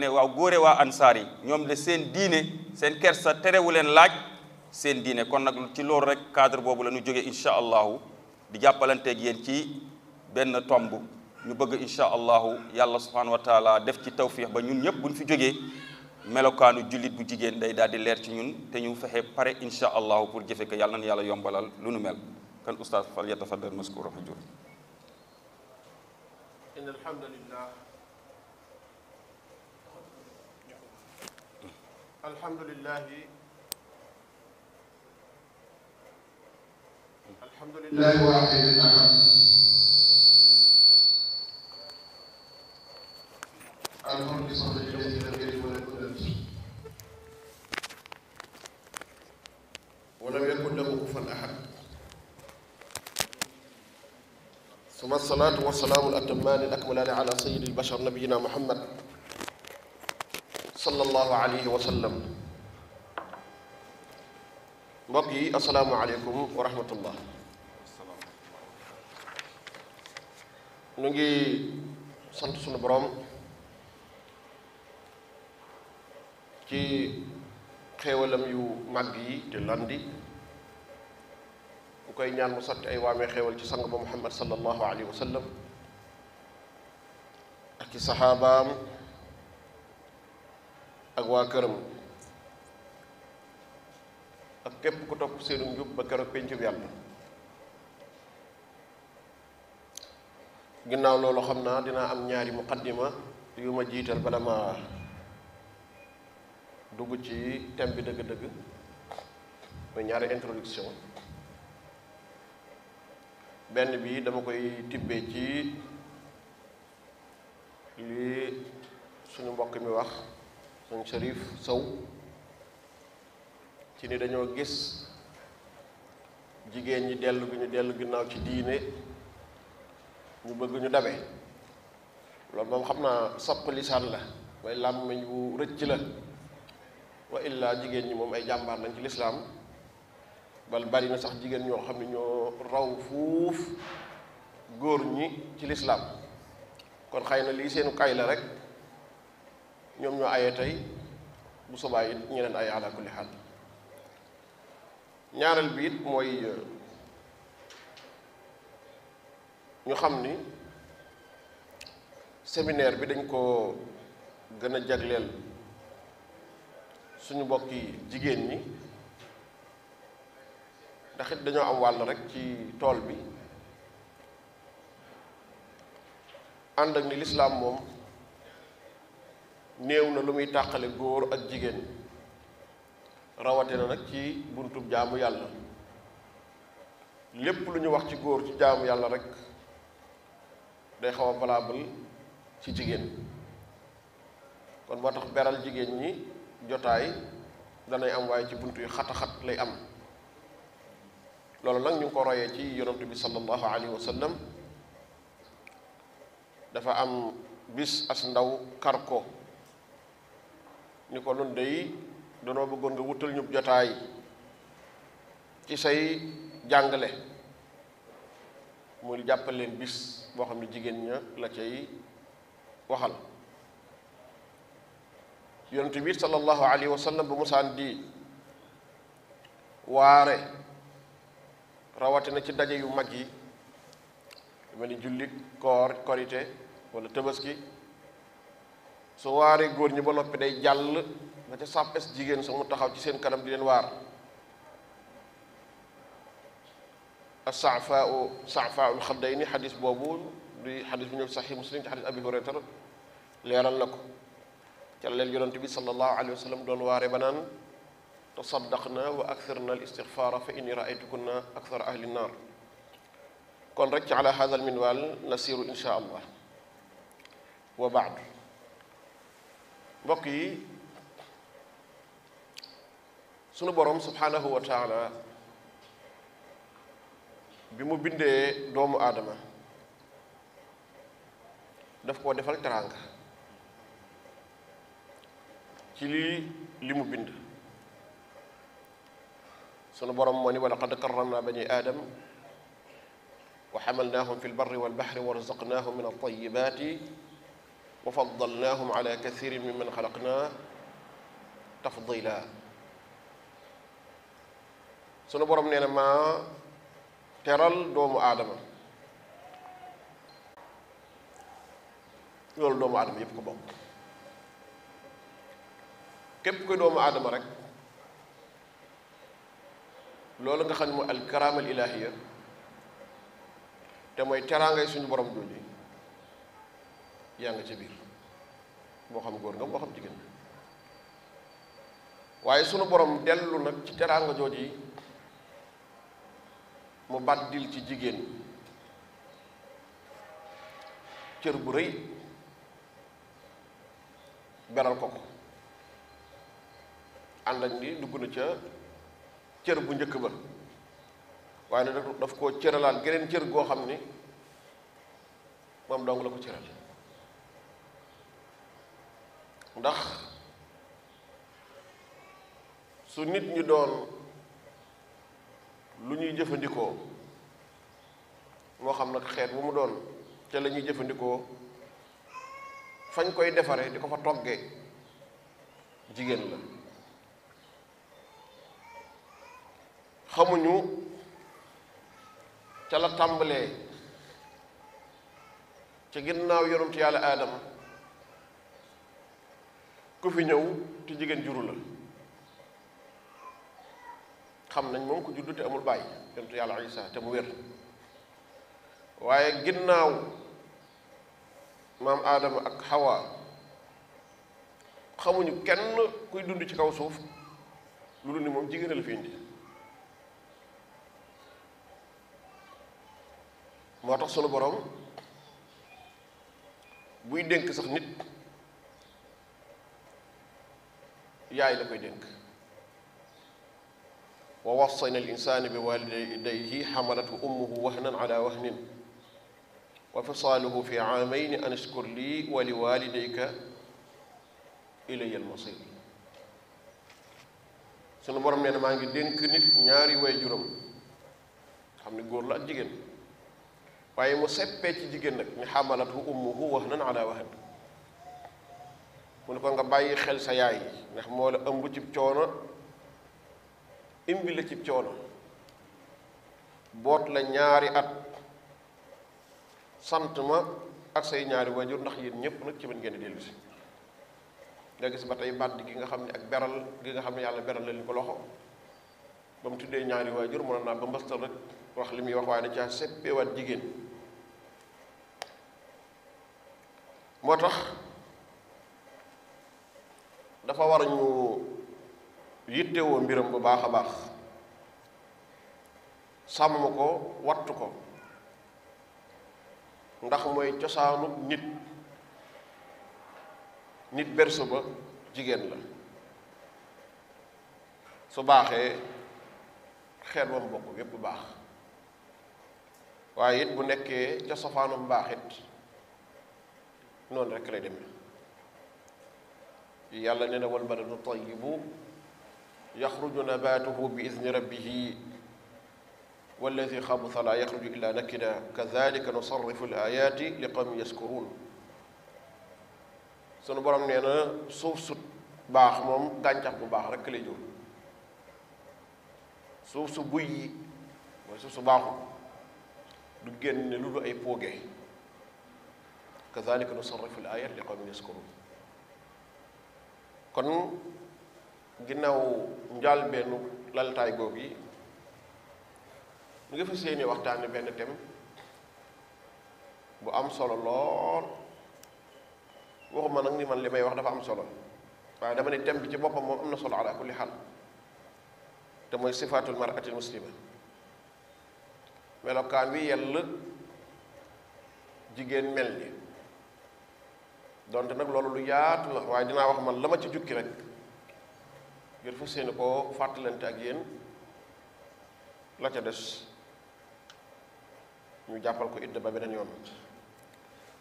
ne waaw góore waa ansaar yi ñoom de seen diine seen kersa terewu leen laaj seen diine kon nag ci loolu rek cadre boobu la ñu jóge incha allahu di jàppalanteeg yéen ci benn tomb ñu bëgg incha allahu yàlla subhanahu wa def ci tawfiix ba ñun ñëpp buñ fi jógee melokaanu jullit bu jigéen day daal di leer ci ñun te ñu fexe pare incha allahu pour jëfe ko yàlla na yàlla yombalal lu nu mel kan oustaz fal yatafaddal maskuur rahajur in alhamdulillah الحمد لله الحمد لله واحد الأحد الحمد لصدق الذي لم يلد ولم يولد ولم يكن له كفوا أحد ثم الصلاة والسلام الأتمان الأكملان على سيد البشر نبينا محمد sallallahu alayhi wa sallam mbokk yi asalaamualeykum wa rahmatullah nu ngi sant sunu boroom ci xéewalam yu màgg yi te landi mu koy ñaan mu sotti ay waamee xéewal ci sang ba muhammad sallallahu alayhi wa sallam ak ci saxaabaam ak waa këram ak képp ku topp seenu njub ba keroog pencum yàlla ginnaaw loolu xam naa dinaa am ñaari muqaddima yu ma jiital bala ma dugg ci thème bi dëgg-dëgg mooy ñaari introduction benn bi dama koy tibbee ci li suñu mbokk mi wax sëñ Cherif Sow ci ni dañoo gis jigéen ñi dellu gi ñu dellu ginnaaw ci diine ñu bëgg ñu dabe loolu moom xam naa sopp lisaan la mooy làmmiñ wu rëcc la wa illaa jigéen ñi moom ay jàmbaar lañ ci lislaam bal bari na sax jigéen ñoo xam ne ñoo raw fuuf góor ñi ci lislaam kon xëy na lii seenu kay la rek ñoom ñoo aye tey bu subaa it ñeneen ay ala kulli xaal ñaareel bi it mooy ñu xam ni séminaire bi dañ ko gën a jagleel suñu mbokki jigéen ñi ndax dañoo am wàll rekk ci tool bi ànd ak ni lislaam moom néew na lu muy tàqalee góor ak jigéen rawatina nag ci buntu jaamu yàlla lépp lu ñu wax ci góor ci jaamu yàlla rek day xaw a valable ci jigéen kon moo tax beral jigéen ñi jotaay danay am waaye ci bunt yu xat-xat lay am loolu nag ñu ko royee ci yonent bi sallallahu alayhi wa dafa am bis as ndaw kar ko ni ko nun dey danoo bëggoon nga wutal ñu jotaay ci say jàngale muy jàppaleen leen bis boo xam ne jigéen ña la cay waxal yonent bi sallallahu alayhi wa sallam bu musaan di waare rawatina ci daje yu mag yi mel ni jullit koor korite wala tëbaski so waaree góor ñi ba noppi day jàll ba ca sàppes jigéen sa mu taxaw ci seen kanam di leen waar asaafa u saafa ul xadday ni xadis boobu du xadis bu ñëw saxi muslim ci xadis abi hurayra leeral na ko ca leen yonent bi sallallahu alayhi wa sallam doon waare ba naan tasaddaqna wa aktharna al istigfaara fa inni raaytukunna akthara ahli nnaar kon rek ci ala hada al minwal allah wa baadu mbokk yi sunu borom subhanahu wa taala bi mu bindee doomu aadama daf koo defal teraanga ci li mu bind sunu borom moo ni wa laqad karramna bani aadam wa xamalnaahum fi lbarri walbaxri wa razaqnaahum min altayibaati wa faddalnaahum ala kathirin mimman xalaqnaa tafdila sunu borom nee na maa teral doomu aadama loolu doomu aadama ko bokk képp doomu aadama rek loolu nga xam ne mooy alkaraama al te mooy teraangay suñu borom jooju yaa nga ca biir moo xam góor nga moo xam jigéen waaye sunu borom dellu nag ci teraanga jooju yi mu bàddil ci jigéen cër bu rëy beral ko ko ànd ak dugg na ca cër bu njëkk ba waaye nag daf koo cëralaat geneen cër goo xam ni moom dong la ko cëral ndax su nit ñi doon lu ñuy jëfandikoo moo xam na xeet bu mu doon ca la ñuy jëfandikoo fañ koy defaree di ko fa toggee jigéen la xamuñu ca la tàmbalee ca ginnaaw yonent yàlla aadama ku fi ñëw te jigéen juru xam nañ moom ku juddu te amul bàyyi yontu yàlla isa te mu wér waaye ginnaaw maam aadama ak xawa xamuñu kenn kuy dund ci kaw suuf lu dul ni moom jigéen la fi moo tax sunu boroom buy dénk sax nit yaay la koy dénk wa wassayna al insaana bi walidayhi xamalathu ummuhu wahnan ala wahnin wa fisaaluhu fi aamayni an iskur lii wa li walidayka ilay al masir sunu borom nee na maa ngi dénk nit ñaari waajuram xam ne góor la ak jigéen waaye mu seppee ci jigéen nag ni xamalathu ummuhu wahnan ala wahnin mu ne ko nga bàyyi xel sa yaay ndax moo la ëmb cib coono imbi la cib coono boot la ñaari at sant ma ak say ñaari waajur ndax yéen ñëpp nag ci man ngeen di dellu si nga gis ba tey bàdd gi nga xam ne ak beral gi nga xam ne yàlla beral la ñu ko loxo ba mu tuddee ñaari waajur mënoon naa ba mbëstal rek wax li muy wax waaye da caa seppeewaat jigéen moo tax dafa war a ñu yittewoo mbiram bu baax a baax sàmm ko watt ko ndax mooy cosaanu nit nit berso ba jigéen la su baaxee xeet wam bokk bu baax waaye it bu nekkee ca sofaanum baax noonu rek lay demee yàlla nee na wal baladu tayibu yaxruju nabaatuhu bi idni rabbihi walladi xabusa laa yaxruju illa nakida kadalika nusarrifu l ayaati li qawmi yaskuruun sunu borom nee na suuf su baax moom gàncax bu baax rekk lay jur suuf su buy yi mooy suuf su baaxul du génn lu du ay pooge kadalika nusarrifu l ayaati li qawmi yaskuruun kon ginnaaw njaal benn laltaay googu yi ñu ngi fas yéene waxtaane benn dem bu am solo lool waxuma nag ni man li may wax dafa am solo waaye dama ne thème bi ci boppam moom am na solo ala kulli xaal te mooy sifaatul maratil muslima melokaan wi yell jigéen mel ni donte nag loolu lu yaatu la waaye dinaa wax man la ma ci jukki rek ngir fas yéene koo fàttalante ak yéen la ca des ñu jàppal ko idda ba beneen yoon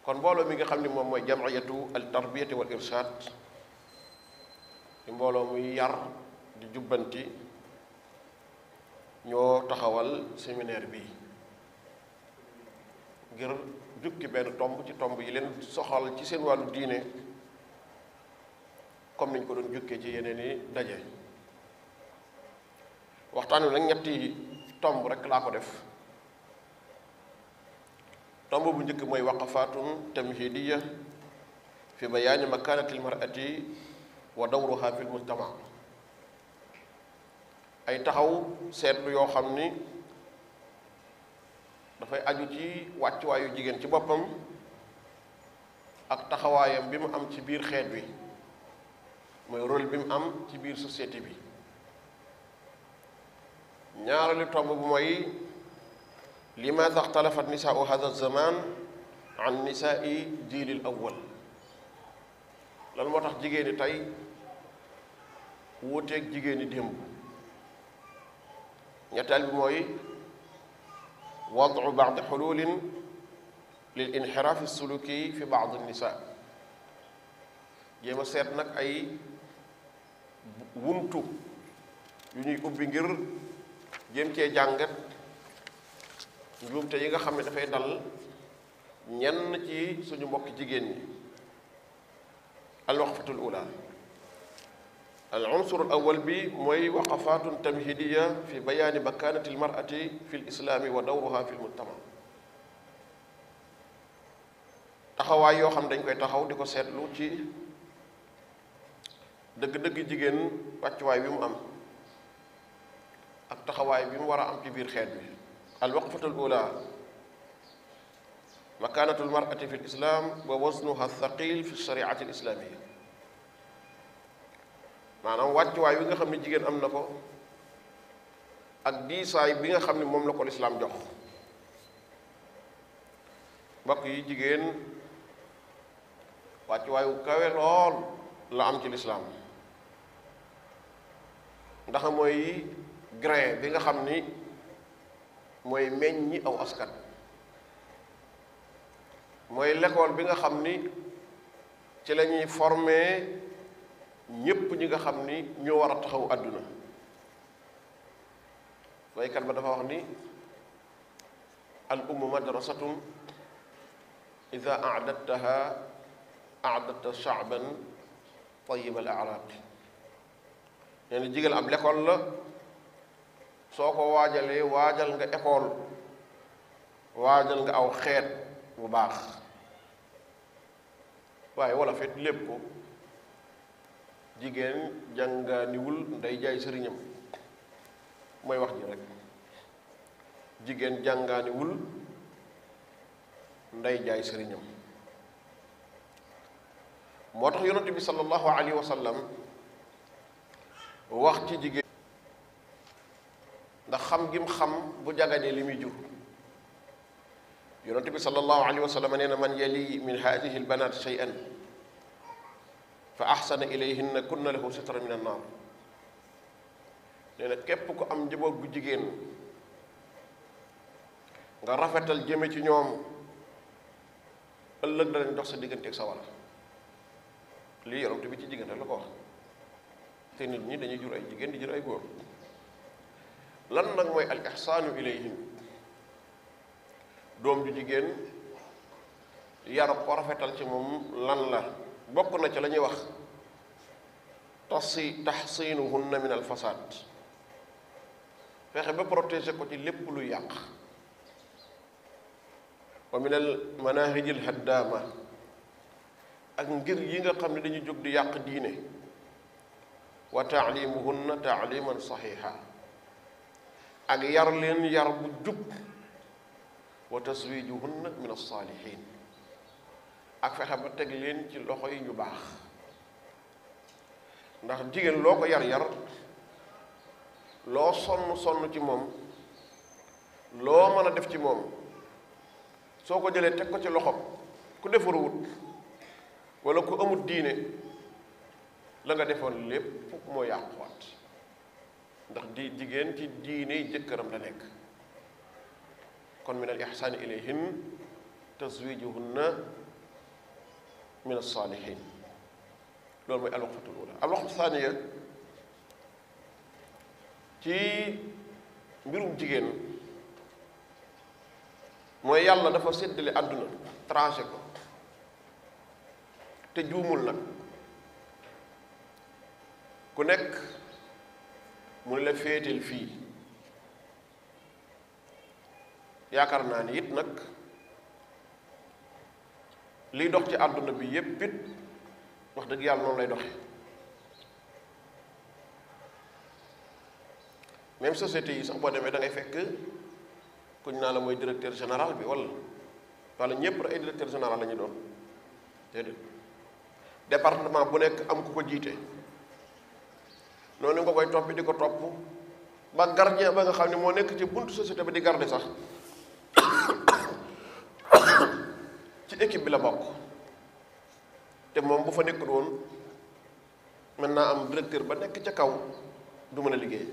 kon mbooloo mi nga xam ni moom mooy jamiyatu al tarbiyati wal irshad di mbooloo muy yar di jubbanti ñoo taxawal séminaire bi ngir jukki benn tomb ci tomb yi leen soxal ci seen wàllu diine comme niñ ko doon jukkee ci yeneen i daje waxtaan wi nag ñetti tomb rek laa ko def tomb bu njëkk mooy waqafaatun tamhidiya fi ma bayaani makaanatil mar'ati wa dawruha fil mujtama ay taxaw seetlu yoo xam ni dafay aju ci wàccuwaayu jigéen ci boppam ak taxawaayam bi mu am ci biir xeet bi mooy rôle bi mu am ci biir société bi ñaareelu tomb bu mooy limaada xtalafat nisaau hada zaman an nisaai jiilil awwal lan moo tax jigéeni tey wuuteeg jigéeni démb ñetteel bi mooy wadu baadi xululin lil inxiraafi suluki fi baadi nisa jéem a seet nag ay wuntu yu ñuy ubbi ngir jéem cee jàngat njuumte yi nga xam ne dafay dal ñenn ci suñu mbokk jigéen ñi alwaxfatul ula al unsur al awal bi mooy waqafatun tamhidiya fi bayaani makaanati al mar'ati fi l islaami wa dawruha fi l yoo xam dañ koy taxaw di ko seetlu ci dëgg-dëgg jigéen wàccuwaay bi mu am ak taxawaay bi mu war a am ci biir xeet bi al waqfatul ula makaanatul mar'ati fi l islaam wa wasnuha thaqil fi shariati l islaamiya maanaam wàccuwaay wi nga xam ne jigéen am na ko ak diisaay bi nga xam ne moom la ko lislaam jox mbokk yi jigéen wàccuwaay wu kawe lool la am ci lislaam ndax mooy grain bi nga xam ni mooy meññi aw askan mooy lekkool bi nga xam ni ci la ñuy former ñépp ñi nga xam ni ñu war a taxaw àdduna waykat ba dafa wax ni al ummu madrasatun ida aadattaha aadatta shaaban tayib al aaraq nee na jigéen la soo ko waajalee waajal nga école waajal nga aw xeet bu baax waaye wala fet lépp ko jigéen jàngaaniwul nday jaay sëriñam mooy wax ji rek jigéen jàngaaniwul nday jaay sëriñam moo tax yonent bi sallallahu alayhi wa sallam wax ci jigéen ndax xam gim xam bu jagane li muy jur yonent bi sallallahu alayhi wa sallam nee na man yali min hadihi albanat shay'an fa ahsana ilayhinna kunna lahu sitran min annaar nee na képp ko am njaboot bu jigéen nga rafetal jëme ci ñoom ëllëg danañ dox sa digganteeg sa wala lii yonent bi ci jigéen rek ko te nit ñi dañuy jur ay jigéen di jur ay góor lan nag mooy al ihsaanu ilayhim doom ju jigéen yaram ko rafetal ci moom lan la bokk na ci la ñuy wax tasi taxsinuhunna min al fasaad fexe ba protéger ko ci lépp lu yàq wa min al manahij al haddaama ak ngir yi nga xam ne dañuy jóg di yàq diine wa taalimuhunna taaliman saxiixa ak yar leen yar bu jub wa taswijuhunna min alsaalihin ak fexe ba teg leen ci loxo yi ñu baax ndax jigéen loo ko yar-yar loo sonn sonn ci moom loo mën a def ci moom soo ko jëlee teg ko ci loxoom ku defaruwut walla ku amut diine la nga defoon lépp moo yàquwaat ndax di jigéen ci diine yi jëkkëram la nekk kon min al ihsaani ilayhin na min alsaalihin loolu mooy alwaqtul ula alwaqtu thaniya ci mbirum jigéen mooy yàlla dafa seddale àdduna tranché ko te juumul nag ku nekk mu ne la féeteel fii yaakaar naa ni it nag liy dox ci àdduna bi yépp it wax dëgg yàlla noonu lay doxe même société yi sax boo demee da fekk ku ñu naa la mooy directeur général bi walla wala ñëpp ay directeur général la ñu doon déedéet département bu nekk am ku ko jiite noonu nga koy topp di ko topp ba gardien ba nga xam ne moo nekk ci buntu société bi di garder sax ci équipe bi la bokk te moom bu fa nekkul woon mën naa am directeur ba nekk ca kaw du mën a liggéey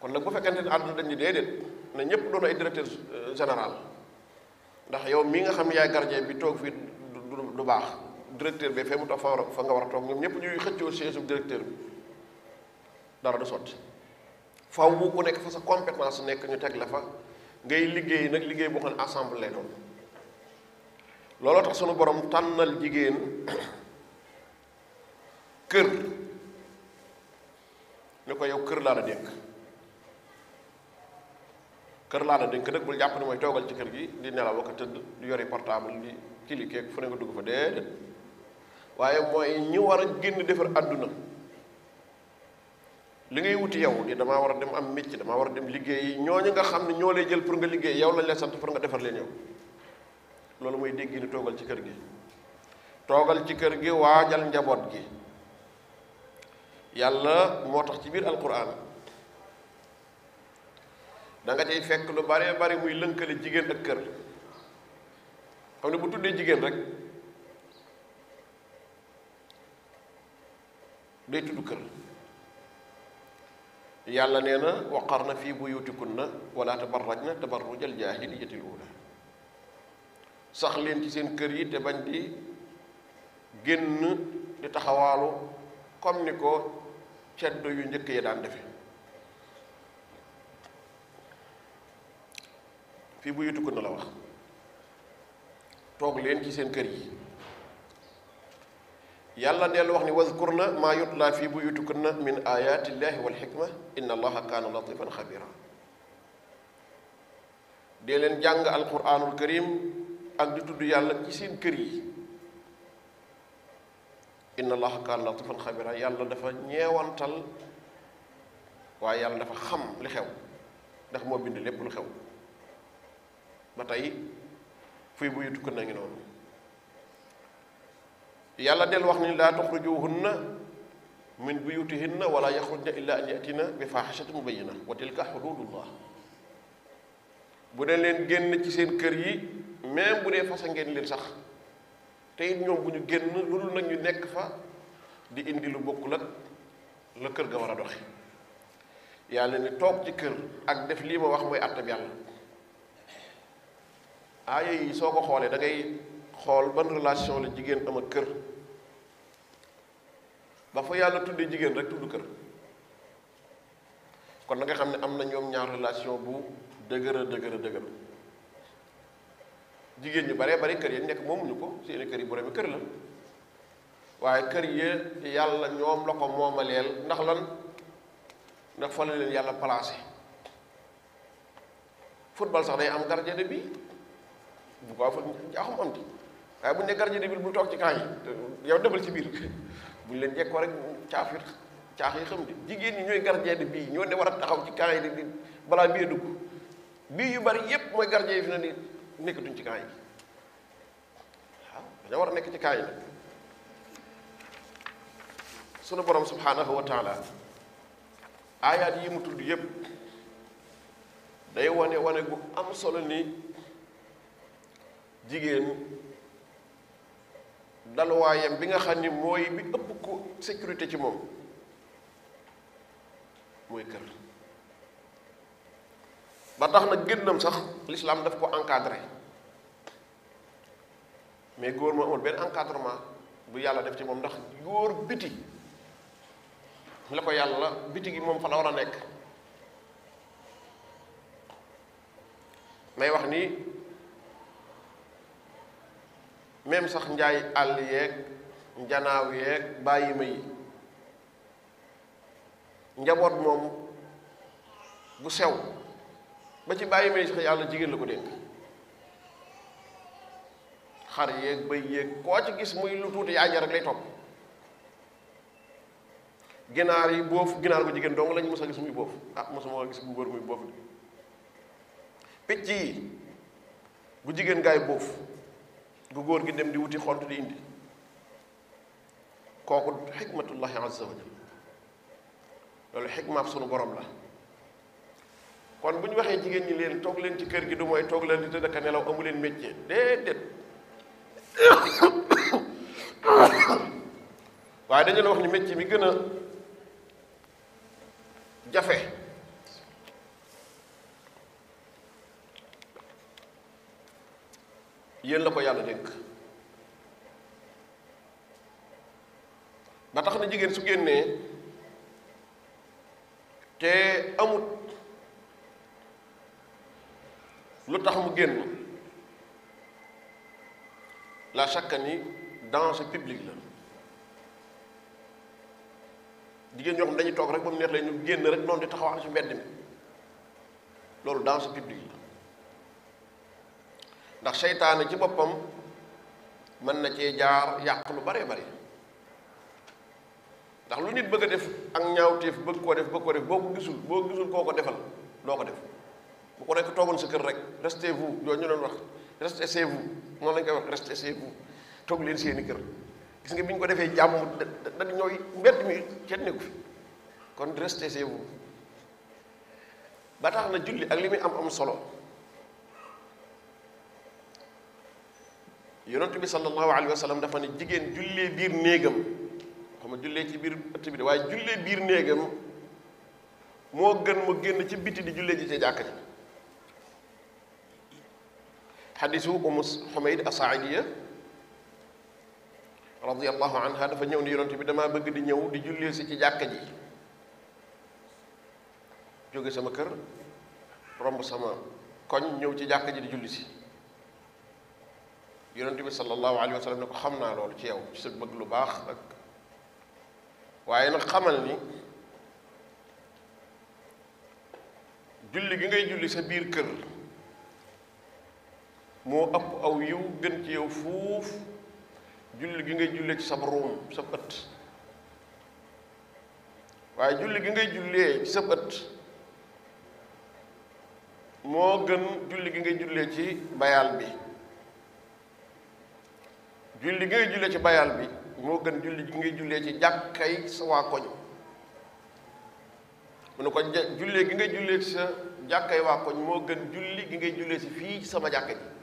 kon nag bu fekkente ne àdduna dañ ni déedéet na ñëpp doon ay directeur euh, général ndax yow mii nga xam ne yaay gardien bi toog fii du baax directeur bi fee mu toog fa war fa nga war a toog ñoom ñëpp ñuy xëccoo siège u directeur bi dara du sotti faaw bu ku nekk fa sa compétence nekk ñu teg la fa ngay liggéey nag liggéey boo xam ne ensemble lay doon looloo tax sunu borom tànnal jigéen kër ni ko yow kër laa la dënk kër laa la dénk nag bul jàpp ne mooy toogal ci kër gi di nelaw ak tëdd di yore portable di cliquer fu ne nga dugg fa déedéet waaye mooy ñi war a génn defar àdduna li ngay wuti yow di damaa war a dem am métier damaa war a dem liggéey ñooñu nga xam ne ñoo lay jël pour nga liggéey yow lañ lay sant pour nga defar leen yow loolu mooy dégginu toogal ci kër gi toogal ci kër gi waajal njaboot gi yàlla moo tax ci biir alquran da nga cay fekk lu bare bare muy lënkale jigéen ak kër xam ne bu tuddee jigéen rek day tudd kër yàlla nee na fii waqarna fi buyutikunna wala tabarrajna tabarrujal jaahiliyatil uula sax leen ci seen kër yi te bañ di génn di taxawaalu comme ni ko ceddo yu njëkk yi daan defe fii bu yutukku na la wax toog leen ci seen kër yi yàlla dellu wax ni wazkurna maa yutla fii buyutikunna min ayati llahi wal xikma inna allaha kaana latifan xabira dee leen jàng alquranul karim ak di tudd yàlla ci seen kër yi inna allaha kaana latifan xabira yàlla dafa ñeewantal waaye yàlla dafa xam li xew ndax moo bind lépp lu xew ba tey fuy buy tukk na ngi noonu yàlla del wax ni laa tuxrijuhunna min buyutihinna wala yaxrujna illa an yatina bi faaxishatin mubayyina wa tilka xududullah bu ne leen génn ci seen kër yi même bu dee fasa ngeen leen sax tey it ñoom bu ñu génn lu dul nag ñu nekk fa di indi lu bokk ak la kër ga war a doxe yàlla ne toog ci kër ak def lii ma wax mooy àttab yàlla aaya yi soo ko xoolee da ngay xool ban relation la jigéen am ak kër ba fa yàlla tuddee jigéen rek tudd kër kon na nga xam ne am na ñoom ñaar relation bu dëgëra dëgëra dëgër jigéen ñi baree bari kër yi nekk moomuñu ko seeni kër yi boroomi kër la waaye kër yi yàlla ñoom la ko moomaleel ndax lan ndax fa la leen yàlla placé football sax day am gardien de but bu ko fa jaaxum am ci waaye bu ñu ne de but bu toog ci kaa yi yow dëbal ci biir bu ñu leen jekkoo rek caaf yi caax yi xam di jigéen ñi ñooy gardien de bii ñoo ne war a taxaw ci kaa yi di balaa biir dugg bii yu bari yépp mooy gardien fi na nii nekkatuñ ci camp yi waaw dañoo war a nekk ci camp yi nag sunu borom subhanahu wa taala aayaat yi mu tudd yépp day wane wane gu am solo ni jigéen dalwaayam bi nga xam ni mooy bi ëpp ko sécurité ci moom mooy kër ba tax na génnam sax l'islam daf ko encadré mais góor moo amul benn encadrement bu yàlla def ci moom ndax góor biti la ko yàlla biti gi moom fa la war a nekk may wax ni même sax njaay àll yeeg njanaaw bàyyi bàyyima yi njaboot moom bu sew ba ci bàyyi ministre yàlla jigéen la ko dénk xar yéeg bay yéeg koo ci gis muy lu tuuti yaaja rek lay topp ginaar yi boof ginaar bu jigéen dong lañ mos a gis muy boof ah mosuma gis bu góor muy boof picc yi bu jigéen gaay boof gu góor gi dem di wuti xont di indi kooku xikmatullahi azza wa jal loolu xikmaab sunu borom la kon bu ñu waxee jigéen ñi leen toog leen ci kër gi du mooy toog leen di tëdd nelaw amu leen métier waaye dañu la wax ni métier mi gën a jafe yéen la ko yàlla dénk ba tax na jigéen su génnee te amut lu tax mu génn la chaque ni danse publique la jigéen ñoo xam dañuy toog rek ba mu neex la ñu génn rek noonu di taxawax ci mbedd mi loolu danse publique la ndax seytaane ci boppam mën na cee jaar yàq lu bare bare ndax lu nit bëgg a def ak ñaawteef bëgg koo def bëgg koo def boo ko gisul boo gisul koo ko defal loo ko def bu ko nekk toogoon sa kër rek restez vous yooyu ñu doon wax restez chez vous lañ koy wax restez chez toog leen seeni kër gis nga bi ñu ko defee jàmm da ñooy mbedd mi kenn nekku fi kon restez chez vous ba tax na julli ak li muy am am solo yonent bi sallallahu alayhi wa sallam dafa ne jigéen jullee biir néegam xam nga jullee ci biir ëtt bi de waaye jullee biir néegam moo gën mu génn ci biti di jullee ji ca jàkka ji xadisu umu xumayd asaidiya radiallahu anha dafa ñëw ni yonent bi damaa bëgg di ñëw di jullee si ci jàkka ji jóge sama kër romb sama koñ ñëw ci jàkka ji di julli si yonent bi sallallahu xam naa loolu ci yow ci lu baax waaye nag xamal ni julli gi ngay julli sa biir kër moo ëpp aw yiw gën ci yow fuuf julli gi ngay jullee ci sab ruum sab ëtt waaye julli gi ngay jullee ci sab ëtt moo gën julli gi ngay jullee ci bayal bi julli gi ngay ci bayal bi moo gën julli gi ngay jullee ci jàkkay waa koñ mu ne ko jullee gi ngay jullee ci sa jàkkay waa koñ moo gën julli gi ngay jullee ci fii sama jàkka ji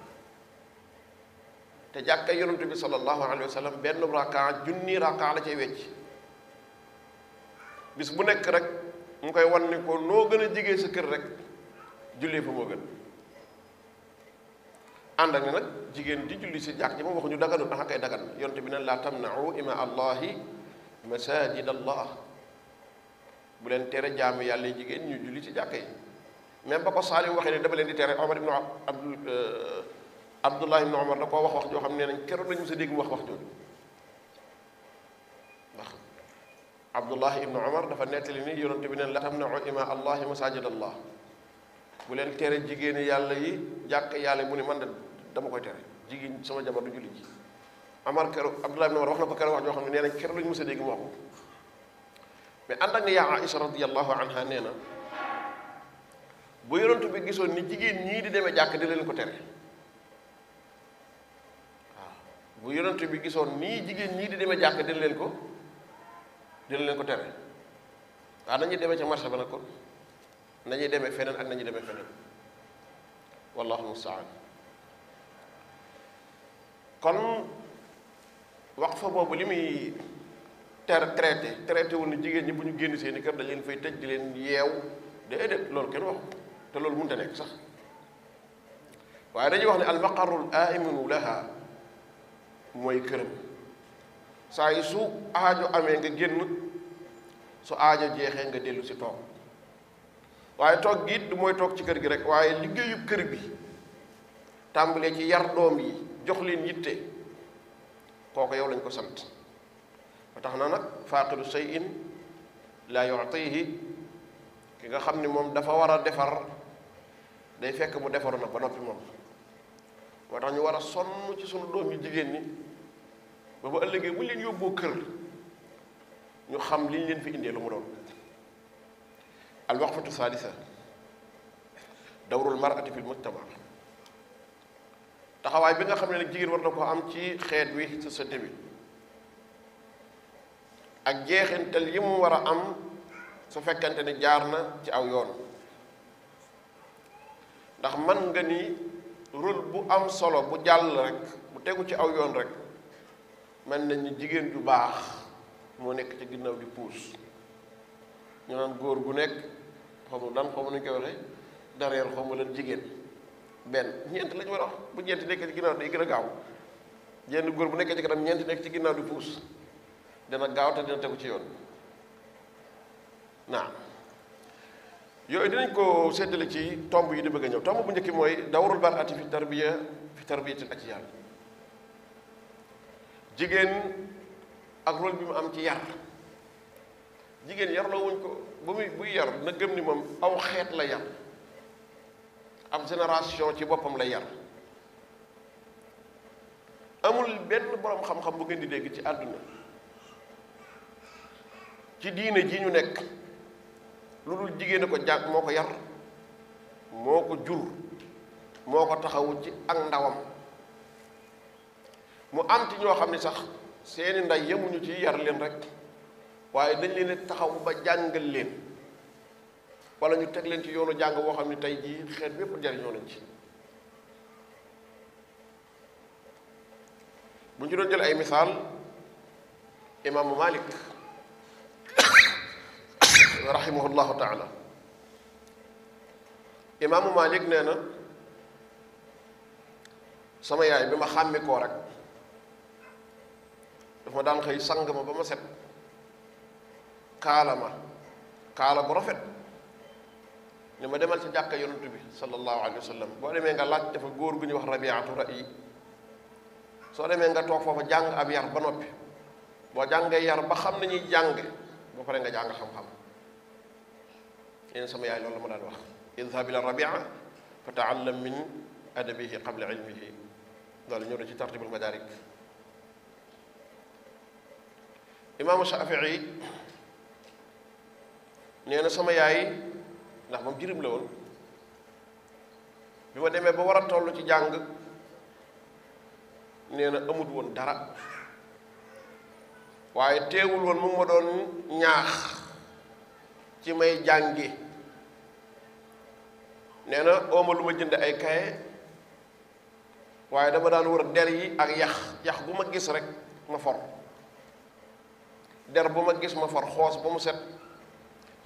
te jàkk yonent bi sallallahu alayhi wa sallam benn raka junni cay wecc bis bu nekk rek mu koy wan ni ko noo gën a jege sa kër rek jullee fa moo gën ànd ak nag jigéen di julli si jàkk ji moom waxuñu daganu ndax kay dagan yonent bi ne laa tamnau ima allahi masajid allah bu leen tere jaamu yàlla jigéen ñu julli si jàkk yi même ba ko Saalim waxee ne leen di tere Omar ibnu Abdul euh, Abdullah ibn Omar da koo wax wax joo xam ne nañ keroog lañu mës a dégg mu wax wax jooju ndax Abdullah ibn Omar dafa nettali ni yonante bi neen la tam na ima allahi masajid allah bu leen tere jigéeni yàlla yi jàkk yàlla mu ne man de dama koy tere jigéen sama jabar du julli ji Amar keroog Abdullah ibn Omar wax na ko keroog wax joo xam ne nee nañ keroog lañu mës a dégg mu wax ko mais ànd ak ne yaa Aïcha radiyallahu anha nee na bu yonante bi gisoon ni jigéen ñii di demee jàkk di leen ko tere bu yonent bi gisoon nii jigéen ñii di demee jàkk dina leen ko dina leen ko tere waaw nañuy deme ca marché ba nag nañuy demee feneen ak nañuy demee feneen wallahu mustaan kon waqfa boobu li muy ter traité traité wu ne jigéen ñi bu ñu génn seeni kër dañ leen fay tëj di leen yeew déedéet loolu kenn wax te loolu mënut a nekk sax waaye dañuy wax ne al maqarul aaminu laha mooy këram saa yi su aajo amee nga génn su aajo jeexee nga dellu si toog waaye toog gi it du mooy toog ci kër gi rek waaye liggéeyu kër bi tàmbalee ci yar doom yi jox leen yitte kooku yow lañ ko sant ba tax na nag faaqidu shay'in laa yu'tihi ki nga xam ni moom dafa war a defar day fekk mu defaru na ba noppi moom moo tax ñu war a sonn ci sunu doom yi jigéen ñi ba ba ëllëgee bu ñu leen yóbboo kër ñu xam li ñu leen fi indee lu mu doon al waqfatu saalisa dawrul mar'ati fil mujtama taxawaay bi nga xam ne nag jigéen war na ko am ci xeet wi société bi ak jeexintal yi mu war a am su fekkante ne jaar na ci aw yoon ndax man nga ni rôle bu am solo bu jàll rek bu tegu ci aw yoon rek mel nañ ni jigéen ju baax moo nekk ci ginnaaw di puus ñu naan góor gu nekk xamu daan xamu nu ñu koy waxee derrière xamu lan jigéen benn ñeent la war a bu ñeenti nekk ci ginnaaw day gën a gaaw jenn góor bu nekkee ci kanam ñeenti nekk ci ginnaaw di puus dina gaaw te dina tegu ci yoon naam yooyu dinañ ko séddale ci tomb yi di bëgg a ñëw tomb bu njëkk mooy dawrul barati fi tarbiya fi tarbiyatil ajyal jigéen ak rôle bi mu am ci yar jigéen yar la wuñ ko bu muy buy yar na gëm ni moom aw xeet la yar am génération ci boppam la yar amul benn boroom xam-xam bu ngeen di dégg ci àdduna ci diine ji ñu nekk lu dul jigéen a ko jàng moo ko yar moo ko jur moo ko taxawu ci ak ndawam mu am ci ñoo xam ne sax seeni ndey yemuñu ci yar leen rek waaye dañ leen taxawu ba jàngal leen wala ñu teg leen ci yoonu jàng boo xam ne tey jii xeet bépp jariñoo nañ ci mu ñu ci doon jël ay misaal imaamu Malik rahimahullahu taala imaamu Malik nee na sama yaay bi ma xàmmi koo rek daf ma daan xëy sang ma ba ma set kaala ma kaala bu rafet ni ma demal ci jàkka yonent bi sallallahu alayhi wa sallam boo demee nga laaj dafa góor gu ñuy wax rabiatu rayi soo demee nga toog foofa jàng ab yar ba noppi boo jàngee yar ba xam nañuy jàng ba pare nga jàng xam-xam neen sama yaay loolu la ma daan wax idhab ila rabia fa taallam min adabihi qabla ilmihi loolu ñëw na ci tartibul madarik imaamu Shafii nee na sama yaay ndax moom jirim la woon bi ma demee ba war a toll ci jàng nee na amut woon dara waaye teewul woon mu ma doon ñaax ci may jàngi nee na ooma lu ma jënd ay kaye waaye dama daan wër der yi ak yax yax bu ma gis rek ma for der bu ma gis ma for xoos ba mu set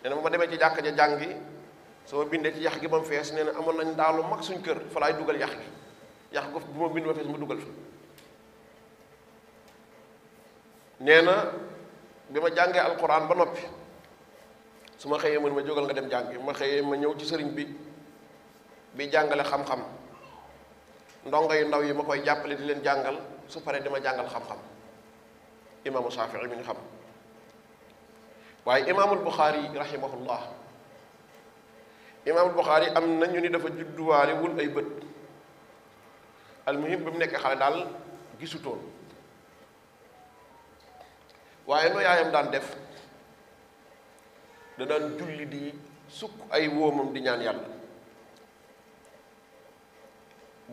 nee na bu ma demee ci jàkk ja jàngi soo bindee ci yax gi ba mu fees nee na amoon nañ daalu mag suñ kër fa laay dugal yax gi yax ko bu ma bind ma fees ma dugal fa nee na bi ma jàngee alquran ba noppi su ma xëyee mën ma jógal nga dem jàngi ma xëyee ma ñëw ci sëriñ bi bi jàngale xam-xam ndongo yu ndaw yi ma koy jàppale di leen jàngal su paree dama jàngal xam-xam imaamu Shaafi'i mi ñu xam waaye imaamul Buxaari rahimahullah imaamul Buxaari am na ñu ni dafa judduwaale wul ay bët almuhim bi mu nekk xale daal gisutoon waaye nu yaayam daan def da daan julli di sukk ay wóomam di ñaan yàlla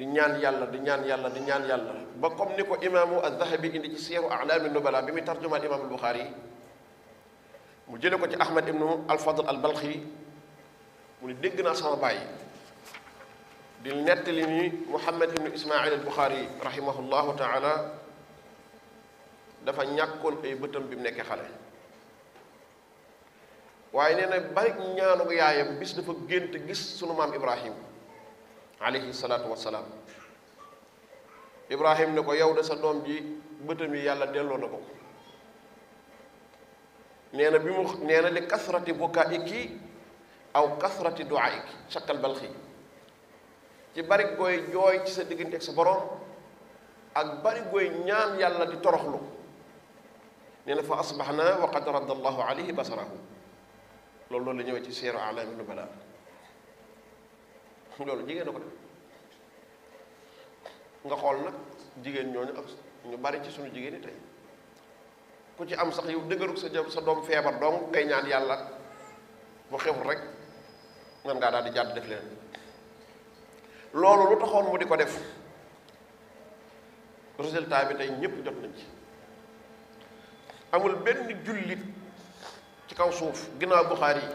di ñaan yàlla di ñaan yàlla di ñaan yàlla ba comme ni ko imaamu az indi ci siiru a'laami nubala bi muy tarjumaal imaamul Buxaari yi mu jële ko ci Ahmad ibnu al-Fadl al-Balxi mu ne dégg naa sama bàyyi di nettali ni Muhammad ibnu Ismaayil al-Buxaari rahimahullahu taala dafa ñàkkoon ay bëtam bi mu nekkee xale waaye nee na bari ñaanu yaayam bis dafa gént gis sunu maam ibrahim alayhi salaatu wassalaam ibrahim ne ko yow de sa doom ji bëtam yi yàlla delloo na ko nee na bi mu nee na li kasrati bukaiki aw kasrati duaiki shakkal balxi ci bari gooy jooy ci sa diggante ak sa borom ak bari gooy ñaan yàlla di toroxlu nee na fa asbaxna wa qad radda allahu alayhi loolu loolu la ñëwee ci seeru alaami nubala loolu jigéen na ko nga xool nag jigéen ñooñu ak ñu bari ci suñu jigéen ci am sax yow dëgëru sa sa doom feebar dong ngay ñaan yàlla bu xewul rek man ngaa daal di jàdd def leen loolu lu taxoon mu di ko def résultat bi tey ñépp jot nañ ci amul benn jullit kaw suuf ginnaaw Buxaari yi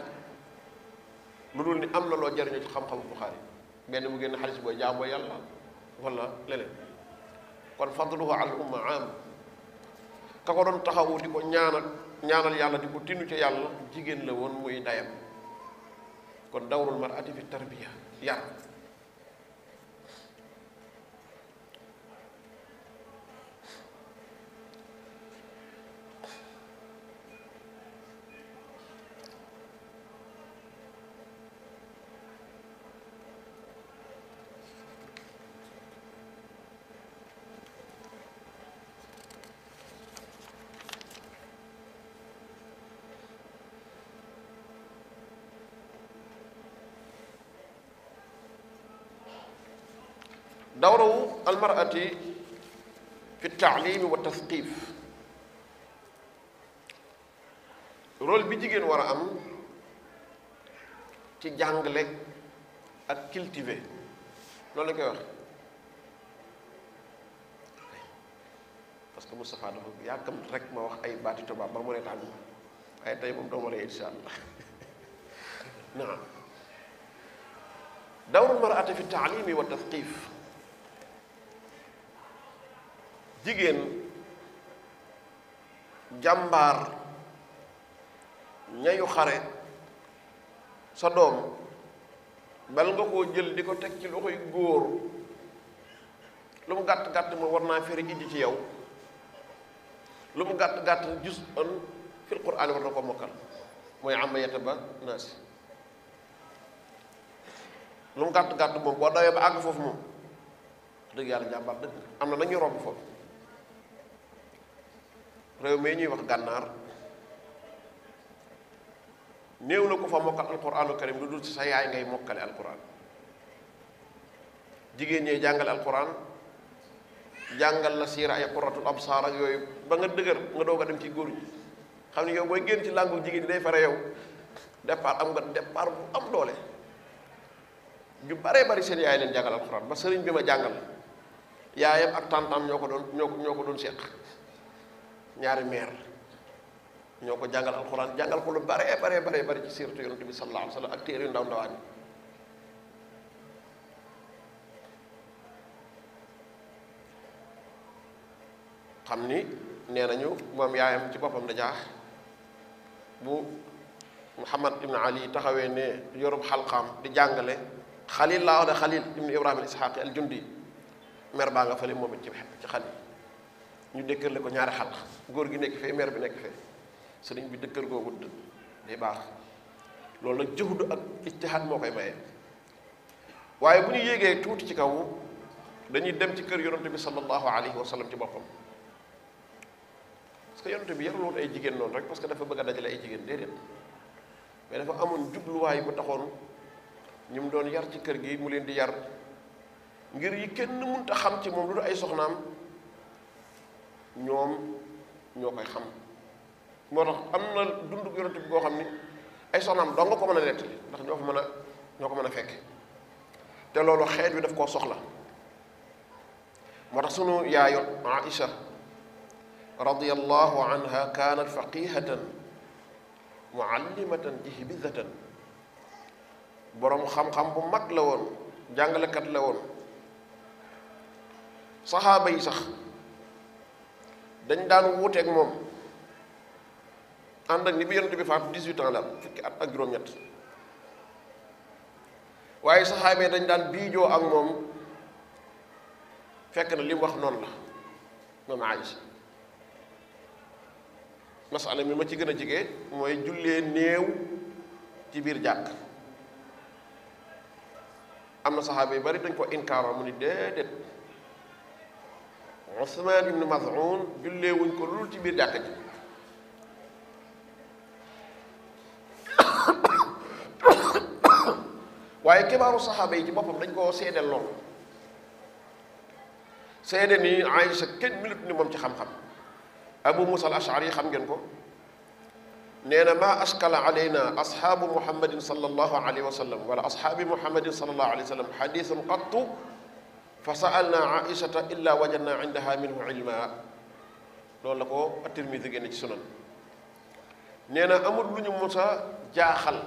lu dul ni am na loo jariñoo ci xam-xamu Buxaari benn mu génn xaalis booy jaamoo yàlla wala leneen kon fadluhu al am ka ko doon taxawu di ko ñaanal ñaanal yàlla di ko tinnu ca yàlla jigéen la woon muy dayam kon dawrul mar'ati fi tarbiya yar دور المرأة في التعليم bi jigéen war a am ci jàngale ak cultiver loolu lañ koy wax parce que Moustapha dafa yàkkam rek ma wax ay baati tubaab ba mu reetaan ma waaye tey moom dooma la insha allah naam dawru mar'ati fi taalimi wa tasqif jigéen jàmbaar ñayu xare sa doom bal nga koo jël di ko teg ci loxoy góor lu mu gàtt-gàtt ma war naa fere ijji ci yow lu mu gàtt-gàtt jus an fil qur'aan war na ko mokkal mooy amayata ba naasi lu mu gàtt-gàtt moom boo dawee ba àgg foofu moom dëgg yàlla jàmbaar dëgg am na nañuy romb foofu réew mi ñuy wax gànnaar néew na ko fa mokkal alquraanu karim lu dul sa yaay ngay mokkale alquran jigéen ñee jàngale alquran jàngal la siira ay quratul absaar ak yooyu ba nga dëgër nga doog a dem ci góor ñi xam ne yow booy génn ci làngu jigéen ñi day fare yow départ am nga départ bu am doole ñu baree bari seen yaay leen jàngal alquran ba sëriñ bi ma jàngal yaayam ak tàntam ñoo ko doon ñoo ko ko doon seq ñaari meer ñoo ko jàngal alxuraan jàngal ko lu bare bare bare bare ci siiratu yonent bi sallallahu alayhi wa sallam ak téere yu ndaw ndawaan xam ni nee nañu moom yaayam ci boppam da jaax bu Muhammad ibn Ali taxawee ne yorub xalqaam di jàngale xalil laa wax de xalil ibn Ibrahima al Isxaaqi al Jundi meer baa nga fële moom it ci xal ñu dëkkale ko ñaari xàll góor gi nekk fee meer bi nekk fee sëriñ bi dëkkal googu day baax loolu nag juhdu ak ijtihaad moo koy maye waaye bu ñu yéegee tuuti ci kaw dañuy dem ci kër yonante bi sallallahu alayhi wa sallam ci boppam parce que bi yarul woon ay jigéen noonu rek parce que dafa bëgg dajale ay jigéen déedéet mais dafa amoon jubluwaay bu taxoon ñu mu doon yar ci kër gi mu leen di yar ngir yi kenn mënta xam ci moom lu dul ay soxnaam ñoom ñoo koy xam moo tax am na dundu yonent bi boo xam ni ay soxnaam dong nga ko mën a nettali ndax ñoo fa ñoo ko mën a fekk te loolu xeet bi daf koo soxla moo tax sunu yaayoon Aïcha radiyallahu anha kaanat faqihatan muallimatan jihbizatan boroom xam bu mag la woon jàngalekat la woon saxaaba yi sax dañ daan wuuteeg moom ànd ak ni bi yonent bi faatu 18 ans la fukki at ak juróom-ñett waaye saxaabee dañ daan biijoo ak moom fekk na li wax noonu la moom Aïcha mi ma ci gën a jege mooy jullee néew ci biir jàkk am na saxaaba yu bari dañ ko inkaara mu ni déedéet Usmaan ibnu Maz'un jullee wuñ ko lul ci biir jàkka ji waaye kibaaru saxaaba yi ci boppam dañ koo seedeel lool seede ni Aïcha kenn minute ni moom ci xam-xam Abu Musa al-Ash'ari xam ngeen ko nee na maa askala alayna ashaabu muhammadin sallallahu alayhi wa sallam wala ashaabi muhammadin sallallahu alayhi wa sallam xadiisun qattu fa saalna aïsata illa wajadna indaha minhu ilma loolu la ko at ci sunan nee na amul jaaxal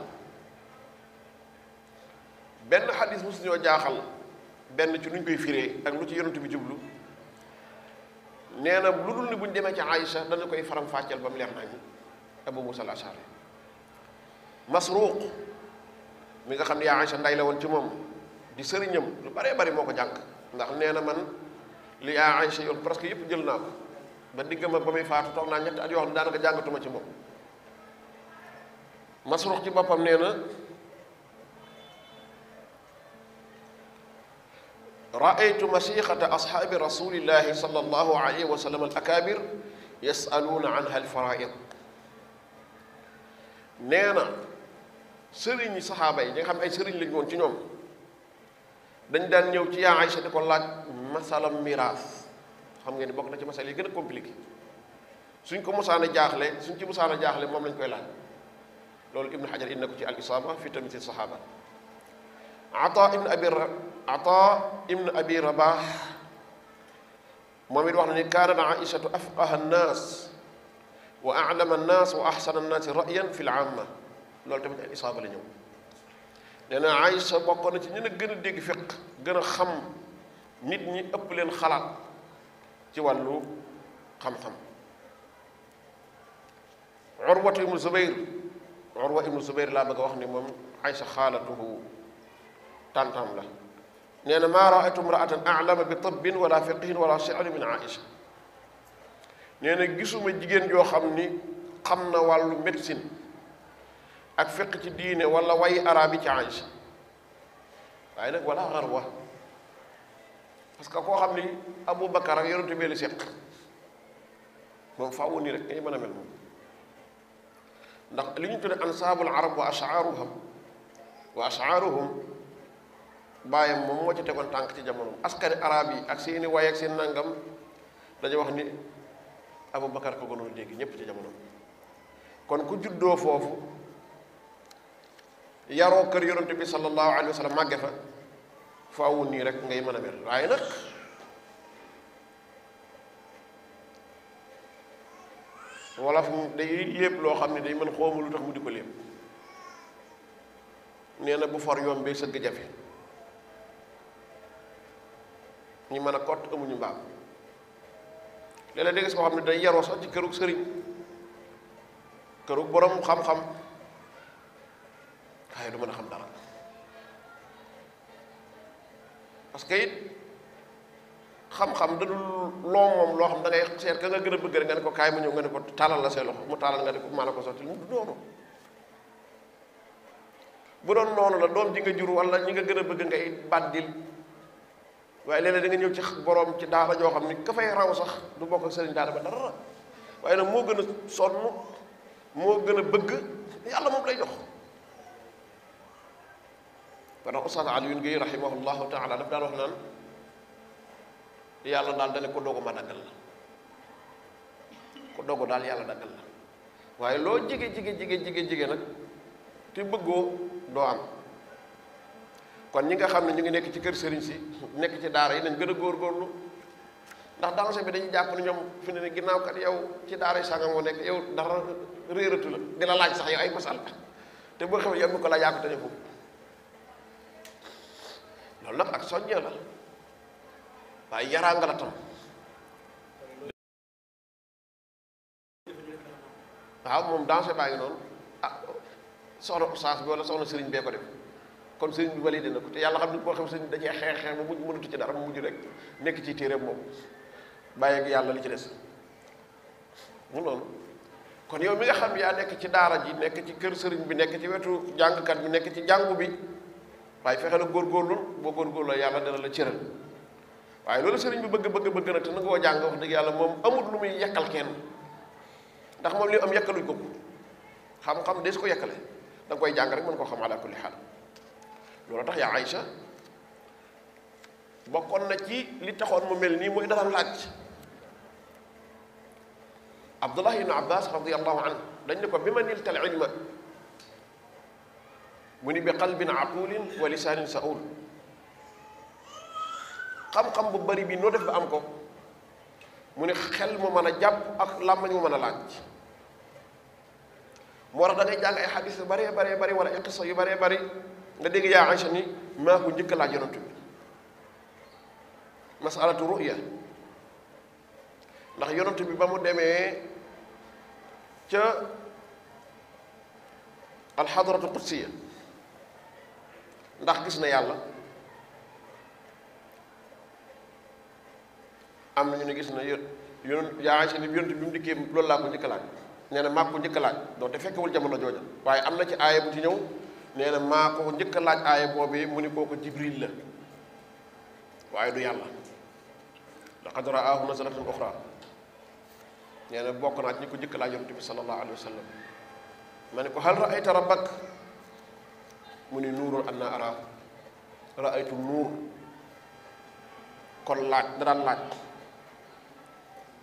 benn xadis mosu jaaxal benn ci nuñ koy firee ak lu ci yonent bi jublu nee na lu dul ni buñ demee ci Aïcha dana koy faram-fàcceel ba mu leer nañu Abu Musa al-Ashari Masruuq mi nga xam ne yaa Aïcha nday la woon ci moom di sëriñam lu baree bari moo ko jàng ndax nee na man li a Aïcha yoon presque yëpp jël naa ba digg ma ba muy faatu toog naa ñetti at yoo xam ne daanaka ci moom masruux ci boppam nee na raaytu masixata asxaabi rasulillahi sallallahu alayhi wa sallam al akabir yasaluuna anha al faraid sëriñ saxaaba yi ñi nga xam ay sëriñ lañu woon ci ñoom dañ daan ñëw ci yaa Aïcha di ko laaj masalam miraas xam ngeen ni bokk na ci masal yi gën a compliqué suñ ko mosaan a jaaxle suñ ci mosaan jaaxle moom lañ koy laaj loolu ibnu xajar indi na ko ci al isaaba fi tamisi saxaaba ata ibnu abi ata ibnu abi rabaax moom it wax na ni kaanat aïchatu afqaha annaas wa alama annaas wa axsana annaasi rayan fi l amma loolu tamit al isaaba la ñëw nee na Aïsa bokkoon na ci ñun a gën a dégg fiq gën a xam nit ñi ëpp leen xalaat ci wàllu xam-xam mu ibnu Zubayr Urwa ibnu Zubayr laa bëgg a tàntam la nee na maa raaytu gisuma jigéen joo xam ni xam na wàllu médecine ak fiq ci diine wala way arabi ci Aïcha waaye nag wala xarwa parce que koo xam ni Abu Bakar ak yonent bi la seq moom faawu nii rek ngay mën a mel moom ndax li ñu tudde ansaabul arab wa ashaaruhum wa ashaaruhum bàyyam moom moo ci tegoon tànk ci jamono askari arab yi ak seeni way ak seen nangam dañu wax ni Abu Bakar ko gënoon dégg ñépp ci jamono kon ku juddoo foofu yaroo kër yonante bi sallallahu alayhi wa sallam màgge fa faaw nii rek ngay mën a mel waaye nag wolof day lépp loo xam ne day mën xoomu lu tax mu di ko lépp nee na bu for yombee sëgg jafe ñu mën a kott amuñu mbaam léeg-léeg da gis xam ne day yaroo sax ci kërug sëriñ këru boroom xam-xam waaye du mën a xam dara parce que it xam-xam danu loo moom loo xam da ngay seet ka nga gën a bëgg rek nga ne ko kaay mu ñëw nga ne ko taalal la say loxo mu taalal nga ne ko maa la ko sotti mu du noonu bu doon noonu la doom ji nga jur wala ñi nga gën a bëgg ngay bàddil waaye léeg-léeg da nga ñëw ci borom ci daara joo xam ni ka fay raw sax du bokk ak sëriñ daara ba dara waaye nag moo gën a sonn moo gën a bëgg yàlla moom lay jox kon Oustaz Alioune Guèye rahimahullahu taala daf daan wax naan yàlla daal dane ko dogu ma daggal la ko dogu daal yàlla daggal la waaye loo jige jige jige jige nag te bëggoo doo am kon ñi nga xam ne ñu ngi nekk ci kër sëriñ si nekk ci daara yi nañ gën a góorgóorlu ndax danger bi dañuy jàpp ne ñoom fi ne ne ginnaaw kat yow ci daara sàngam moo nekk yow dara réeratu la di la laaj sax yow ay masal te boo xam yow mi ko la yàqu te loolu nag ak soññee la waaye yaraa waaw moom dansé baa ngi noonu ah soxna saas bi wala soxna sëriñ bee ko def kon sëriñ bi validé na ko te yàlla xam ne boo xam sëriñ dañuy xeex xeex ba mujj mënatu ci dara mu mujj rek nekk ci téere moom bàyyi ak yàlla li ci des mu loolu kon yow mi nga xam yaa nekk ci daara ji nekk ci kër sëriñ bi nekk ci wetu jàngkat bi nekk ci jàngu bi waaye fexe la góorgóorlu boo góorgóorloo yàlla dana la cëral waaye loolu sëriñ bi bëgg bëgg bëgg na te nangoo jàng wax dëgg yàlla moom amut lu muy yàkkal kenn ndax moom li am yàkkaluñ ko xam-xam des ko yàkkale da nga koy jàng rek mën koo xam ala kulli xaal loolu tax yaa Aïcha bokkoon na ci li taxoon mu mel nii mooy daan laaj Abdullah ibn Abbas radiyallahu anhu dañ ne ko bi ma nil tal ilma mu ni bi qalbin aqulin wa lisaanin saul xam-xam bu bari bi noo def ba am ko mu ni xel mu mën a jàpp ak làmmañ mu mën a laaj moo war da ngay jàng ay xadis yu bari baree bëri wala ay qissa yu bari nga dégg yaa Aïcha ni maa ko njëkk laa laaj yonent bi masalatu ruya ndax yonent bi ba mu demee ca alxadratu qudsiya ndax gis na yàlla am na ñu ne gis na yón yón yaa si ni yonent bi mu dikkee loolu laa ko njëkk a laaj nee na maa ko fekkewul jamono jooja waaye am na ci aaya bu ci ñëw nee maa ko njëkk a laaj aaya boobu mu ni kooku jibril la waaye du yàlla laqad raahu nazlatan uxra nee na bokk naa ci ñu ko njëkk a laaj yonent bi sallallahu alayhi wa sallam ma ne ko hal raayta rabbak mu ni nuurul an na araahu raaytu nuur kon laaj da daan laaj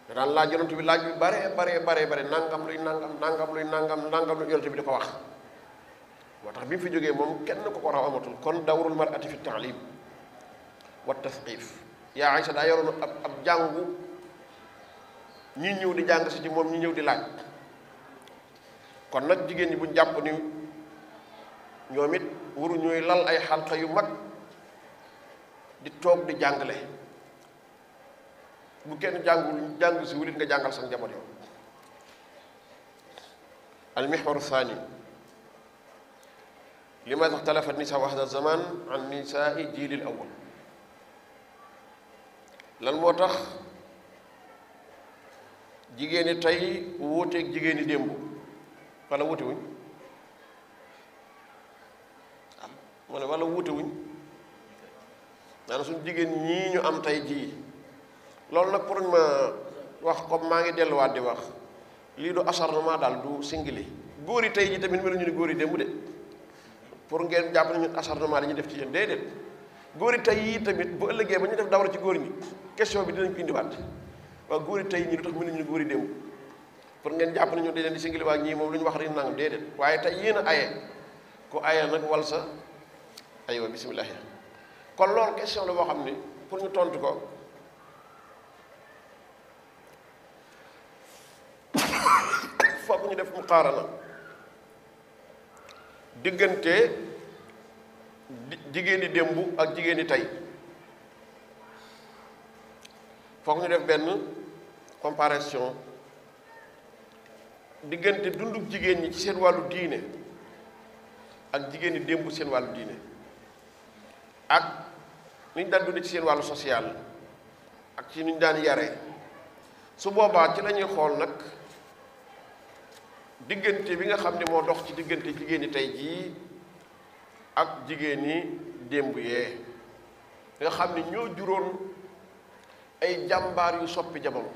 da daan laaj yonent bi laaj bi bare bare bare bare nangam luy nangam nangam luy nangam nangam luy yonent bi di ko wax moo tax bi mu fi jógee moom kenn ko ko raw amatul kon dawrul mar'ati fi taalim wa tasqif yaa Aysa daa yoroon ab ab jàngu ñi ñëw di jàng si ci moom ñi ñëw di laaj kon nag jigéen ñi bu jàpp ni ñoom it waru ñuy lal ay xalqa yu mag di toog di jàngale bu kenn jàngul jàng si wulit nga jàngal sa njaboot yow almihwaru thani limaada ixtalafa wax waxda zaman an nisaai jiilil awal lan moo tax jigéeni tey wuuteeg jigéeni démb walla wuute wuñ mu ne wala wuute wuñ maanaam suñu jigéen ñii ñu am tey jii loolu nag pour ma wax comme maa ngi delluwaat di wax lii du acharnement daal du singili góor yi tey jii tamit meluñu ni góor yi démb pour ngeen jàpp ne ñun acharnement dañuy def ci yéen déedéet góor yi tey yii tamit bu ëllëgee ba ñu def dawra ci góor ñi question bi dinañ ko indiwaat waaw góor yi tey ñi lu tax meluñu ni góor yi démb pour ngeen jàpp ne ñun dañ leen di singili ñii moom lu ñu wax rek nangam déedéet waaye tey yéen a aye ku aye nag wal sa aywa bisimilah kon loolu question la boo xam ne pour ñu tontu ko foog ñu def muqaarana diggante jigéen di démb ak jigéen di tey foog ñu def benn comparaison diggante dundub jigéen ñi ci seen wàllu diine ak jigéen di démb seen wàllu diine ak ni ñu daan dund ci seen wàllu social ak ci ni ñu daan yare su boobaa ci lañuy xool nag diggante bi nga xam ne moo dox ci diggante jigéen ñi tey jii ak jigéen ñi démb yee nga xam ne ñoo juróon ay jàmbaar yu soppi jamono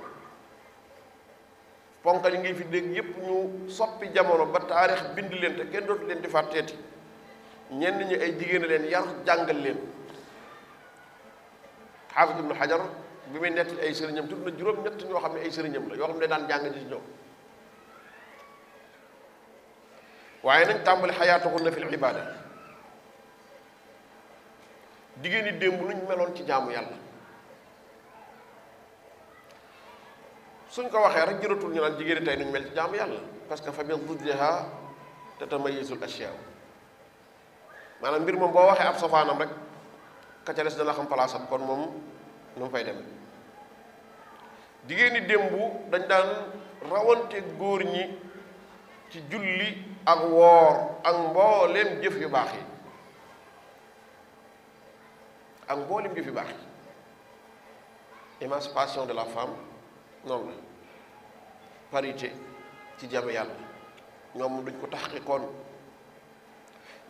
ponkal yi ngi fi dégg yépp ñu soppi jamono ba taarix bind leen te kenn dootu leen di fàtteeti ñenn ñi ay jigéen leen yar jàngal leen xaafis ibnu xajar bi muy nettali ay sëriñam tudd na juróom-ñett ñoo xam ne ay sëriñam la yoo xam ne daan jàng ci ñoom waaye nañ tàmbali xayaatuxun na fil ibaada jigéen ñi démb nuñ meloon ci jaamu yàlla suñ ko waxee rek jëratul ñu naan jigéen ñi tey nuñ mel ci jaamu yàlla parce que fa min duddiha tatamayyazul ashyaa maanaam mbir moom boo waxee ab sofaanam rek ka dana xam place kon moom nu mu fay dem jigéen ñi démb dañ daan rawante góor ñi ci julli ak woor ak mbooleem jëf yu baax yi ak mbooleem jëf yu baax yi émancipation de la femme noonu la parité ci jame yàlla ñoom duñ ko taxqiqoon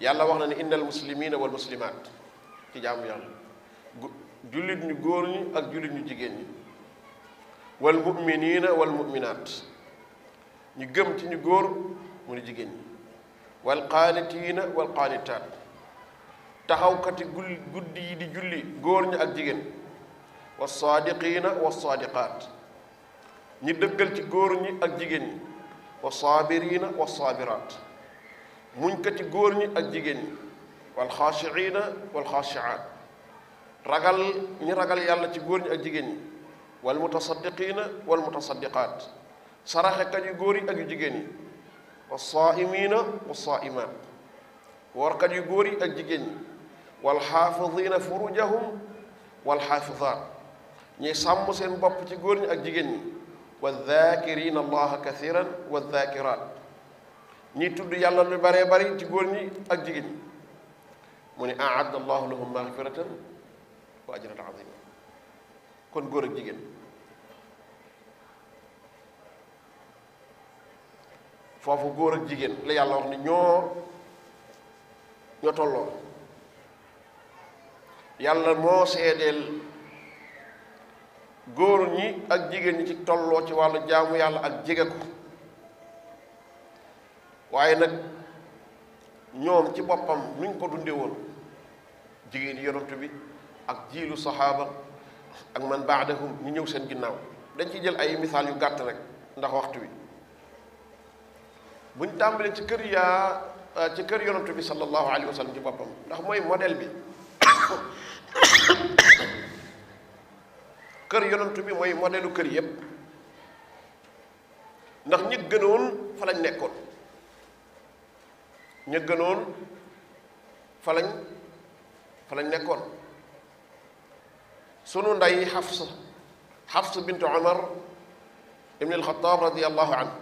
yàlla wax na ne innal muslimina wal muslimaat ci jaamu yàlla jullit ñu góor ñi ak jullit ñu jigéen ñi wal muminina wal muminaat ñu gëm ci ñu góor mu ne jigéen ñi wal qaanitiina wal qaanitaat taxawkati guddi yi di julli góor ñi ak jigéen wa saadiqiina wa saadiqaat ñi dëggal ci góor ñi ak jigéen ñi wa saabiriina wa saabiraat muñkati góor ñi ak jigéen ñi wal xaashiina wal xaashiaat ragal ñi ragal yàlla ci góor ñi ak jigéen ñi wal mutasaddiqiina wal mutasaddiqaat saraxekat yu góor yi ak yu jigéen ñi wa saaimiina wa saaimaat woorkat yu góor yi ak jigéen ñi wal xaafidiina furujahum wal xaafidaat ñuy sàmm seen bopp ci góor ñi ak jigéen ñi wa daakiriina allaha kathiran wa daakiraat ñi tudd yàlla lu bare bari ci góor ñi ak jigéen ñi mu ne aadda allahu lahum magfiratan wa ajran azima kon góor ak jigéen foofu góor ak jigéen la yàlla wax ni ñoo ñoo tolloo yàlla moo seedeel góor ñi ak jigéen ñi ci tolloo ci wàllu jaamu yàlla ak jege ko waaye nag ñoom ci boppam nuñ ko dunde woon jigéen yonent bi ak jiilu saxaaba ak man baax baadahum ñu ñëw seen ginnaaw dañ ci jël ay misaal yu gàtt rek ndax waxtu wi buñ tàmbalee ci kër yaa euh, ci kër yonent bi sallallahu alayhi wa sallam ci boppam ndax mooy modèle bi kër yonent bi mooy modèlu kër yépp ndax ñi gënoon fa lañ nekkoon ña gënoon fa lañ fa lañ nekkoon sunu ndey Xafs Xafs bint Omar ibn al-Xattaab radiyallahu anhu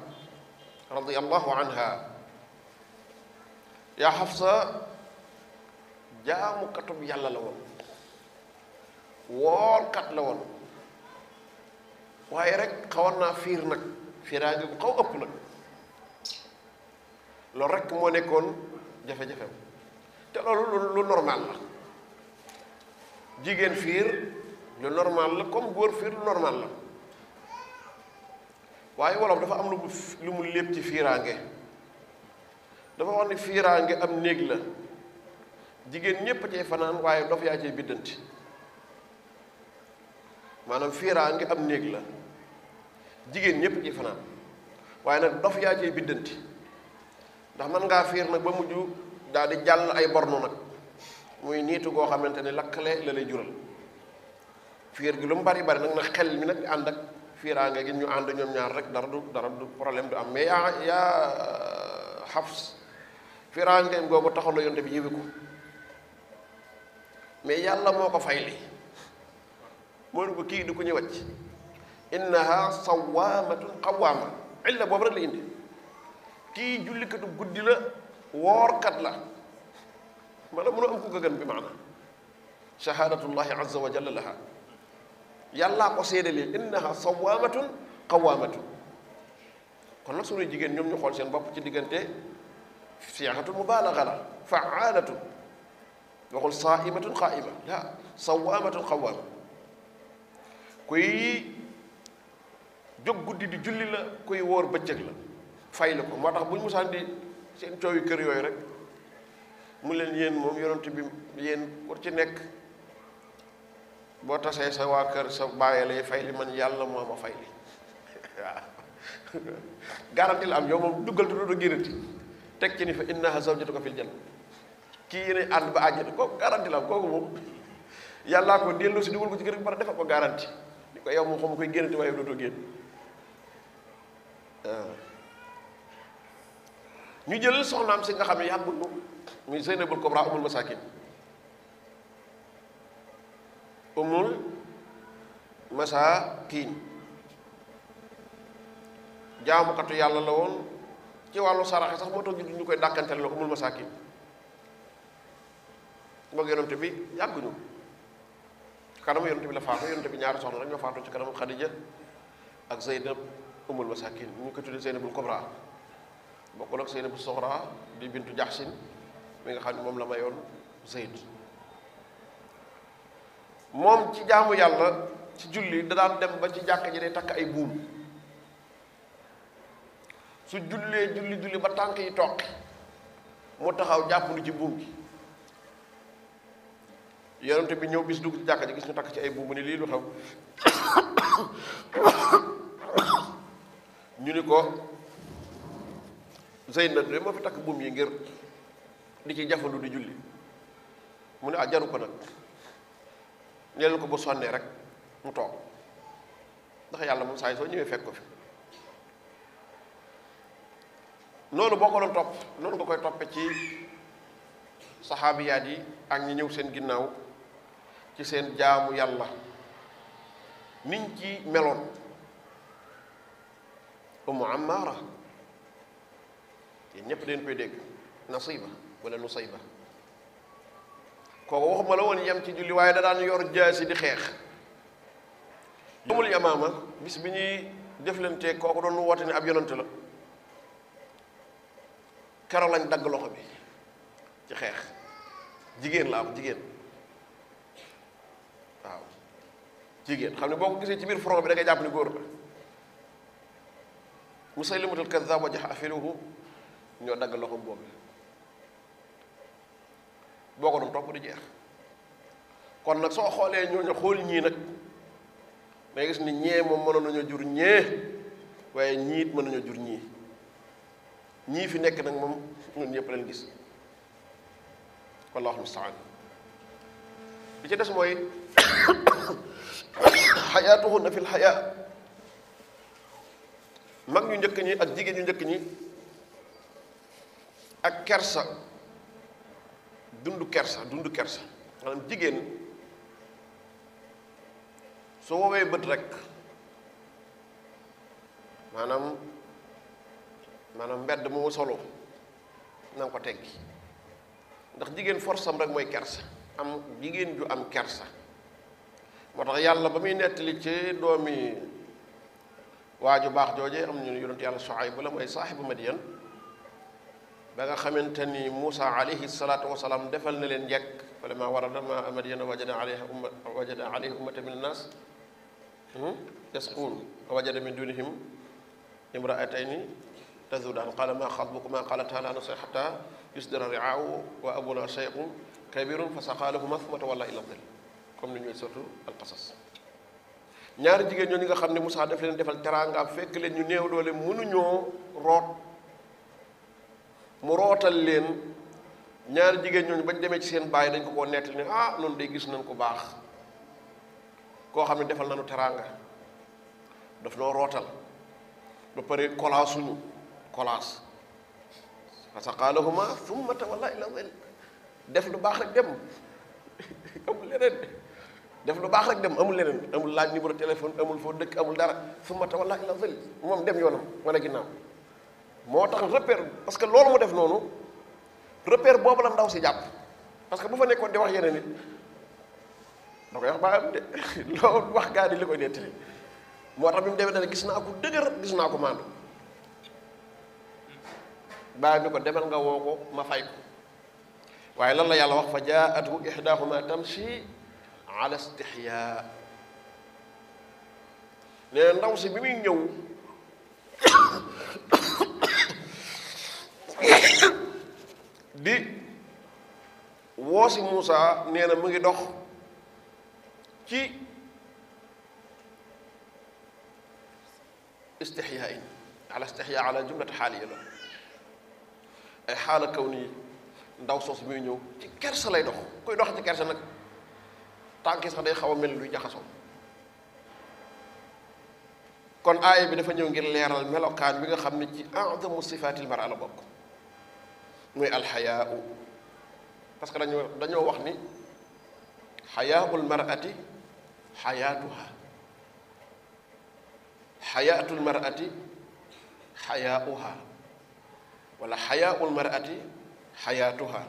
radiyallahu anha yaa Xafsa jaamukatub yàlla la woon woorkat la woon waaye rek xawoon naa fiir nag fiiraa gi bu xaw ëpp loolu rek moo nekkoon jafe-jafem te loolu lu normal la jigéen fiir lu normal la comme góor fiir lu normal la waaye wolof dafa am lu mu lu mu lépp ci fiiraange dafa wax ni fiiraange am néeg la jigéen ñépp cay fanaan waaye dof yaa cay biddanti maanaam fiiraange am néeg la jigéen ñépp cay fanaan waaye nag dof yaa cay biddanti ndax man ngaa fiir nag ba mujj daal di jàll ay bornu nag muy niitu goo xamante ne lakkale la lay jural fiir gi lu mu bari bari nag na xel mi nag ànd ak fiiraange gi ñu ànd ñoom ñaar rek dara du dara du problème du am mais yaa yaa xafs fiiraangeem googu taxoon na yonte bi yiwi ko mais yàlla moo ko fay li moo ko kii du ko ñëwacc innaha sawaamatun qawaama illa boobu rek la indi kii jullikatu guddi la woorkat la maanaam mënoo am ku ko gën bi maana shahaadatullahi azza wa jalla laha yàllaa ko séedalee innaha sawaamatun qawaamatun kon nag suñuy jigéen ñoom ñu xool seen bopp ci diggante siyaaxatul mubaalaga la faalatun waxul saaimatun xaaima la sawaamatun qawaama kuy jóg guddi di julli la kuy woor bëccëg la fay la ko moo tax buñ mosaan di seen coow kër yooyu rek mu leen yéen moom yonent bi yéen pour ci nekk boo tasee sa waa kër sa bàyyee lay fay li man yàlla moo ma fay li waaw garanti la am yow moom duggal te a génnati teg ci ni fa innaha zawjatuka fil janna kii yéen ànd ba àjjana kooku garanti la am kooku moom yàllaa ko delloo si dugal ko ci kër gi defal ko garanti ni ko yow moom xam koy génnati waaye dootoo génn ñu jël soxnaam si nga xam ne yàggul ko muy Zeynabul Kubra umul masakin umul masakin jaamukatu yàlla la woon ci wàllu saraxe sax moo tax ñu koy dàkkante la umul masakin moog yonent bi yàgguñu kanamu yonent bi la faatu yonent bi ñaari soxna rek ñoo faatu ci kanamu Xadija ak Zeynab umul masakin ñu ko tuddee Zeynabul Kubra bokkul ak bu Soxra di bintu Jaxsin mi nga xam ne moom la mayoon Zayd moom ci jaamu yàlla ci julli da daan dem ba ci jàkk ji day takk ay buum su jullee julli julli ba tànk yi toq mu taxaw jàppandu ci buum gi yonente bi ñëw bis dugg ci jàkk ji gis ñu takk ci ay buum ni lii lu xew ñu ni ko Zeynab de moo fi takk buum yi ngir di ci jafandu di julli mu ne ah jaru ko nag ñeel ko bu sonnee rek mu toog ndax yàlla moom saa yi soo ñëwee fekk ko fi noonu boo ko loolu topp noonu nga koy toppe ci saxaabiyaat yi ak ñi ñëw seen ginnaaw ci seen jaamu yàlla niñ ci meloon umu amaara yéen ñëpp dañ koy dégg nasiba wala nusayba kooku waxuma la woon yem ci julli waaye dadaal ñu yor jaasi di xeex yawmul yamaama bis bi ñuy deflante kooku doon woote ne ab yonante la keroo lañ dagg loxo bi ci xeex jigéen la am jigéen waaw jigéen xam ne boo ko gisee ci biir front bi da ngay jàpp ni góor la Musaylimatul Kazzaab wa jax afiluhu ñoo dagg loxoom boobu boo ko doon topp di jeex kon nag soo xoolee ñu xool ñii nag day gis ni ñee moom mënoon nañu jur ñee waaye ñii it mën nañoo jur ñii ñii fi nekk nag moom ñun ñëpp leen gis wallahu musta'an li ci des mooy xayaatuhunna fil xayaa mag ñu njëkk ñi ak jigéen ñu njëkk ñi ak kersa dundu kersa dundu kersa maanaam jigéen su woowee bët rekk maanaam maanaam mbedd mu solo na nga ko teggi ndax jigéen force am rek mooy kersa am jigéen ju am kersa moo tax yàlla ba muy nettali ci doomi ju baax jooje am ñu yonent yàlla Suayb la mooy saaxibu Madiyan ba nga xamante ni Moussa alayhi salaatu wa salaam defal na leen njëkk falammaa warada maa'u madyana wajada alayha umma wajada alayha ummatan mina naas hmm, yasquun wa wajada ma duunihim imra'atayni tazudaan qaala maa xatbukumaa qaalataa laa wa abunaa shay'un kabiirun fa saqaa lahumaa thumma tawallaa ilaa dhill comme ni ñuy sotu alqasas ñaari jigéen ñoo ñooñu nga xam ne Moussa daf leen defal teraanga fekk leen ñu néew doole mënuñoo root. mu rootal leen ñaari jigéen ñooñu bañ demee ci seen bàyyi dañ ko koo nettali ne ah loolu day gis nañ ko baax koo xam ne defal nañu teraanga daf noo rootal ba pare kolaasuñu kolaas fa saqaalahuma thumma tawalla ila dhil def lu baax rek dem amul leneen def lu baax rek dem amul leneen amul laaj numéro téléphone amul foo dëkk amul dara thumma tawalla ila dhil moom dem yoonam wane ginnaaw moo tax repère parce que loolu mu def noonu repère boobu la ndaw si jàpp parce que bu fa nekkoon di wax yeneen nit da koy wax baayam de loolu wax gaa yi li koy nettali moo tax bi mu demee dana gis naa ko dëgër gis naa ko maandu ko demal nga woo ko ma fay ko waaye lan la yàlla wax fa at jaa'athu ihdaahuma tamshi ala istihyaa nee ndaw si bi muy ñëw di woo si Moussa nee na mu ngi dox ci istixyaa in ala istixyaa ala jumlati ay xaala kaw nii ndaw soos muy ñëw ci kersa lay dox kuy dox ci kersa nag tànki sax day xaw a mel luy jaxasoo kon aaya bi dafa ñëw ngir leeral melokaan bi nga xam ne ci adamu sifaatil mara la bokk muy alxayaa parce que dañoo dañoo wax ni xayaaul marati xayaatuha xayaatul marati xayaauha wala xayaaul marati xayaatuha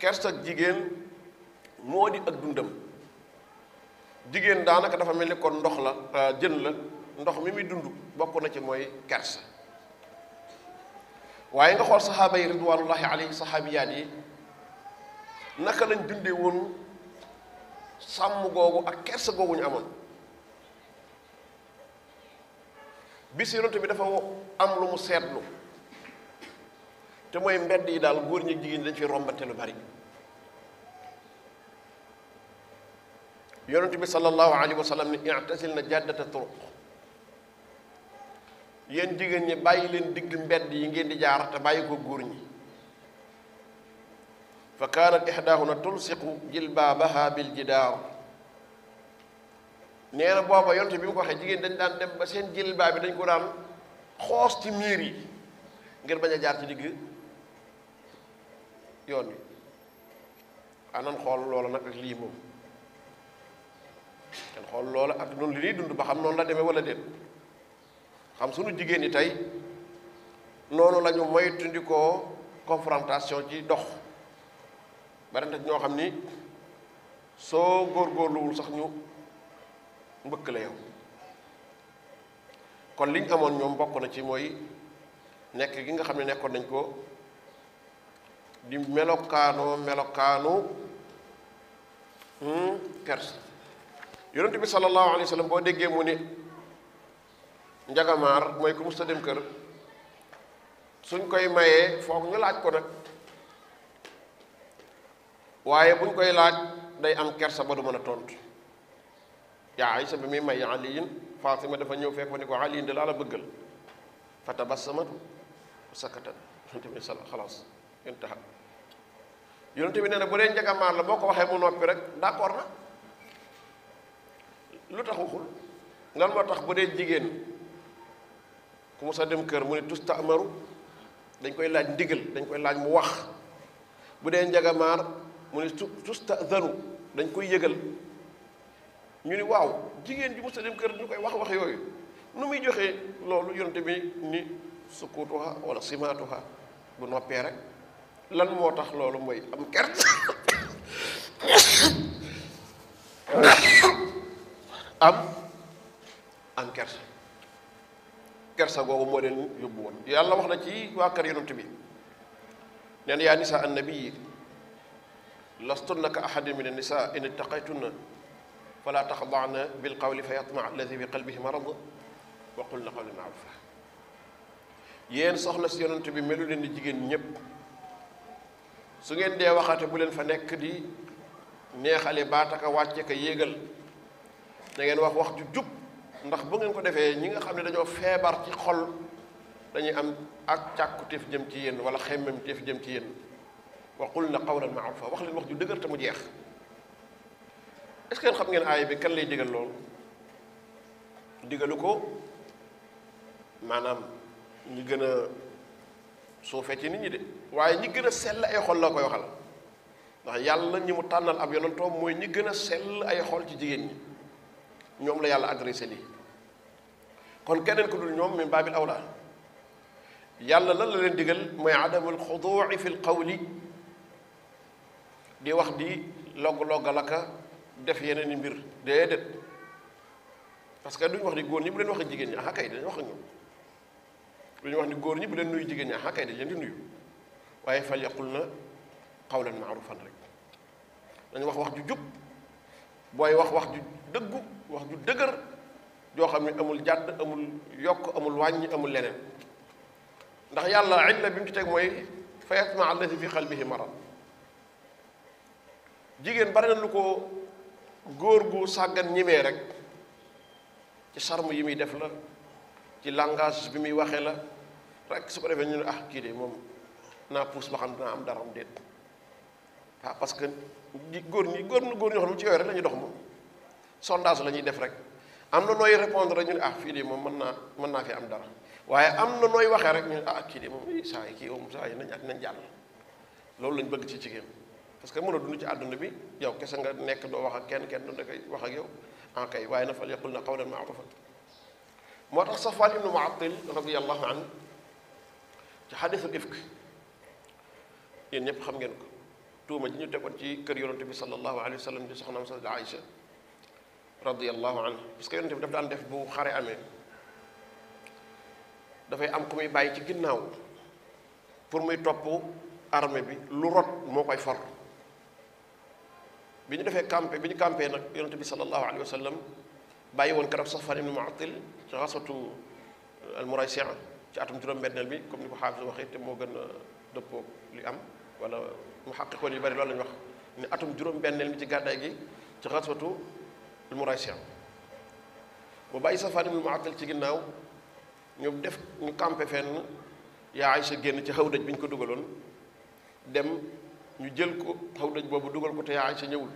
kersak jigéen moo di ak dundam jigéen daanaka dafa mel ni kon ndox la euh, jën la ndox mi muy dund bokk na ci mooy kers waaye nga xool saxaaba yi ridwanullahi alayhi saxaabiyaat yi naka lañ dundee woon sàmm googu ak kersa googu ñu amoon bis yonent bi dafa am lu mu seetlu te mooy mbedd yi daal góor ñi jigéen ñi dañ fi rombante lu bari yonent bi sallallahu alayhi wa sallam ne i'tasil na jaddata turuq yéen jigéen ñi bàyyi leen digg mbedd yi ngeen di jaar te bàyyi ko góor ñi fa kaanat ihdaahuna tulsiqu jilbaabaha bil jidaar nee na booba yonte bi mu ko waxee jigéen dañ daan dem ba seen jilbaa bi dañ ko daan xoos ci miir yi ngir bañ a jaar ci yoon wi anan xool loola nag ak lii moom kenn xool loola ak noonu li ñuy dund ba xam noonu la demee wala déet xam suñu jigéen ñi tey noonu la ñu moytundikoo confrontation ci dox bari na ñoo xam ni soo góorgóorluwul sax ñu mbëkk la yow kon liñ amoon ñoom mbokk na ci mooy nekk ki nga xam ne nekkoon nañ ko di melokaanoo melokaanu kersa hmm, yonent bi sallallahu alayhi wa boo déggee mu ni njagamaar mooy ku sa ta dem kër suñ koy mayee foog ñu laaj ko nag waaye buñ koy laaj day am kersa ba du mën a tontu yaa Aysa bi muy may Aliyin ma dafa ñëw fekk fa ni ko Aliyin de laa la bëggal fa tabasamatu sakatan yonente bi sal xalaas intaha yonente nee na bu dee njagamaar la boo ko waxee mu noppi rek d'accord na lu tax waxul lan moo tax bu dee jigéen ku mos dem kër mu ne tusta amaru dañ koy laaj ndigal dañ koy laaj mu wax bu dee njagamaar mu ne tu tusta zanu dañ koy yëgal ñu ni waaw jigéen ji mos sa dem kër ñu koy wax wax yooyu nu muy joxee loolu yonte bi ni sukutuha wala simaatuha bu noppee rek lan moo tax loolu mooy am kert am am kert kersa googu moo leen yóbbu woon yàlla wax na ci waa kër yonent bi neen yaa nisa annabii lastunna ka ahadin min annisa in ittaqaytunna fala taxdaana bilqawli fa yatmaa alladi fi qalbihi marad wa qulna soxna si yonent bi melu leen ni jigéen ñépp su ngeen dee waxaate bu leen fa nekk di neexale baataka wàcce ka yéegal da ngeen wax wax ju ndax bu ngeen ko defee ñi nga xam ne dañoo feebar ci xol dañuy am ak càkkutéef jëm ci yéen wala xemmem téef jëm ci yéen wa qul na qawlan maarufa wax leen wax ju dëgër te mu jeex est-ce xam ngeen ay bi kan lay digal loolu digalu ko maanaam ñi gën a suufee ci nit ñi de waaye ñi gën a sell ay xol la koy waxal ndax yàlla ñi mu tànnal ab yonantoom mooy ñi gën a sell ay xol ci jigéen ñi ñoom la yàlla adressé lii kon keneen ku dul ñoom min baabil awla yàlla lan la leen digal mooy adamul xuduuci fi l qawli di wax di logg-loggal ak def yeneen i mbir déedéet parce que duñ wax ni góor ñi bu leen wax ak jigéen ñi ah kay dañ wax ak ñoom duñu wax ni góor ñi bu leen nuyu jigéen ñi ah kay di nuyu waaye fal yaqul na qawlan maarufan rek dañu wax wax ju jub booy wax wax ju dëggu wax ju dëgër joo xam ne amul jàdd amul yokk amul wàññi amul leneen ndax yàlla illa bi mu ci teg mooy fa fii allati bi xalbihi marad jigéen bari na lu ko góor gu sàggan ñimee rek ci sarmu yi muy def la ci langage bi muy waxee la rek su ko defee ñu ne ah kii de moom naa puus ba xam dinaa am dara am déet ah parce que góor ñi góor na góor ñoo xam ne ci yooyu rek la ñuy dox moom sondage la ñuy def rek am na nooy répondre rek ñu ne ah fii de moom mën naa mën naa fi am dara waaye am na nooy waxee rek ñu ne ah kii de moom eh, saa yi kii moom saa yi nañ at nañ jàll loolu lañ bëgg ci jigéen parce que mën a dund ci àdduna bi yow kese nga nekk doo wax ak kenn kenn du koy wax ak yow en ah, kay waaye na fal yaqul na qawlan ma'rufan moo tax Safwan ibnu Mu'attil radiyallahu anhu ci xadisul ifk yéen ñëpp xam ngeen ko tuuma ji ñu tegoon ci kër yonante bi sallallahu alayhi wa sallam di soxnaam sa radiallahu anhu parce que yonent bi daf daan def bu xare amee dafay am ku muy bàyyi ci ginnaaw pour muy topp armée bi lu rot moo koy for bi ñu defee campé bi ñu campé nag yonent bi sallallahu alayhi wa sallam bàyyi woon keroog Safwan ibn Mu'attal ci atum juróom-benneel bi comme ni ko waxee te moo gën a dëppoo li am wala mu xaqiqoon yu bari loolu lañu wax atum juróom-benneel bi ci gàddaay gi ci xasatu almuraysiyan mu bàyyi safaan bi mu àttal ci ginnaaw ñu def ñu campé fenn yaa Aysa génn ci xawdaj bi ñu ko dugaloon dem ñu jël ko xawdaj boobu dugal ko te yaa Aysa ñëwul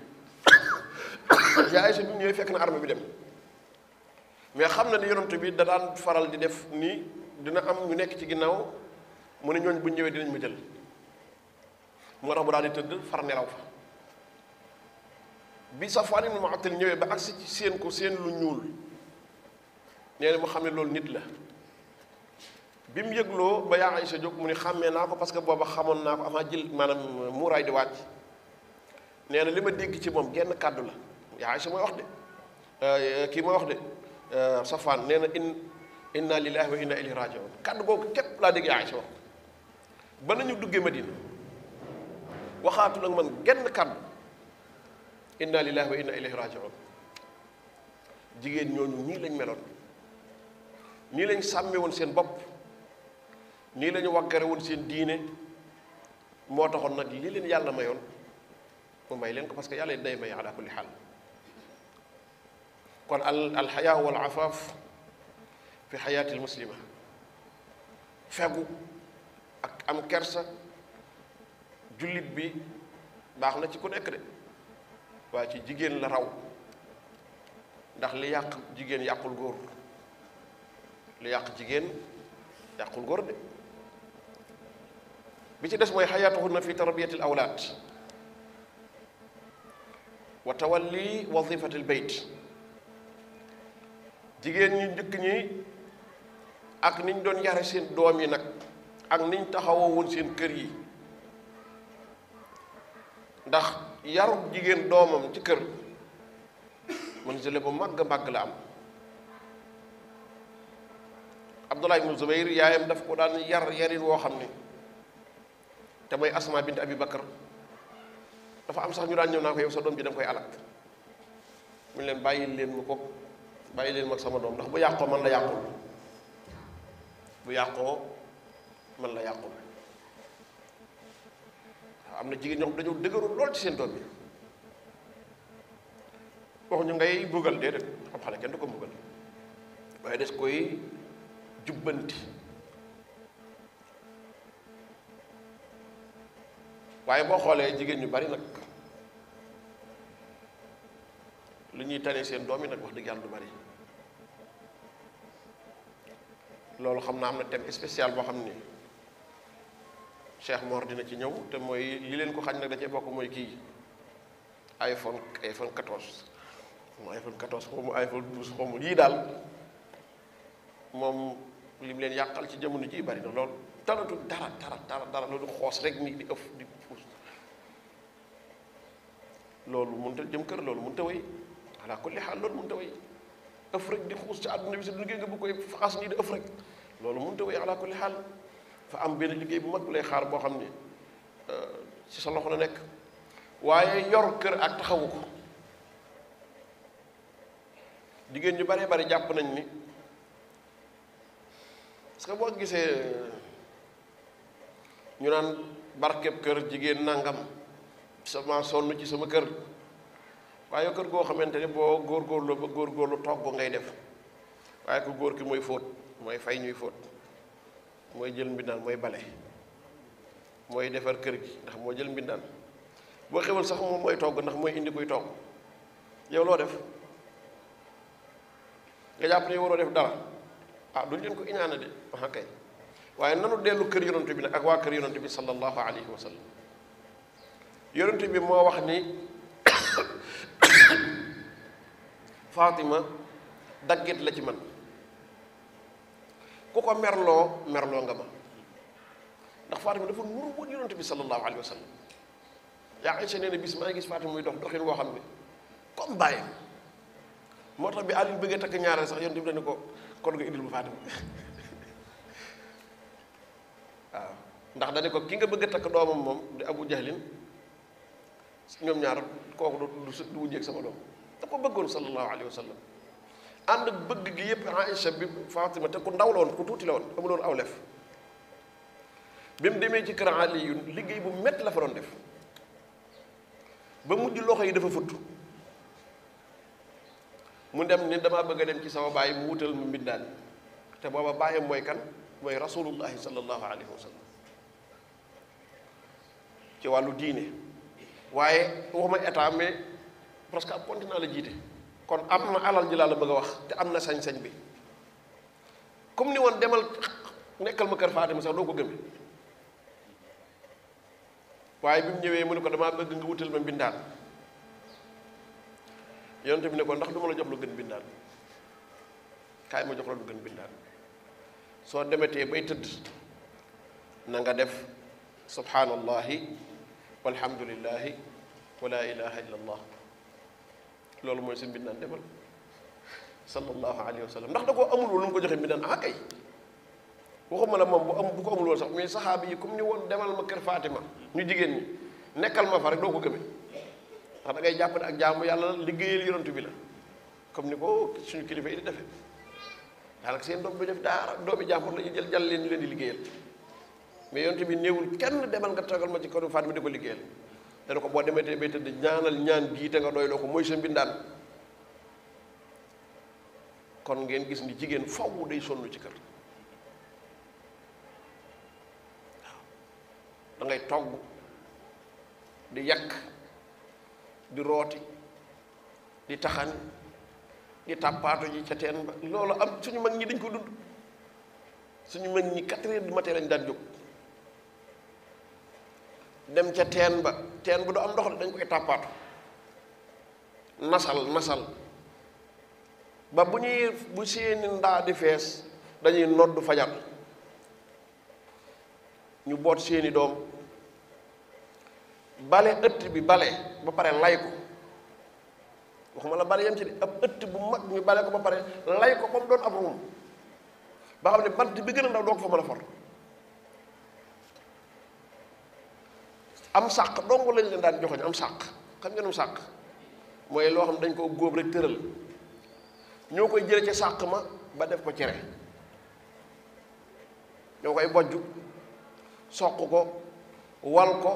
yaa Aysa bi ñëwee fekk na arme bi dem mais xam na ni yonent bi da daan faral di def nii dina am ñu nekk ci ginnaaw mu ne ñooñ bu ñëwee dinañ ma jël moo tax mu daal di tëdd far nelaw fa bi Safwaan ibn Mu'attal ñëwee ba agsi ci seen ko seen lu ñuul nee na mu xam ne loolu nit la bi mu yëgloo ba yaa Aysa jóg mu ni xàmmee naa ko parce que booba xamoon naa ko avant jël maanaam muuraay di wàcc nee na li ma dégg ci moom genn kàddu la yaa Aysa mooy wax de euh, kii mooy wax de euh, Safwaan nee na in inna lillahi wa inna ilayhi raji'un kàddu googu képp laa dégg yaa Aysa wax ba nañu duggee Madina waxaatu nag man genn kàddu inna lillahi wa inna ilayhi rajiun jigéen ñooñu nii lañ meloon nii lañ sàmme woon seen bopp nii lañu waggare woon seen diine moo taxoon nag li leen yàlla mayoon mu may leen ko parce que yàlla day may ala kulli xaal kon al ak am kersa jullit bi baax na ci ku nekk de waaye ci jigéen la raw ndax li yàq jigéen yàqul góor li yàq jigéen yàqul góor de bi ci des mooy xayaatuhunna fi tarbiyatil awlaad wa tawalli wazifatil bayt jigéen ñi njëkk ñi ak niñ doon yare seen doom yi nag ak niñ taxawoo woon seen kër yi ndax yaru jigéen doomam ci kër man manzile bu màgg màgg la am Abdullah ibnu Zubayr yaayam daf ko daan yar yarin woo xam ne te mooy Asma bint Abi Bakar dafa am sax ñu daan ñëw naa ko yow sa doom ji dama koy alak mu leen bàyyi leen mu ko bàyyi leen mag sama doom ndax bu yàqoo man la yàqul bu yàqoo man la yàqul am na jigéen ñoo xam dañoo dëgëru lool ci seen doom yi wax ñu ngay mbugal déedéet xam xale kenn du ko mbugal waaye des koy jubbanti waaye boo xoolee jigéen ñu bari nag lu ñuy tane seen doom yi nag wax dëgg yàlla du bari loolu xam naa am na thème spécial boo xam ne Cheikh Mor dina ci ñëw te mooy li leen ko xañ nag da cee bokk mooy kii iPhone iPhone 14 mu iPhone 14 xaw iPhone 12 xaw ma lii daal moom li leen yàqal ci jamono ji bari na lool talatu dara dara dara dara loolu xoos rek nii di ëf di puus loolu mënut a jëm kër loolu mënut a wéy di ci àdduna bi si xaal. fa am benn liggéey bu mag bu lay xaar boo xam ne euh, ci sa loxo la nekk waaye yor kër ak taxawu ko jigéen ñu bare bare jàpp nañ ni parce que boo gisee euh, ñu naan barkeb kër jigéen nangam sama sonn ci sama kër waaye kër goo xamante ni boo góor góorgóorlu ba góorgóorlu togg ngay def waaye ku góor ki mooy fóot mooy fay ñuy fóot mooy jël mbindaan mooy bale mooy defar kër gi ndax moo jël mbindaan boo xewal sax moom mooy togg ndax mooy indi kuy togg yow loo def nga jàpp ne waroo def dara ah duñ leen ko iñaana de waxa kay waaye nanu dellu kër yonent bi nag ak waa kër yonent bi sallallahu alayhi wa sallam bi moo wax ni Fatima daggit la ci man ku ko merloo merloo nga ma ndax Fatima dafa nuru woon yonent bi sallallahu alayhi wa sallam yaa Aïcha nee na bis maa gis Fatima muy dox doxin woo xam ne comme bàyyi moo tax bi Aliou bëggee takk ñaareel sax yonent bi dañu ko kon nga bu Fatima waaw ndax dañu ko ki nga bëgg a takk doomam moom di Abu Jahlin ñoom ñaar kooku du du wujjeeg sama doom da ko bëggoon sallallahu alayhi wa ànd ak bëgg gi yëpp Aïcha bi Fatima te ku ndaw lool woon ku tuuti la woon amuloon aw lef bi mu demee ci kër Ali liggéey bu metti la fa doon def ba mujj loxo yi dafa futt mu dem ni damaa bëgg a dem ci sama baay mu wutal mu mbindaan te booba baayam mooy kan mooy rasulullahi sallallahu alayhi wa sallam ci wàllu diine waaye waxuma état mais presque ab la jiite kon am na alal ji laa la bëgg a wax te am na sañ-sañ bi comme ni woon demal nekkal ma kër Fatima sax doo ko gëm waaye bi mu ñëwee mu ne ko damaa bëgg nga wutal ma mbindaan yonent bi ne ko ndax du ma la jox lu gën mbindaan kaay ma jox la lu gën mbindaan soo demetee bay tëdd na nga def subhaanallahi walhamdulillahi wa laa ilaha illa allah loolu mooy seen mbindaan demal sallallahu alayhi wa sallam ndax da ko amul woon lu mu ko joxe mbindaan ah kay waxuma la moom bu am bu ko amul woon sax mais saxaab yi comme ni woon demal ma kër Fatima ñu jigéen ñi nekkal ma fa rek doo ko gëmee ndax da ngay jàpp ak jaamu yàlla liggéeyal yonent bi la comme ni ko suñu kilifa yi di defee daanaka bi def daara doomi jàmbur la ñu jël jàll leen ñu leen di liggéeyal mais yonent bi néewul kenn demal nga toogal ma ci kër Fatima di ko liggéeyal. dana ko boo demee te bay tëdd ñaanal ñaan gii te nga doy loo ko mooy mbindaan kon ngeen gis ni jigéen faw day sonn ci kër waaw togg di yàq di rooti di taxan di tàppaato yi ca teen ba loolu am suñu mag ñi dañ ko dund suñu mag ñi quatre heures du matin lañ daan jóg dem ca teen ba teen bu du am ndox la dañ koy tàppaatu nasal nasal ba bu ñuy bu seeni ndaa di fees dañuy nodd fajar ñu boot seeni doom bale ëtt bi bale ba pare lay ko waxuma la bale yam ci de ab ëtt bu mag ñu bale ko ba pare lay ko ba doon ab ruum ba xam ne bant bi gën a ndaw doo ko fa mën a for am sàq dong lañ leen daan joxoñ am sàq xam ngeen am sàq mooy loo xam dañ koo góob rek tëral ñoo koy jële ca sàq ma ba def ko cere ñoo koy bojj soq ko wal ko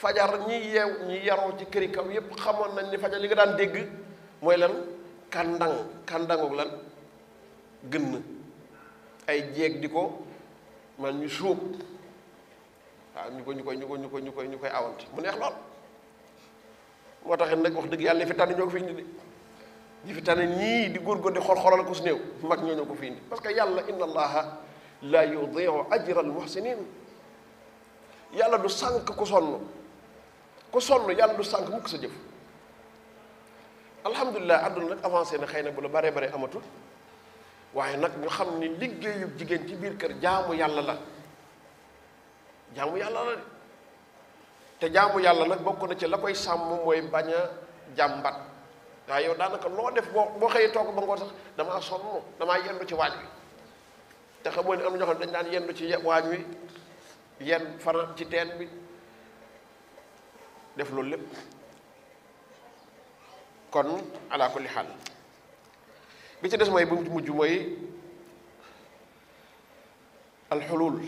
fajar ñi yeew ñi yaroo ci këri kaw yépp xamoon nañ ni fajar li nga daan dégg mooy lan kàndang kàndangook lan gën ay jeeg di ko man ñu suub waaw ñu ko ñu koy ñu ko ñu ko ñu koy ñu koy awante mu neex lool moo tax nag wax dëgg yàlla fi tànn ñoo ko fi indi de ñi fi tànn ñii di góorgóor di xool xoolal ko su néew mag ñoo ñoo ko fi indi parce que yàlla inna allaha la yudiu ajra al muhsinin yàlla du sànq ku sonn ku sonn yàlla du sànq mukk sa jëf alhamdulilah àdduna nag avancé na xëy na bu la baree bare amatul waaye nag ñu xam ni liggéeyu jigéen ci biir kër jaamu yàlla la jaamu yàlla la de te jaamu yàlla nag bokk na ci la koy sàmm mooy bañ a jàmbat waaye yow daanaka loo def boo boo xëyee toog ba ngoon sax damaa sonn damaa yendu ci waañ wi te am na ñoo xam ne dañ daan yendu waañ wi yenn fanaan ci teen bi def loolu lépp kon ala kulli xaal bi ci des mooy bu mujj mooy alxulul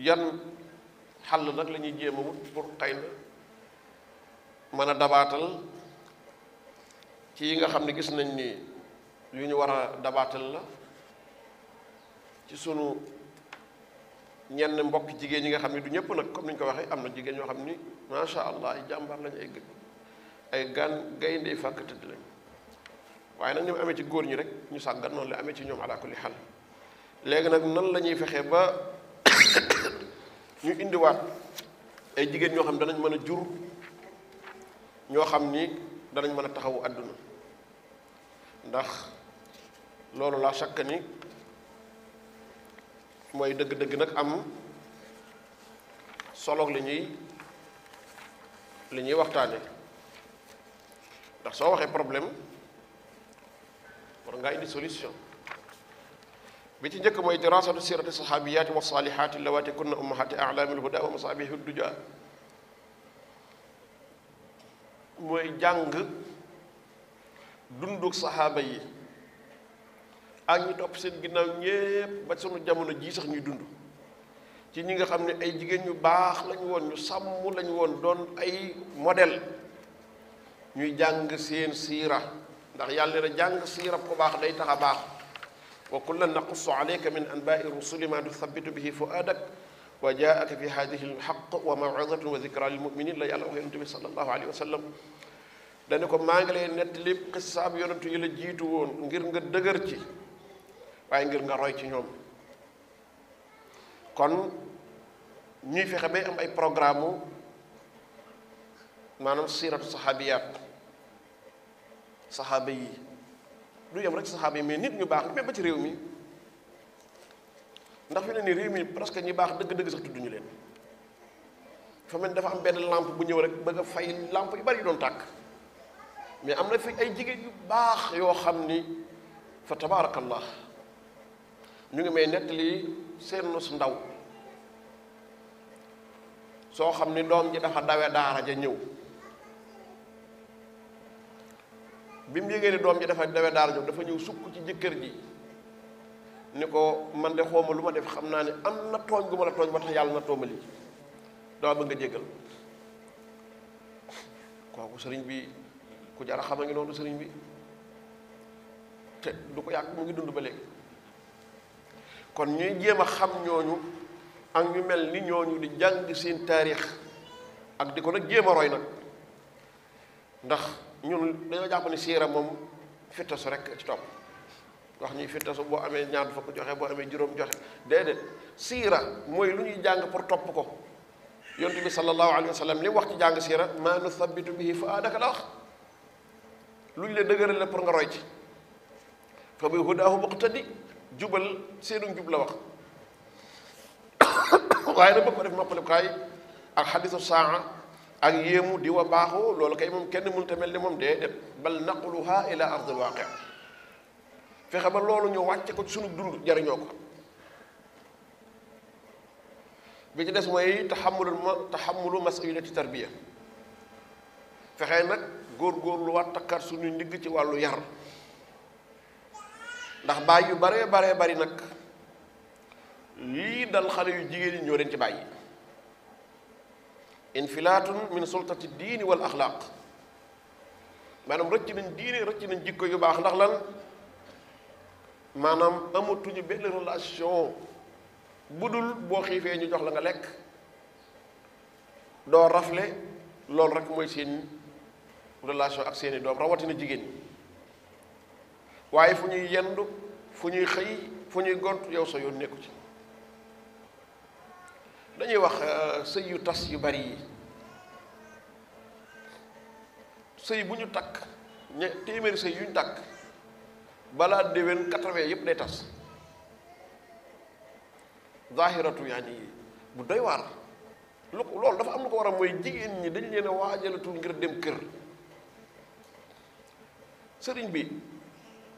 yan xàll nag la ñuy jéem a wut pour xëy na mën a dabaatal ci yi nga xam ne gis nañ ni yu ñu war a dabaatal la ci sunu ñenn mbokk jigéen ñi nga xam ne du ñëpp nag comme ni ñu ko waxee am na jigéen ñoo xam ni macha allah ay jàmbaar lañu ay ay gan gayndey fàkk tëdd lañ waaye nag ni mu amee ci góor ñi rek ñu sàggan noonu la amee ci ñoom ala kulli xal léegi nag nan la ñuy fexee ba ñu indiwaat ay jigéen ñoo xam ne danañ mën a jur ñoo xam ni danañ mën a taxawu àdduna ndax loolu laa sakk ni mooy dëgg-dëgg nag am soloog li ñuy li ñuy waxtaane ndax soo waxee problème war ngaa indi solution bi ci njëkk mooy dirasatu sirati sahabiyaati wa saalihaati lawaati kunna ummahati alaamil huda wa masaabihi duja mooy jàng dunduk saxaaba yi ak ñu topp seen ginnaaw ñépp ba sunu jamono jii sax ñuy dund ci ñi nga xam ne ay jigéen ñu baax lañu woon ñu sàmm lañu woon doon ay model ñuy jàng seen siira ndax yàlla na jàng siira ko baax day tax a baax wa kullan naqussu alayka min anbaai rusuli ma nuthabitu bihi fuaadak wa jaaka fi hadihi alxaq wa mawizatun wa zikra lilmuminin la yàlla wax yonent bi salallahu alayhi wa sallam dane ko maa ngi lay nettali xisaab yonent yi la jiitu woon ngir nga dëgër ci waaye ngir nga roy ci ñoom kon ñuy fexe am ay programme maanaam siiratu saxaabiyaat saxaaba yi du yem rek ci saxaaba yi mais nit ñu baax mais ba ci réew mi ndax fi ne nii réew mi que ñi baax dëgg-dëgg sax tudduñu leen fa mel dafa am benn lampe bu ñëw rek bëgg a fay làmp yu bari yu doon tàkk mais am na fi ay jigéen yu baax yoo xam ni fa tabaarakallah ñu ngi may nettali seen su ndaw soo xam ni doom ji dafa dawe daara ja ñëw bi mu yégée ne doom ji dafa dawe daara joob dafa ñëw sukk ci jëkkër ji ni ko man de xooma lu ma def xam naa ne am na tooñ gu ma la tooñ ba tax yàlla na toomali lii dama bëgg nga jéggal kooku sëriñ bi ku jar xam a ngi noonu sëriñ bi te du ko yàgg mu ngi dund ba léegi kon ñuy jéem a xam ñooñu ak ñu mel ni ñooñu di jàng seen taarix ak di ko nag jéem a roy nag ndax ñun dañoo jàpp ne siira moom fittasu rek ci topp wax ñuy fittasu boo amee ñaar fukk joxe boo amee juróom joxe déedéet siira mooy lu ñuy jàng pour topp ko yontu bi sallallahu alayhi wa sallam li wax ci jàng siira maa nu sabitu bihi fuaadaka la wax lu ñu la dëgëral la pour nga roy ci fa bi hudaahu muqtadi jubal seenu jub la wax waaye nag bëgg ko def noppalikaay ak xadisu saa ak yéemu di wa baaxu loolu kay moom kenn mënut a mel ni moom dee dem bal naquluha ila ardil waaqi fexe ba loolu ñu wàcce ko ci sunu dund jariñoo ko bi ci des mooy taxamulul ma taxamulu masuliyati tarbiya fexe nag góorgóorlu waat takkaat suñu ndigg ci wàllu yar ndax bàyyi yu baree baree bari nag lii dal xale yu jigéen ñi ñoo leen ci bàyyi infilaatun min sultati diini wal axlaaq maanaam rëcc nañ diine rëcc nañ jikko yu baax ndax lan maanaam amatuñu benn relation bu dul boo xiifee ñu jox la nga lekk doo rafle loolu rek mooy seen relation ak seeni doom rawatina jigéen ñi waaye fu ñuy yendu fu ñuy xëy fu ñuy gont yow sa yoon nekku ci dañuy wax euh, sëy yu tas yu bari yi sëy bu ñu takk téeméeri sëy yuñ takk balaa déwén quatre-vingt yépp day tas zahiratu yaani bu doy waar lu loolu dafa am lu ko war mooy jigéen ñi dañu leen a waajalatul ngir dem kër sëriñ bi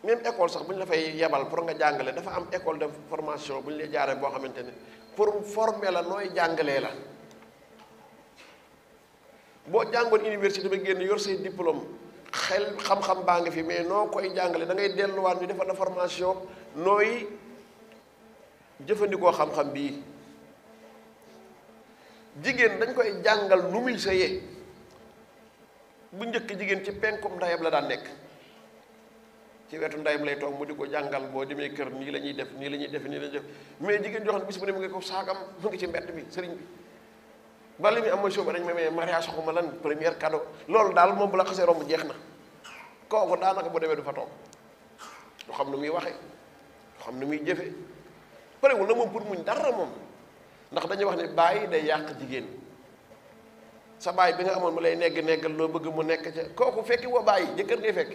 même école sax bu ñu la fay yebal pour nga jàngale dafa am école de formation bu ñu lay jaaree boo xamante ne pour former la nooy jàngalee la boo jàngoon université ba génn yor say diplôme xel xam-xam baa ngi fi mais noo koy jàngale da ngay delluwaat ñu defal la formation nooy jëfandikoo xam-xam bii jigéen dañ koy jàngal lu muy sëyee bu njëkk jigéen ci penkum ndayam la daan nekk ci wetu ndayam lay toog mu di ko jàngal boo demee kër nii la ñuy def nii la ñuy def def mais jigéen joo xam ne bis bu ne mu ngi ko saagam mu ngi ci mbedd bi sëriñ bi ba li muy am mooy sóoba dañ ma may mariage xuma lan première kado loolu daal moom bu la xasee romb jeex na kooku daanaka bu demee du fa toog du xam nu muy waxee du xam nu muy jëfee parewul na moom pour muñ dara moom ndax dañuy wax ne bàyyi day yàq jigéen sa bàyyi bi nga amoon mu lay negg neggal loo bëgg mu nekk ca kooku fekki woo bàyyi jëkkër ngay fekk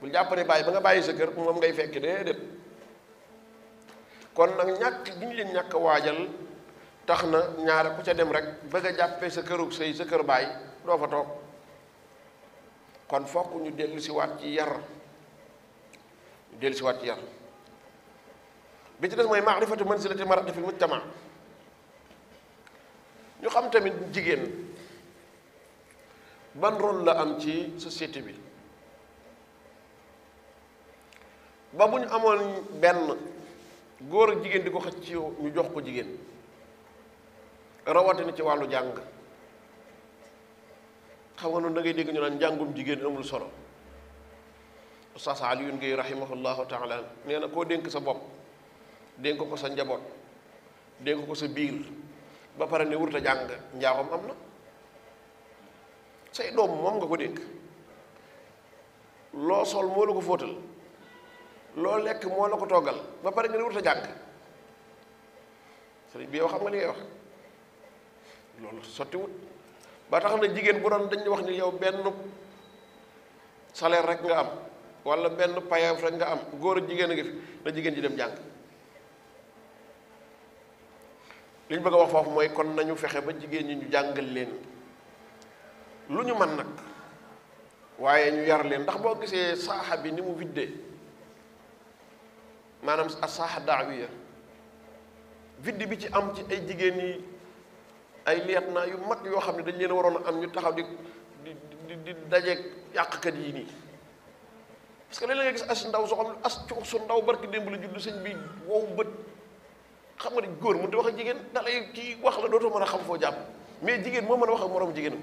bu jàpp ne bàyyi ba nga bàyyi sa kër moom ngay fekk déedéet kon nag ñàkk gi leen ñàkk waajal tax na ñaare ku ca dem rek bëgg a jàppee sa këru sëy sa kër bàyyi doo fa toog kon fokk ñu dellu si waat ci yar ñu dellu si waat ci yar bi ci des mooy maarifatu mansilati mar'ati fil mujtama ñu xam tamit jigéen ban rôle la am ci société bi ba bu ñu amoon benn góor ak jigéen di ko xëcc ci ñu jox ko jigéen rawatina ci wàllu jàng xam nga noonu da ngay dégg ñu naan njàngum jigéen amul solo Oustaz Alioune Guèye rahimahullahu taala nee na koo dénk sa bopp dénk ko sa njaboot dénk ko sa biir ba pare ne wurta jàng njaaxum am na say doom moom nga ko dénk loo sol moo la ko fóotal loo lekk moo la ko toggal ba pare nga ne wut a jàng sëriñ bi yow xam nga li ngay wax loolu sottiwut ba tax na jigéen bu doon dañuy wax ni yow benn saleer rek nga am walla benn payaaf rek nga am góor a jigéen a ngi fi na jigéen ji dem jàng li ñu bëgg a wax foofu mooy kon nañu fexe ba jigéen ñi ñu jàngal leen lu ñu mën nag waaye ñu yar leen ndax boo gisee saaxa bi ni mu widdee maanaam asaaxa daawiya vidde bi ci am ci ay jigéen yi ay liet naa yu mag yoo xam ne dañ leen waroon a am ñu taxaw di di di di dajeeg yàqkat yi nii parce que la léeg gis as ndaw soo xam ne as coox su ndaw barki démb la juddu sëñ bi wow bët xam nga di góor mu di wax ak jigéen dalay kii wax la dootoo mën a xam foo jàpp mais jigéen moo mën a wax ak moroom jigéenam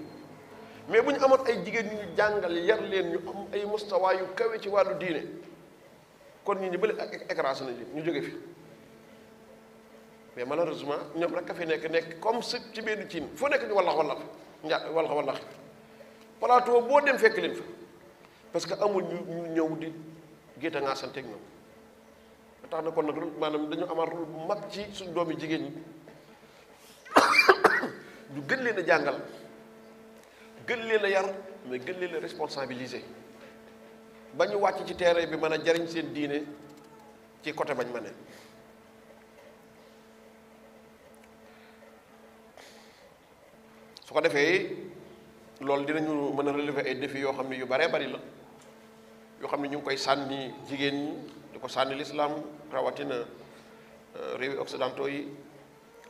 mais bu ñu amoon ay jigéen ñu ñu jàngal yar leen ñu am ay mustawaa yu kawe ci wàllu diine kon ñu ñu bële ak écrasé nañu ñu jóge fi mais malheureusement ñoom rek a fi nekk nekk comme si ci benn cin foo nekk ñu wallax wallax nja wallax wallax plateau boo dem fekk leen fa parce que amul ñu ñu ñëw di géta ngaa santeeg ñoom tax na kon nag maanaam dañu amaat rôle bu mag ci suñu doomi jigéen ñi ñu gën leen a jàngal gën leen a yar mais gën leen a ba ñu wàcc ci terrain bi mën a jariñ seen diine ci côté bañ ma ne su ko defee loolu dinañu mën a relever ay defi yoo xam ne yu baree bari la yoo xam ne ñu ngi koy sànni jigéen ñi di ko sànni lislaam rawatina euh, réewi occidentaux yi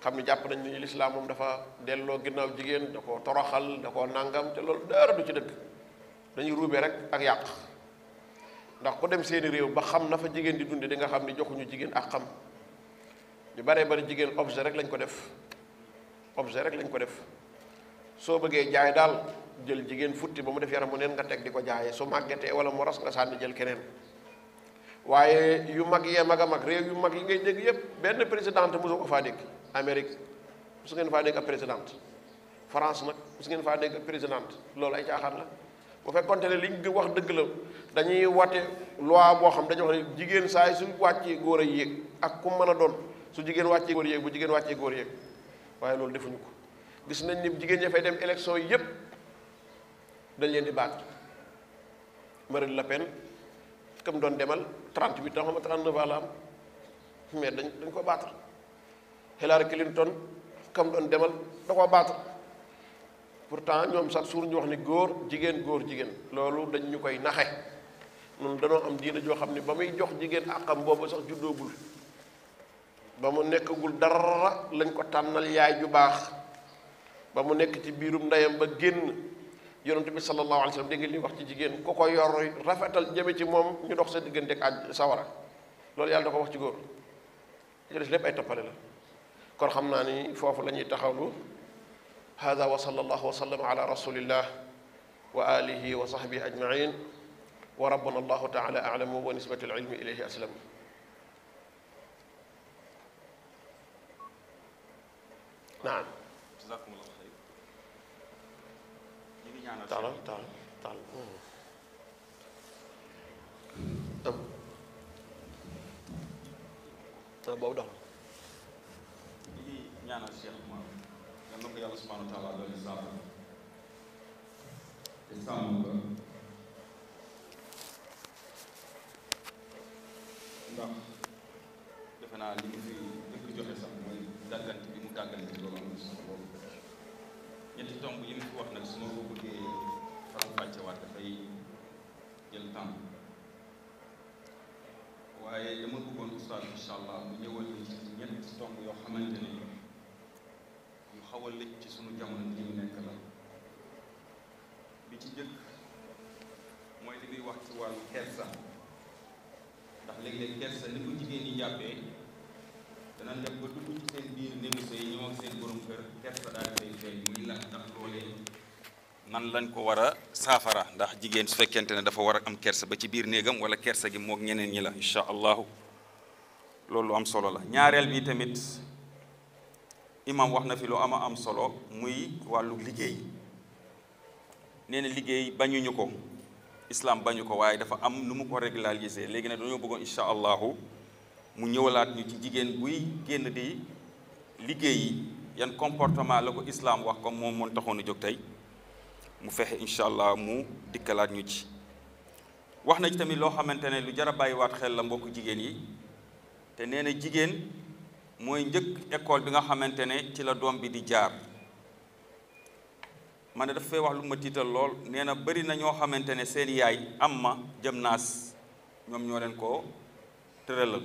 xam ne jàpp nañ ni lislaam moom dafa delloo ginnaaw jigéen da ko toroxal da ko nàngam te lool dara du ci dëkk dañuy ruube rek ak yàq ndax ku dem seeni réew ba xam na fa jigéen di dunde di nga xam ni joxuñu jigéen ak xam ñu baree bari jigéen objet rek lañ ko def objet rek lañ ko def soo bëggee jaay daal jël jigéen futti ba mu def yaram mu neen nga teg di ko jaayee su màggetee wala mu ras nga sànni jël keneen waaye yu mag yee mag a mag réew yu mag yi ngay dégg yépp benn présidente mosu ko faa dégg Amérique su ngeen faa dégg ak présidente France nag mosu ngeen faa dégg ak présidente loolu ay caaxaan la bu fekkoonte ne liñ wax dëgg la dañuy wate loi boo xam dañuy wax ne jigéen saay su wàccee góor a yéeg ak ku mën a doon su jigéen wàccee góor yéeg bu jigéen wàccee góor yéeg waaye loolu defuñu ko gis nañ ni jigéen ña fay dem élection yépp dañ leen di baat Marine Le Pen comme doon demal 38 ans xam nga 39 ans am mais dañ dañ ko baatal Hillary Clinton comme doon demal da koo baatal pour temps ñoom sax suur ñu wax ni góor jigéen góor jigéen loolu dañ ñu koy naxe noonu danoo am diina joo xam ne ba muy jox jigéen àqam boobu sax juddoogul ba mu nekkagul dara lañ ko tànnal yaay ju baax ba mu nekk ci biirum ndeyam ba génn yonent bi sallallahu alayhi wa sallam dégg li wax ci jigéen ku ko yor rafetal jëme ci moom ñu dox sa diggante ak aj sawara loolu yàlla da ko wax ci góor li lépp ay toppale la kon xam naa ni foofu lañuy taxawlu hada wa sallallahu wa sallam ala rasulillah wa alihi wa sahbihi ajmain wa rabbana allahu taala alamu wa nisbatu alilmi ilayhi aslam naam jazakumullahu xayr ñu ngi ñaanal taal taal taal boobu dox ñaanal na ko yàlla subhanahu wa taala doon ndax defe naa li mu fi li mu joxe sax mooy dàggante bi mu dàggante ci loolu am na solo loolu ñetti tomb fàccewaat dafay jël temps waaye dama bëggoon oustaz incha allah mu ñëwal ñu ci ñetti tomb yoo xamante xaw a lëj ci sunu jamono ji nekk la bi ci jëkk mooy li muy wax ci wàllu kersa ndax léeg-léeg kersa ni ko jigéen ñi jàppee dana dem ba dugg ci seen biir négocié ñëw ak seen borom kër kersa daal day feeñ muy lan ndax loolee nan lañ ko war a saafara ndax jigéen su fekkente ne dafa war a am kersa ba ci biir néegam wala kersa gi moo ñeneen ñi la incha allahu loolu am solo la ñaareel bi tamit imam wax na fi lu am am solo muy wàllu liggéey nee na liggéey bañuñu ko islaam bañu ko waaye dafa am nu mu ko régulariser léegi nag dañoo bëggoon incha allahu mu ñëwalaat ñu ci jigéen buy génn di liggéey yi yan comportement la ko islaam wax comme moom moon taxoon a jóg tey mu fexe incha allah mu dikkalaat ñu ci wax na ci tamit loo xamante ne lu jar a bàyyiwaat xel la mbokk jigéen yi te nee jigéen mooy njëkk école bi nga xamante ne ci la doom bi di jaar ma ne dafa fay wax lu ma tiital lool nee na bari na ñoo xamante ne seen yaay am ma jëm naas ñoom ñoo leen ko tëralal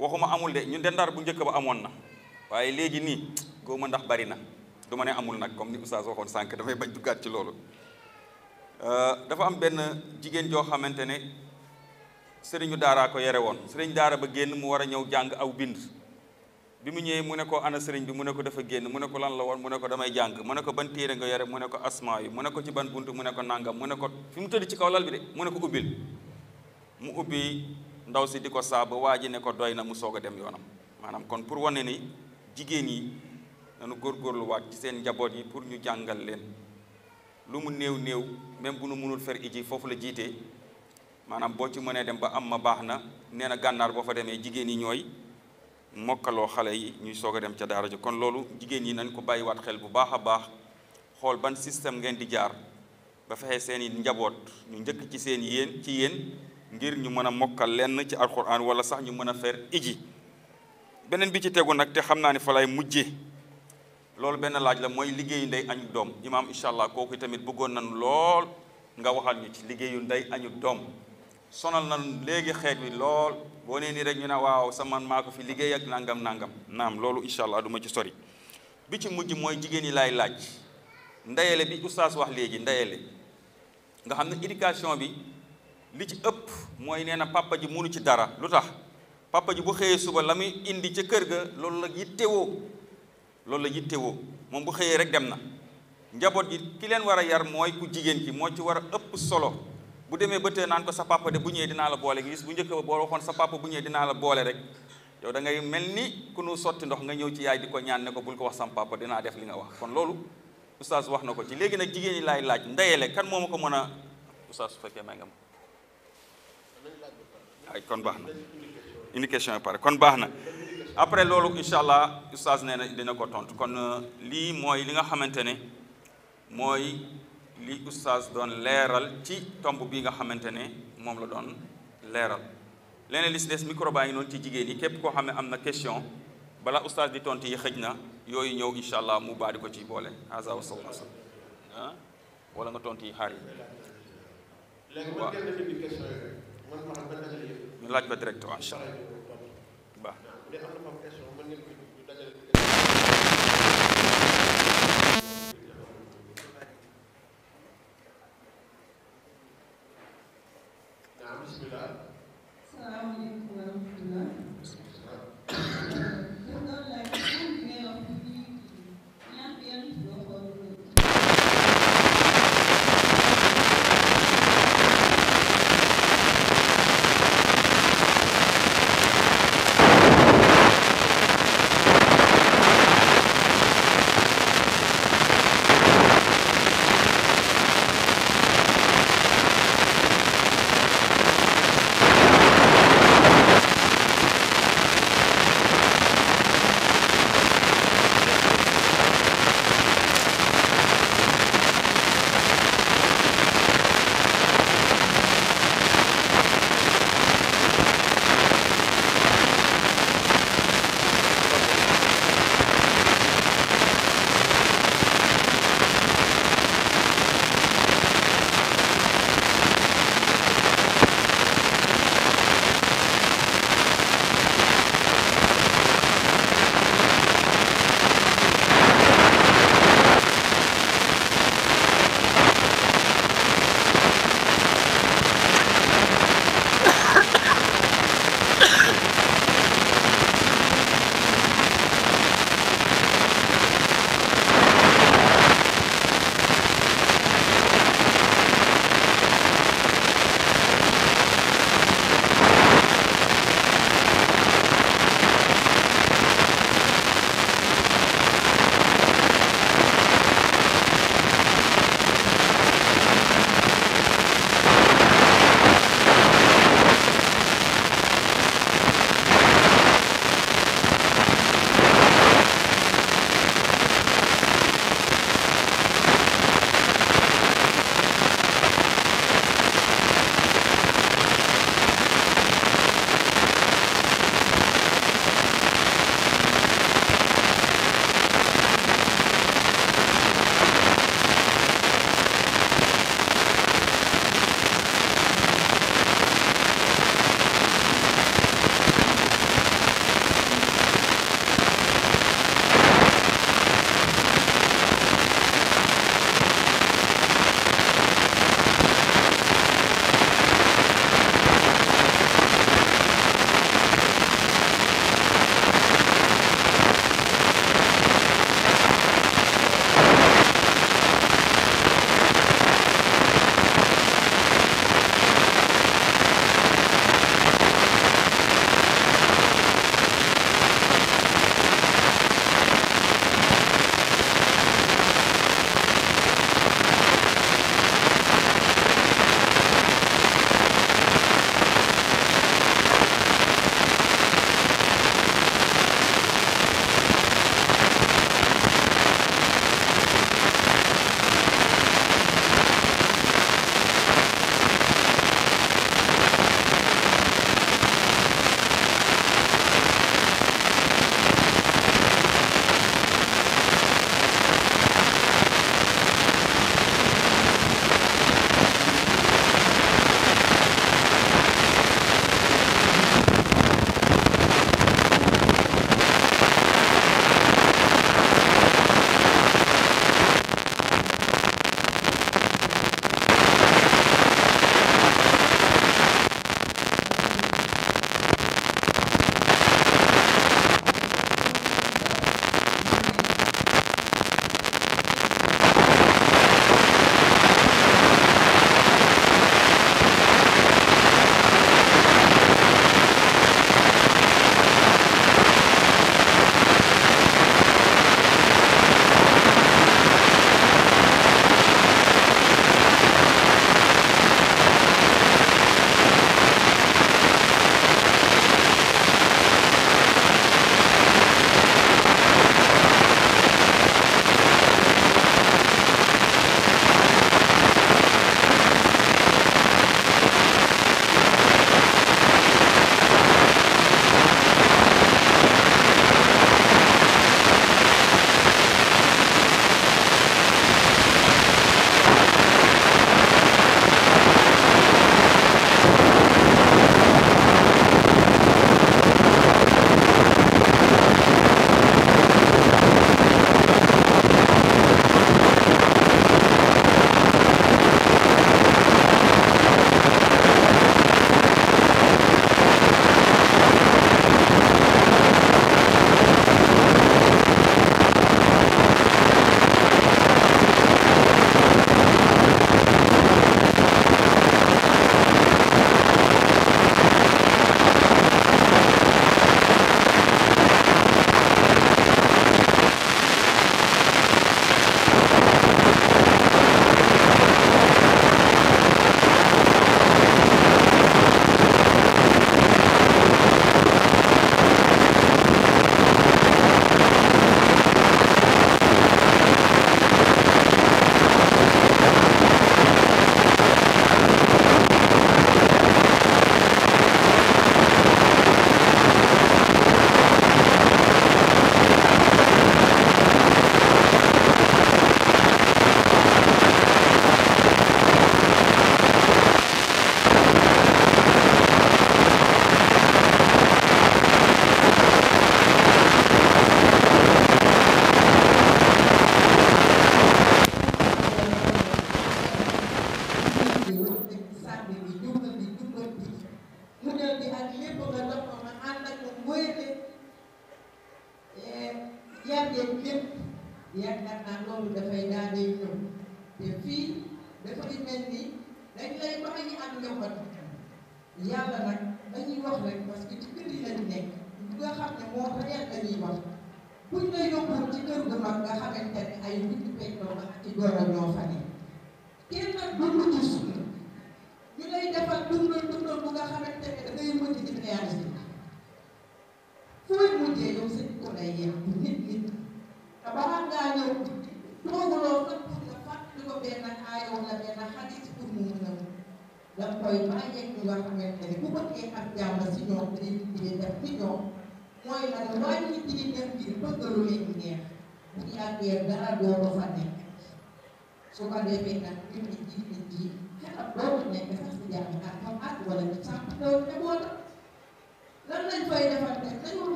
waxuma amul de ñun de Ndar bu njëkk ba amoon na waaye léegi nii góoma ndax bari na du ne amul nag comme ni oustaz waxoon sànk damay bañ duggaat ci loolu euh, dafa am benn jigéen joo xamante ne sëriñu daaraako ko yore woon sëriñ daara ba génn mu war a ñëw jàng aw bind bi mu ñëwee mu ne ko ana sëriñ bi mu ne ko dafa génn mu ne ko lan la woon mu ne ko damay jàng mu ne ko ban téere nga yore mu ne ko asmaa yi mu ne ko ci ban bunt mu ne ko nàngam mu ne ko fi mu tëdd ci kaw lal bi de mu ne ko ubbil mu ubbi ndaw si di ko saa waa ji ne doy na mu soog a dem yoonam maanaam kon pour wane ni jigéen yi góor góorluwaat ci seen njaboot yi pour ñu jàngal leen lu mu néew néew même bu nu mënul fer iji foofu la jiitee maanaam boo ci mënee dem ba am ma baax na nee na gànnaar boo fa demee jigéen yi ñooy mokkaloo xale yi ñuy soog a dem ca daara ji kon loolu jigéen yi nañ ko bàyyi bàyyiwaat xel bu baax a baax xool ban système ngeen di jaar ba fexe seen i njaboot ñu njëkk ci seen yéen ci yéen ngir ñu mën a mokkal lenn ci alquran wala sax ñu mën a faire iji beneen bi ci tegu nag te xam naa ne fa lay mujje loolu benn laaj la mooy liggéeyu ndey añu doom imaam incha allah kooku tamit bëggoon nañu lool nga waxal ñu ci liggéeyu ndey añu doom sonal na léegi xeet bi lool boo nee nii rek ñu ne waaw sa man maa ko fi liggéey ak nangam nangam naam loolu incha allah duma ci sori bi ci mujj mooy jigéen ñi laay laaj ndeyale bi oustaz wax léegi ndeyale nga xam ne éducation bi li ci ëpp mooy nee na papa ji mënu ci dara lu tax papa ji bu xëyee suba la muy indi ca kër ga loolu la yittewoo loolu la yittewoo moom bu xëyee rek dem na njaboot gi ki leen war a yar mooy ku jigéen ki moo ci war a ëpp solo bu demee ba tey naan ko sa papa de bu ñëwee dinaa la boole gis bu njëkk ba boo waxoon sa papa bu ñëwee dinaa la boole rek yow da ngay mel ni ku nu sotti ndox nga ñëw ci yaay di ko ñaan ne ko bul ko wax sam papa dinaa def li nga wax kon loolu oustaz wax na ko ci léegi nag jigéen ñi laay laaj ndeyale kan moo ma ko mën a oustaz su fekkee may nga ma ay kon baax na indi question yi kon baax na après loolu incha allah oustaz nee na dina ko tontu kon euh, lii mooy li nga xamante ne mooy li oustaz doon leeral ci tomb bi nga xamante ne moom la doon leeral leneen lis des micro baa ngi noonu ci jigéen yi képp koo xam ne am na question bala oustaz di tontu yi xëj na yooyu ñëw incha allah mu baax di ko ci boole asa wa sallam ah nga tontu yi xaar yi waaw ñu laaj ko direct waaw incha allah baax salaamaaleykum wa rahmatulah.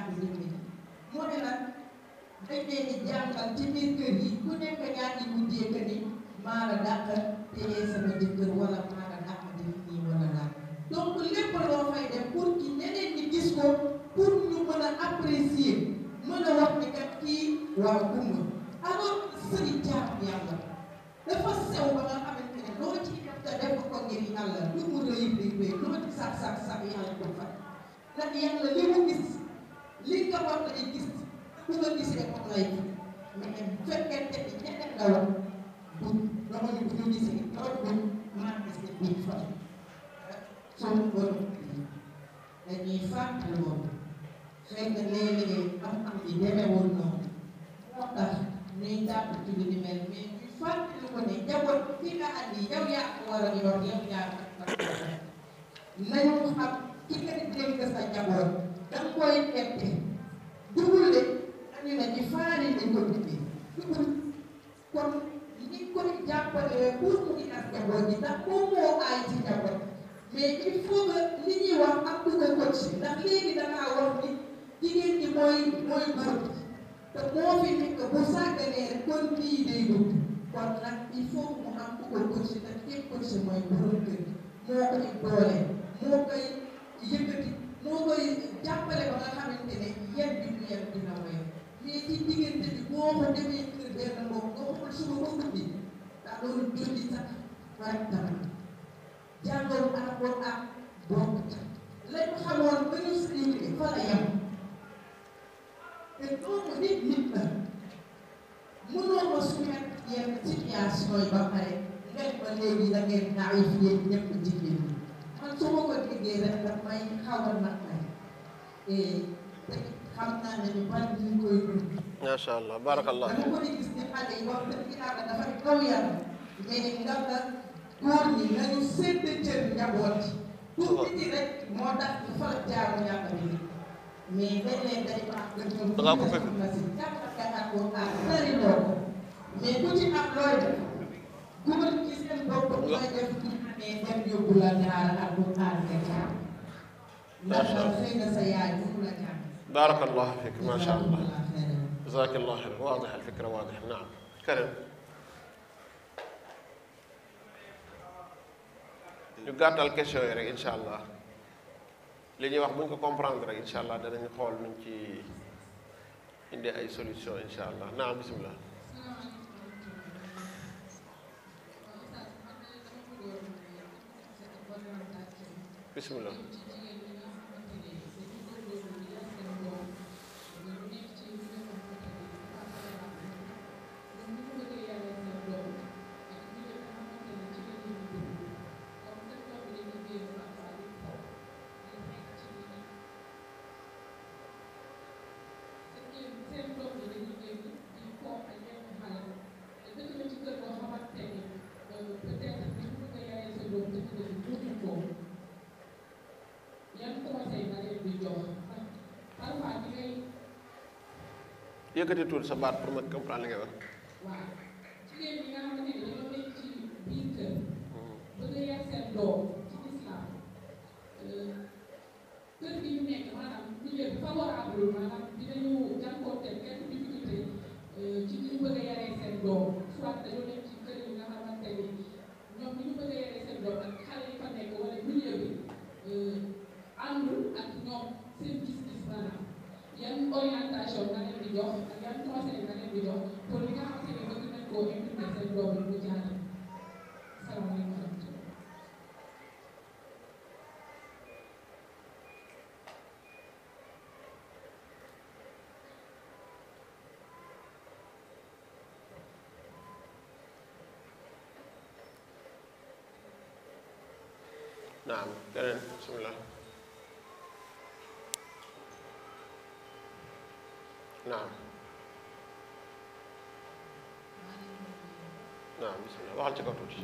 jàng nit ñi moo ne nag dañ leen jàngal ci biir kër yi ku nekk ñaar yi mujjee que ni maa la dàq téye sama jëkkër wala maa la def nii wala daal donc lépp loo fay def pour que ñeneen ñi gis ko pour ñu mën a apprécier mën a wax ni kat kii waaw gumba alors sëriñ jaam yàlla dafa sew ba nga xamante ne loo ci def te def ko ngir yàlla lu mu rëy rëy loo ci sax sax sax yàlla ko fay ndax yàlla li mu gis li nga war a gis ku nga gis rek moom lay gis mais bu fekkente ni ñeneen la woon bu loxo yi bu ñu gisee loolu bu maanaam gis nañ buñ fa soo war a dañuy fàttali woon xëy na léeg-léeg am am yi demee woon noonu moo tax ñuy jàpp ci lu ni mel mais ñu fàttali ko ne jaboot ki nga andi yow yaa ko war a yor yow yaa ko nañu xam ki nga dénk sa jaboot danga koy ette duggule andi na ci faani lañ ko bindee duggul kon ñi koy jàppalee pour mu ngi ak njaboot gi ndax moom moo aay ci njaboot mais il faut que li ñuy wax ak ku ko coach ndax léegi dangaa wax ni jigéen ñi mooy mooy bërëb te moo fi nekk bu sàgganee rek kon lii day dugg kon nag il faut mu am ku ko coach ndax képp coach mooy bërëb kër moo koy doole moo koy yëkkati moo koy jàppale ba nga xamante ne yan bi ñu yan dina woyof mais ci diggante bi boo ko demee kër benn mbokk nga waxul suba ba guddi ndax loolu julli sax rek dara jàngoon alxuraan bokk ca lañ xamoon ba ñu suñu fa la yem te doomu nit nit la mënoo ma soumettre yenn situation yi ba pare ngeen ba léegi da ngeen naay fi yéen ñëpp jigéen ñi su ma ko déggee rek daf may xaw a naqare et tamit xam naa ne ñu ban ñu ngi koy dund. macha allah barakallah dama ko di gis ne xale yi wax dëgg yàlla dafa kaw yàlla mais ndax la góor ñi nañu sédd cër njaboot yi. pour nit ñi rek moo tax ñu fa jaaru yàlla bi mais léeg-léeg day baax nga ñëw. da ngaa ko fekk na si jàppale ak ko ak bëri loolu mais ku ci am looy def ku mën ci seen bopp nga def mais dem yóbbu la daara ak ma sha allah jazakallahu xayr waadix alfikra waadix naam keneen ñu gàttal question yi rek incha allah li ñuy wax mu ñu ko comprendre rek incha allah xool nuñ ci indi ay solution incha allah naam bisimilah. bisimilah. yëkkati tuuti sa baat pour ma comprendre li nga wax. waaw jigéen ñi nga xamante ni dañoo nekk ci biir kër. bëgg a yar seen doom ci islam euh, kër gi ñu nekk maanaam milieu favorable maanaam. naam keneen bismillah naam naam bismillah waxal ci kaw tuuti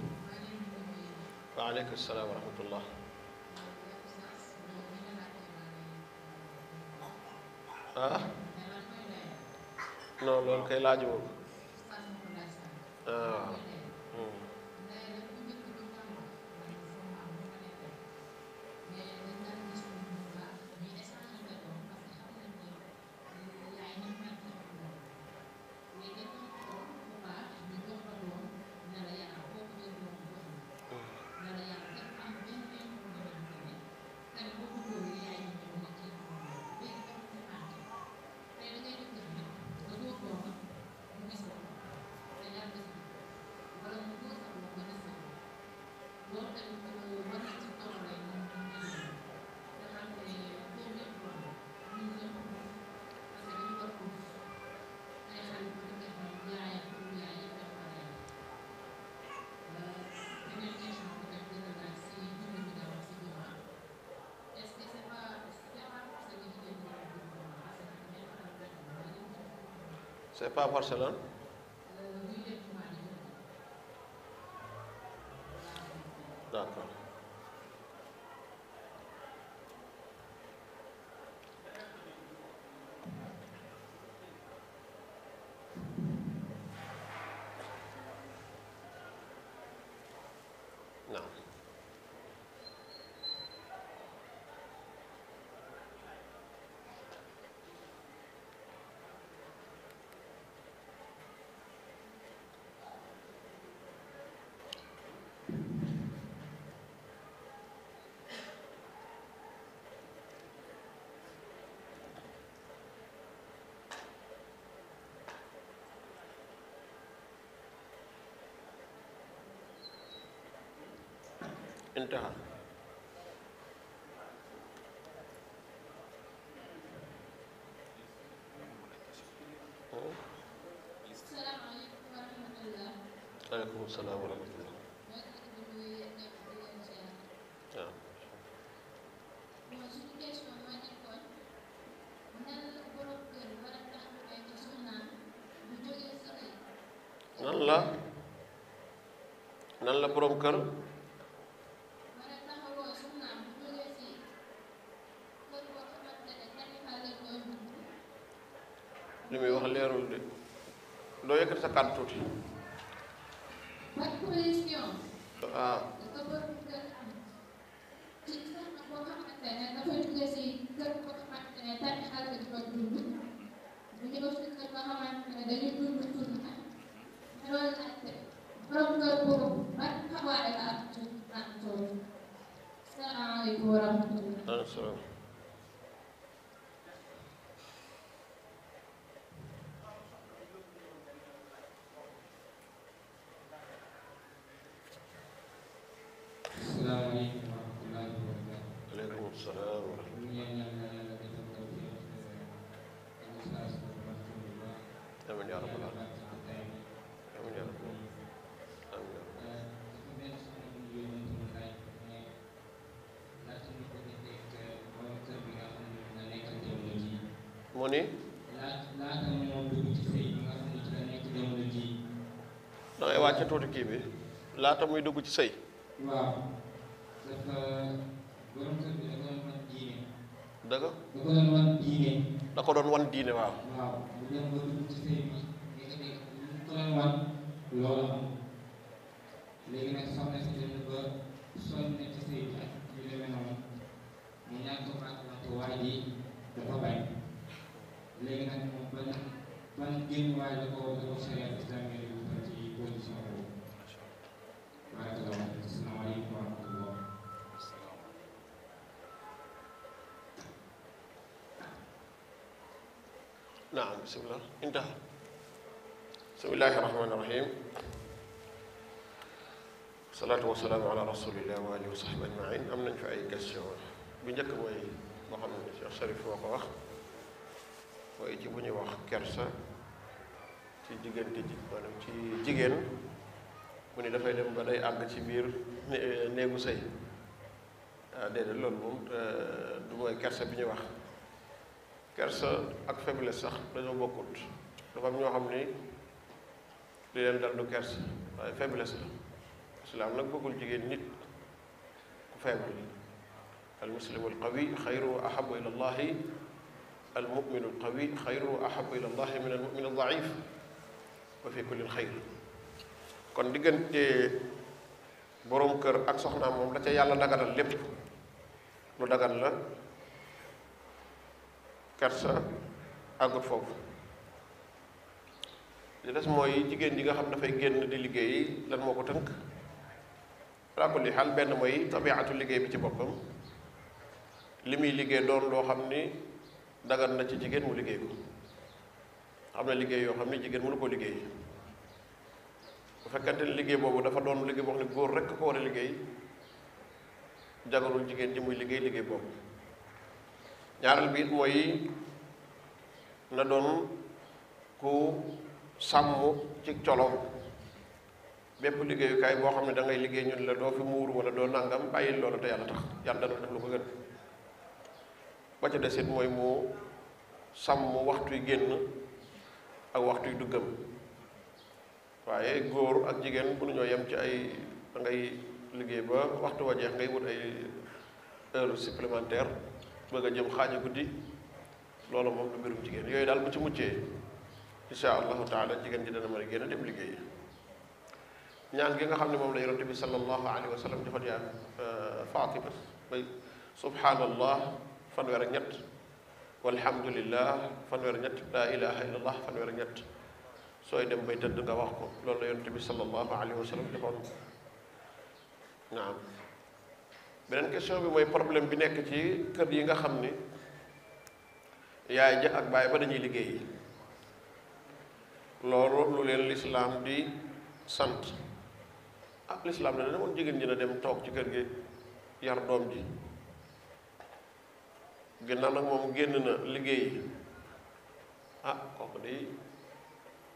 waaleykum salaam wa rahmatullah ah non loolu kay laajoo c'est pas Barcelone d'accord non انتهى السلام عليكم ورحمة الله عليكم السلام ورحمة الله nan la nan la borom kër tuuti. mu ni wàcce tuuti kii bi laata muy dugg ci sëy waaw dëgg da ko doon wan diine waaw léegi génn waaye da koo da koo sariya islam yi dugal ci position boobu. waaye dëgg la asalaamaaleykum wa rahmatullah. naam bismillah intaha. bismillahi rahmani rahim. salaatu wa salaamu ala rasulillah wa alihi wa sahbi ajmain am nañ fi ay question bu njëkk mooy boo xam ne Cheikh Sarif moo ko wax mooy ci bu ñuy wax kersa. ci diggante ji maanaam ci jigéen mu ne dafay dem ba day àgg ci biir euh, néegu sëy ah déedéet loolu moom euh, du mooy kersa bi ñu wax kersa ak faiblesse sax dañoo bokkut dafa am ñoo xam ni li leen dal du kersa waaye faiblesse la islaam nag bëggul jigéen nit ku faible al muslimu al qawi xayru wa ahabu ila allahi al muminu al qawi xayru wa ahabu ila allahi min al mumin al daif wa fi kullil xayr kon diggante boroom kër ak soxnaam moom la ca yàlla daganal lépp lu dagan la kersa àggut foofu li des mooy jigéen ji nga xam dafay génn di liggéey lan moo ko tënk ala kulli xaal benn mooy tabiatu liggéey bi ci boppam li muy liggéey doon loo xam ni dagan na ci jigéen mu liggéey ko xam na liggéey yoo xam ne jigéen mënu koo liggéey bu fekkante ne liggéey boobu dafa doon liggéey boo xam ne góor rekk ko war a liggéey jagarul jigéen ji muy liggéey liggéey boobu ñaareel bi mooy na doon ku sàmm ci colom bépp liggéeyukaay boo xam ne dangay liggéey ñun la doo fi muur wala doo nangam bàyyi loolu te yàlla tax yàlla dana def lu ko gën ba ca desit mooy mu sàmm waxtu yi génn ak waxtu du duggam waaye góor ak jigéen ñoo yem ci ay da ngay liggéey ba waxtu wa jeex ngay wut ay heure supplémentaire bëgg a jëm xaaju guddi loolu moom du mbirum jigéen yooyu daal bu ci muccee insha allahu taala jigéen ji dana mën a génn dem liggéey ñaan gi nga xam ne moom lay yonente bi sallallahu alayhi wa sallam joxoon yaa euh, Fatima bay subhanallah ñett walhamdulillah fanweer ñett laa ilaha illallah fanweer ñett sooy dem bay tëdd nga wax ko loolu la yonent bi sallallahu alayhi wa sallam defoon beneen question bi mooy problème bi nekk ci kër yi nga xam ni yaay ja ak baay ba dañuy liggéey loolu lu leen lislaam di sant ah lislaam ne na demoon jigéen ñi na dem toog ci kër gi yar doom ji ginnaaw nag moom génn na liggéey ah kooku day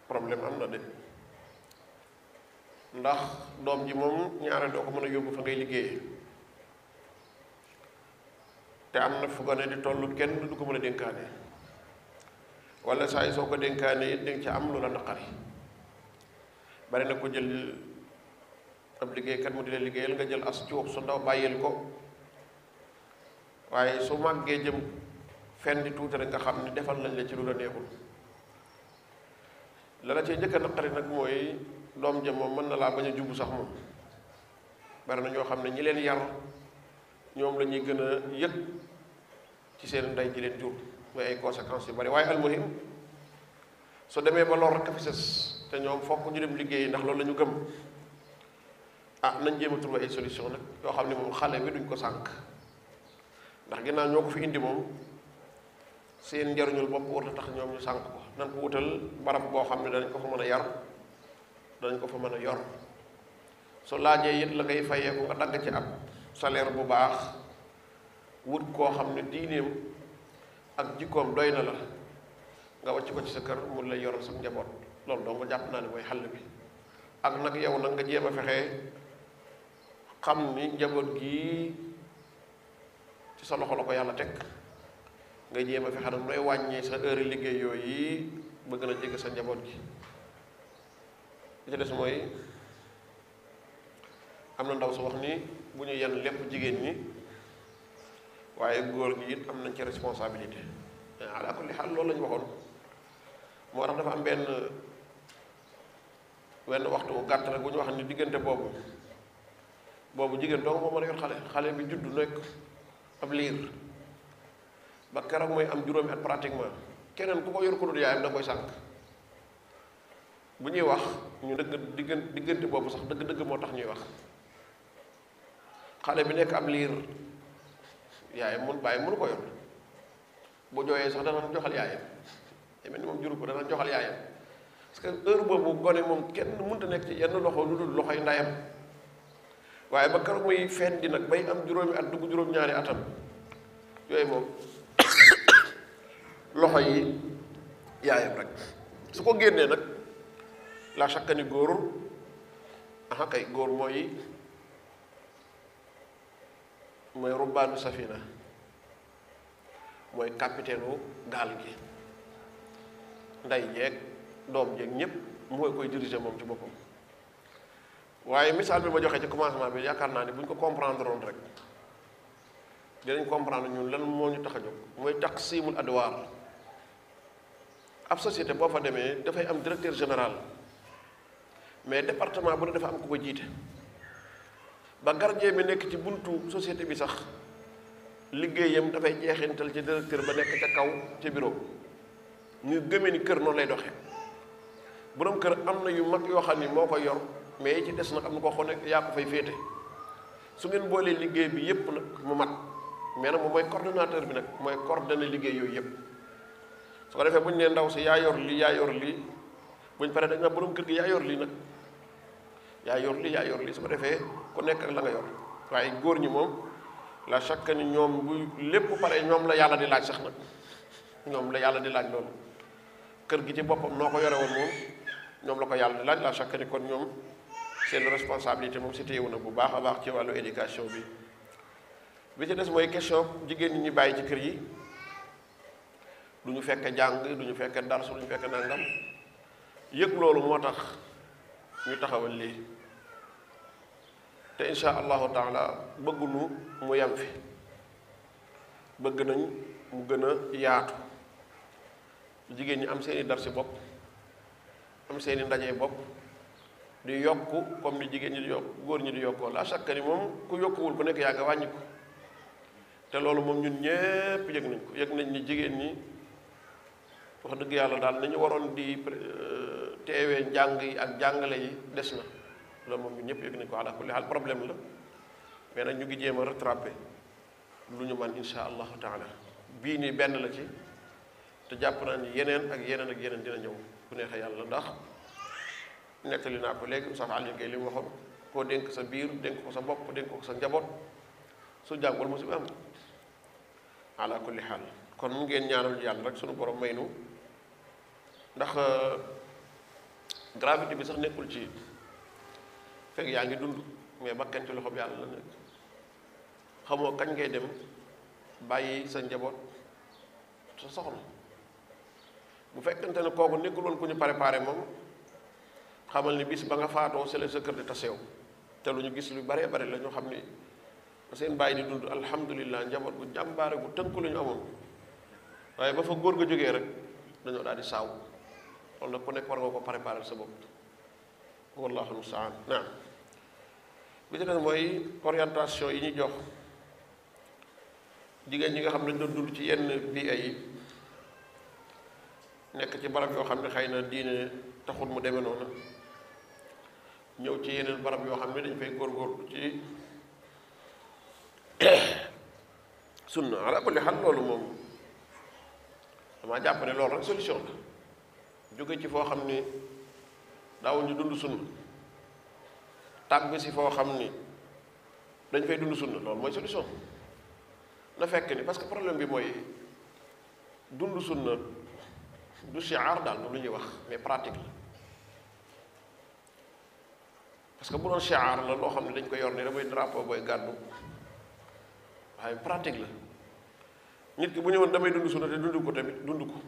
problème am na de ndax doom ji moom ñaare doo ko mën a yóbbu fa ngay liggéeye te am na fu gone di toll kenn du ko mën a dénkaane wala saa yi soo ko dénkaane it di am lu la naqari bari na ko jël ab liggéeykat mu di la liggéeyal nga jël as ci wopp su ndaw bàyyil ko waaye su màggee jëm fenn di tuuti rek nga xam ni defal lañ la ci lu la neexul la la cee njëkk a naqari nag mooy doom jëm moom mën na laa bañ a jubu sax moom bari na ñoo xam ne ñi leen yar ñoom la ñuy gën a yëg ci seen ndey ji leen jur mooy ay conséquences yu bari waaye almuhim su demee ba lor rek fi ses te ñoom fokk ñu dem liggéey ndax loolu lañu ñu gëm ah nañ jéem a trouver ay solution nag yoo xam ne moom xale bi duñ ko sànq ndax ginnaaw ñoo ko fi indi moom seen njariñul bopp war a tax ñoom ñu sànq ko nan ko wutal barab boo xam ne dañ ko fa mën a yar dañ ko fa mën a yor su laajee yit la ngay fayee ko nga dagg ci ab salaire bu baax wut koo xam ne diineem ak jikkoom doy na la nga wàcc ko ci sa kër mun lay yoral sa njaboot loolu dong jàpp naa ne mooy xàll bi ak nag yow nag nga jéem a fexe xam ni njaboot gi ci sa loxo la ko yàlla teg nga jéem a fexe mooy nooy wàññi sa heure liggéey yooyu ba gën a jege sa njaboot gi li ci des mooy am na ndaw su wax ni bu ñu yenn lépp jigéen ñi waaye góor gi it am nañ ci responsabilité ala kulli xaal loolu la waxoon moo tax dafa am benn wenn waxtu bu gàtt rek bu ñu wax ni diggante boobu boobu jigéen doo nga ko mën a xale xale bi juddu nekk ab liir ba keroog mooy am juróomi at pratiquement keneen ku ko yor ku dul yaayam da koy sànq bu ñuy wax ñu dëgg diggante boobu sax dëgg-dëgg moo tax ñuy wax xale bi nekk am liir yaayam mun bàyyi mënu ko yor bu jooyee sax dana joxal yaayam te ni moom juru ko dana joxal yaayam parce que heure boobu gone moom kenn mënta nekk ci yenn loxo lu dul loxoy ndayam waaye ba kar muy feet di nag bay am juróomi at dugg juróom-ñaari atam yooyu moom loxo yi yaayam rek su ko génnee nag la chaque góor aha kay góor mooy mooy rubbaanu safina mooy capitaine wu gaal gi ndey jeeg doom jeeg ñépp mooy koy diriger moom ci boppam waaye misaal bi ma joxe ci commencement bi yaakaar naa ni bu ñu ko comprendre woon rek dinañ comprendre ñun lan moo ñu tax a jóg mooy taqsimul adwaar ab société boo fa demee dafay am directeur général mais département bu ne dafa am ku ko jiite ba gardien bi nekk ci buntu société bi sax liggéeyam dafay jeexintal ci directeur ba nekk ca kaw ci bureau ñu gëmee ni kër noonu lay doxee borom kër am na yu mag yoo xam ni moo koy yor. mais yi ci des nag am na koo xam ne yaa ko fay féete su ngeen boolee liggéey bi yépp nag mu mat mais nag moom mooy coordonnateur bi nag mooy coordonné liggéey yooyu yépp su ko defee bu ñu nee ndaw si yaa yor lii yaa yor lii da nga borom kër gi yaa yor lii nag yaa yor lii yor lii su ko defee ku nekk ak la nga yor waaye góor ñi moom la chaque ni ñoom bu lépp pare ñoom la yàlla di laaj sax nag ñoom la yàlla di laaj loolu kër gi ci boppam noo ko yore woon moom ñoom la ko yàlla di laaj la chaque ni kon ñoom seen responsabilité moom si téyewu na bu baax a baax ci wàllu éducation bi bi ci des mooy question jigéen ñi ñu bàyyi ci kër yi du ñu fekk jàng du ñu fekk dars du ñu fekk nangam yëg loolu moo tax ñu taxawal lii te insha allahu taala bëggunu mu yam fi bëgg nañ mu gën a yaatu jigéen ñi am seeni darsi bopp am seeni ndaje bopp di yokk comme ni jigéen ñi di yokk góor ñi di yokkoo la chaque ni moom ku yokkuwul ku nekk yaa nga wàññi ko te loolu moom ñun ñépp yëg nañ ko yëg nañ ni jigéen ñi wax dëgg yàlla daal nañu waroon di euh, teewee yi ak jàngale yi des na loolu moom ñëpp yëg nañ ko ala kulli problème la mais nag ñu ngi jéem a rattrapé lu ñu man insha allahu taala bii nii benn la ci te jàpp naa ni yeneen ak yeneen ak yeneen dina ñëw ku neexee yàlla ndax nettali naa ko léegi Oustaz Alioune li mu koo dénk sa biir dénk ko sa bopp dénk ko sa njaboot su jàngul musiba am ala kon ngeen ñaanal yàlla rek sunu borom may nu ndax euh, gravité bi sax nekkul ci fekk yaa ngi dund mais bakkan ci loxob yàlla la nekk xamoo kañ ngay dem bàyyi sa njaboot sa soxna bu fekkente ne kooku nekkul woon ku ñu préparé moom xamal ni bis ba nga faatoo sele sa kër di tasew te lu ñu gis lu bare bare la ñu xam ni seen bàyyi di dund alhamdulilah njaboot gu jàmbaare gu tënku la ñu amoon waaye ba fa góor ga jógee rek dañoo daal di saaw loolu nag ku nekk war nga ko préparer sa bopp wallahu mustaan naam bi ci des mooy orientation yi ñu jox jigéen ñi nga xam ne doon dund ci yenn bii ay nekk ci barab yoo xam ne xëy na diine taxul mu demee noonu ñëw ci yeneen barab yoo xam ne dañ fay góorgóorlu ci sunna ala kulli xal loolu moom damaa jàpp loolu rek solution la jóge ci foo xam ni dawul ñu dund sunna tàgg si foo xam ni dañ fay dund sunna loolu mooy solution na fekk ni parce que problème bi mooy dund sunna du shiar daal du lu ñuy wax mais pratique la parce que bu doon chaar la loo xam ne dañ ko yor ni damay drapeau booy gàddu waaye pratique la nit ki bu ñëwoon damay dund sunna te dund ko tamit dund ko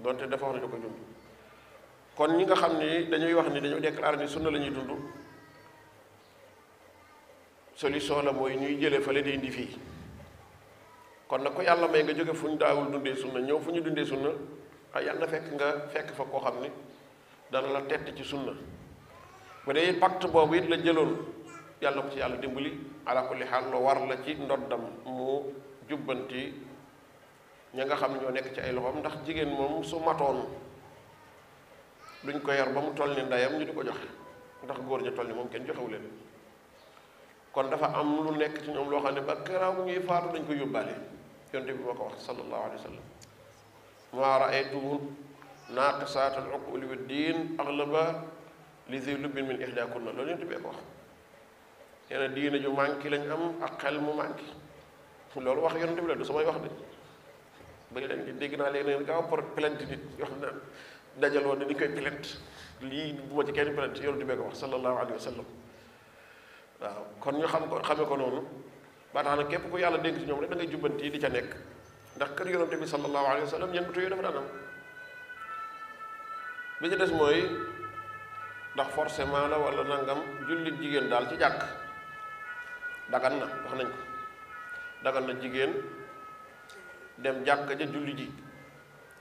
donte dafa wax ne da ko dund kon ñi nga xam ni dañuy wax ni dañoo déclaré ni sunna la ñuy dund solution la mooy ñuy jëlee fale di indi fii kon nag ko yàlla may nga jóge fu ñu daawul dundee sunna ñëw fu ñu dundee sunna ay ah yàlla fekk nga fekk fa koo xam ni dana la tett ci sunna bu dee pacte boobu it la jëloon yàlla ko ci yàlla dimbali ala li xaal lu war la ci ndoddam mu jubbanti ña nga xam ne ñoo nekk ci ay loxoom ndax jigéen moom su matoon luñ ko yar ba mu toll ni ndeyam ñu di ko joxe ndax góor ña toll ni moom kenn joxewu leen kon dafa am lu nekk ci ñoom loo xam ne ba keroog ñuy faatu dañ ko yóbbaale yonte bi moo ko wax sallallahu alayhi wa li zi lubbin min ihdaakunna loolu yonent na diine ju manqué lañ am ak xel mu manqué loolu wax yonent bi la du samay wax de bëri leen di dégg naa léegi nag gaaw por plainte nit yoo xam ne dajal woon ne dañ koy plainte lii bu ma ci kenn plainte yonent bee ko wax sallallahu alayhi wa sallam waaw kon ñu xam ko xamee ko noonu ba tax na képp ku yàlla dénk ci ñoom rek da ngay jubbanti yi di ca nekk ndax kër yonent bi sallallahu alayhi wa sallam ñeent yooyu dafa daan bi ci des mooy. ndax forcément la walla nangam jullit jigéen daal ci jàkk dagan na wax nañ ko dagan na jigéen dem jàkk ja julli ji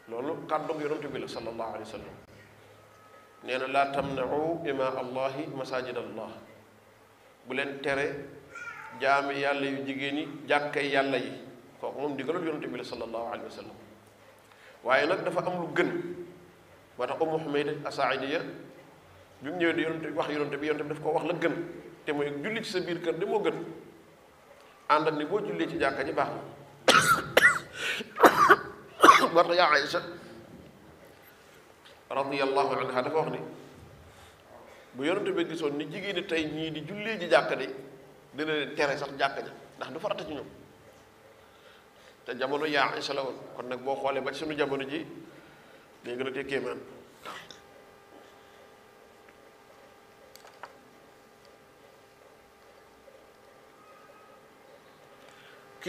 loolu kàddu yonent bi la sallallahu alayhi na laa tamnau ima allahi masajid allah leen tere jaami yàlla yu jigéen yi jàkkay yàlla yi moom digalul yonent bi la sallallahu alayhi wa waaye nag dafa am lu gën moo tax Ummu Humayd Asaa'idiya bi mu ñëwee di yonent bi wax yonent bi yonent bi daf ko wax la gën te mooy julli ci sa biir kër de moo gën ànd ni boo jullee ci jàkka ji baax na war na yaa Aïcha radiyallahu anha dafa wax ni bu yonent bi gisoon ni jigéen ñi tey ñii di jullee ji jàkka de dina leen tere sax jàkka ji ndax du farata ci ñoom te jamono yaa Aïcha la woon kon nag boo xoolee ba ci suñu jamono ji day gën a te kéemaan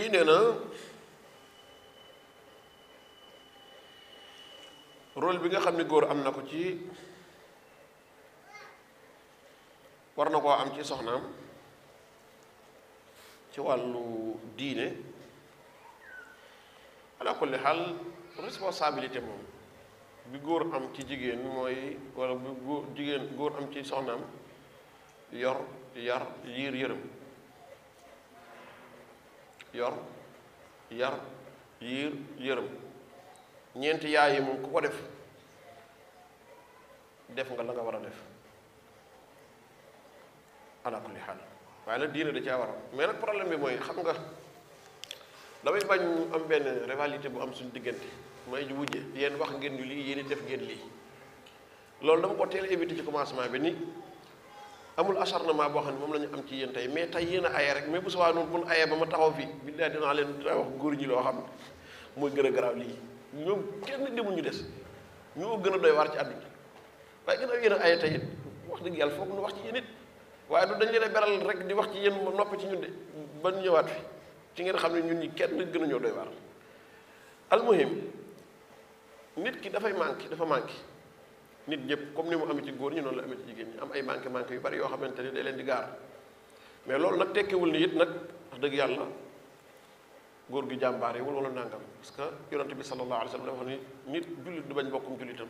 kii na rôle bi nga xam ne góor am na ko ci war na koo am ci soxnaam ci wàllu diine ala kulli xaal responsabilité moom bi góor am ci jigéen mooy wala bu góor jigéen góor am ci soxnaam yor yar yiir yërëm yor yar yiir yërëm ñeenti yaay yi moom ku ko def def nga la nga war a def ala kulli xaal waaye nag diine da caa war a mais nag problème bi mooy xam nga damay bañ mu am benn rivalité bu am suñu diggante mooy ju wujje yéen wax ngeen ñu lii yéen def ngeen lii loolu dama ko teel éviter ci commencement bi ni amul acharnement boo xam ne moom la ñu am ci yéen tey mais tey yéen a aye rek mais bu subaa noonu bu ñu ayee ba ma taxaw fii billaay dinaa leen dinaa wax góor ñi loo xam ne mooy gën a lii ñoom kenn demul ñu des ñoo gën a doy waar ci àdduna waaye gën a yéen a aye tey wax dëgg yàlla foog nu wax ci yéen it waaye du dañ leen a rek di wax ci yéen noppi ci ñun de ba ñëwaat fi ci ngeen xam ne ñun ñi kenn gën a ñoo doy waar almuhim nit ki dafay manqué dafa manqué nit ñëpp comme ni mu amee ci góor ñi noonu la amee ci jigéen ñi am ay manqué manqué bari yoo xamante ni day leen di gaar mais loolu nag tekkiwul ni nag wax dëgg yàlla góor gi jàmbaarewul wala nangam parce que yonante bi sallallahu alayhi wa sallam dafa nit jullit du bañ bokkum jullitam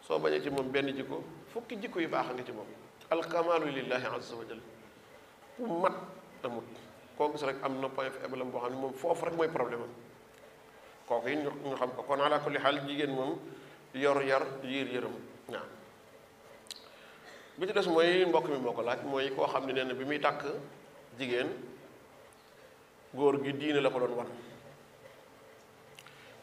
soo bañee ci moom benn jikko fukki jikko yu baax a nga ci moom alkamaalu lillahi azza wa jal ku mat amut koo gis rek am na point faible am boo xam ne moom foofu rek mooy problème am yi xam ko kon ala kulli moom yor yar yiir yërëm waaw bi ci des mooy mbokk mi moo ko laaj mooy koo xam ne nee bi muy tàkk jigéen góor gi diine la ko doon wan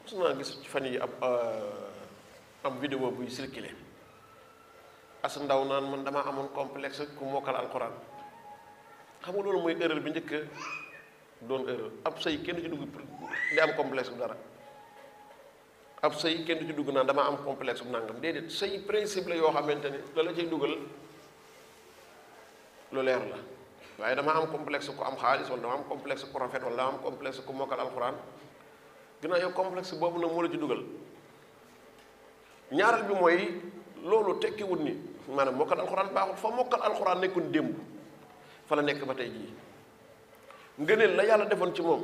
mos naa gis ci fan yi ab euh, am vidéo buy circulé as ndaw naan man dama amoon complexe ku mokkal alxuraan xam nga loolu mooy erreur bi njëkk doon erreur ab sëy kenn ci dugg di am complexe bu dara ab sëy kenn dugg naan damaa am complexe bu nangam déedéet sëy principe la yoo xamante ne la la cay leer la waaye damaa am complexe ku am xaalis wala dama am complexe ku rafet wala dama am complexe ku mokkal alxuraan boobu nag moo la ci dugal bi mooy loolu tekkiwut ni maanaam mokkal alxuraan baaxul fa mokkal alxuraan nekkul démb fa la nekk ba tey jii ngëneel la yàlla defoon ci moom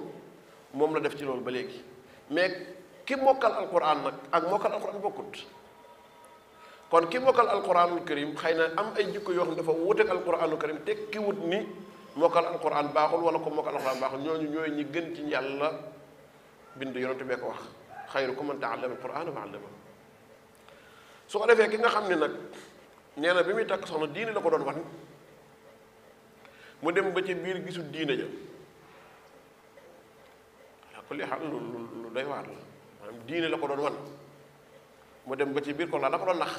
moom la def ci loolu ba léegi mais. ki mokkal alquran nag ak mokkal alquran bokkut kon ki mokkal alquranul karim xëy na am ay jikko yoo xam dafa wuuteeg alquranul karim tekki wut ni mokkal alquran baaxul wala ko mokkal alquran baaxul ñooñu ñooy ñi gën ci yàlla bind yonent bee ko wax xayrukum man taallama alquran wa allama su ko defee ki nga xam ne nag nee na bi muy takk soxna diine la ko doon wan mu dem ba ci biir gisul diine ja ala kulli xaal lu lu doy waar la maanaam diine la ko doon wan mu dem ba ci biir kon la la ko doon nax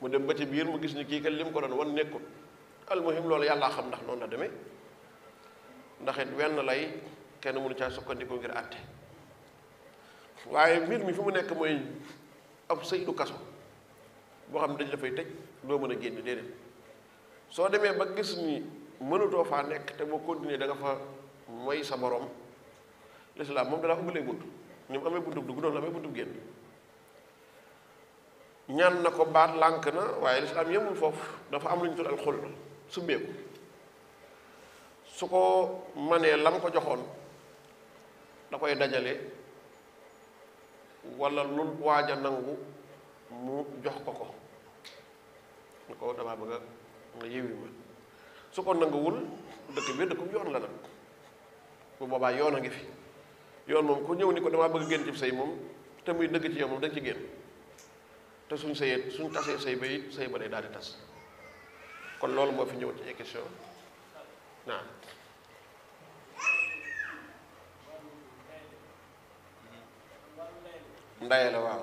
mu dem ba ci biir mu gis ni kii kat lim ko doon wan nekkul almuhim loolu yàllaa xam ndax noonu la deme ndaxit it wenn lay kenn mënu caa sukkandiku ngir àtte mbir mi fi mu nekk mooy ab sëy du kaso boo xam ne dañ la fay tëj loo mën a génn déedéet soo demee ba gis ni mënutoo faa nekk te boo continuer da nga fa moy sa borom lislaam moom danaa ubbi lay bunt ni mu amee buntub dugg noonu la amee buntub génn ñaan na ko baat lànk na waaye lislaam yemul foofu dafa am lu ñu tudd alxul summeeku su ko manee lam ko joxoon da koy dajale walla lu waaj mu jox ko ko ñu ko nga yéwi ma su ko nanguwul dëkk bi dëkkum yoon la nag bu boobaa yoon a ngi fi yoon moom ku ñëw ni ko damaa bëgg génn ci sëy moom te muy dëgg ci yow moom da ci génn te suñ sëyee suñ tasee sëy ba it sëy daal di tas kon loolu moo fi ñëw ci ay waaw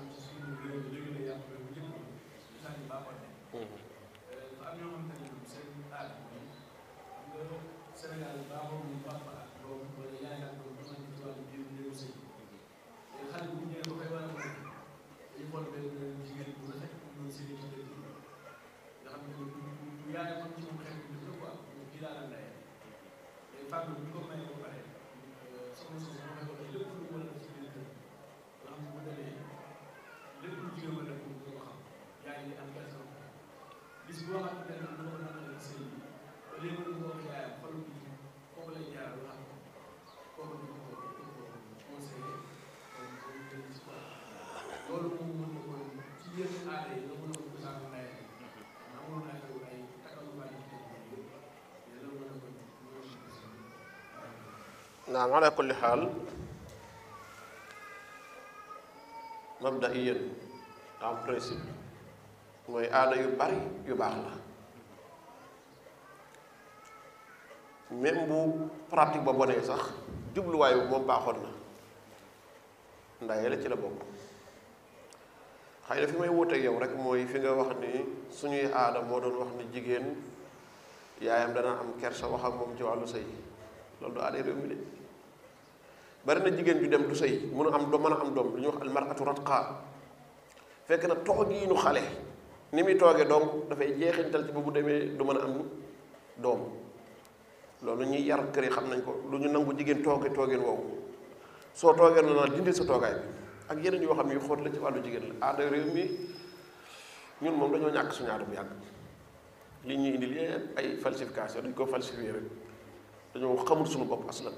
bis boo xam ne dañu ko mën a sëñ bi léegi lu ko wax yaayam xol bi kooku lay jaar wax kooku ñu ko conseillé loolu moom mën na ko ci yenn aada yi nga mën a ko sànq nawet bi amoon naa yow ay takalu bari ci yàlla mën a ko naam ala kulli xaal mabdaiyan am principe mooy aada yu bari yu baax la même bu pratique ba bonee sax jubluwaayu bi moom baaxoon na ndayele ci la bokk xëy na fi may wuuteeg yow rek mooy fi nga wax ni suñuy aada moo doon wax ni jigéen yaayam dana am kersa wax ak moom ci wàllu sëy loolu du aaday réew mi de bari na jigéen ju dem du sëy mënu am doom mën a am doom lu ñuy wax almaratu ratqa fekk na toog yi nu xale ni muy toogee donc dafay jeexintal ci ba bu demee du man a am doom loolu ñuy yar kër yi xam nañ ko lu ñu nangu jigéen tooge toogeen woowu soo toogee na naan dindil sa toogaay bi ak yeneen yoo xam ne yu la ci wàllu jigéen la aada réew mi ñun moom dañoo ñàkk suñu aada bu yàgg li ñu indil yépp ay falsification dañ ko falsifié rek dañoo xamul suñu bopp aslan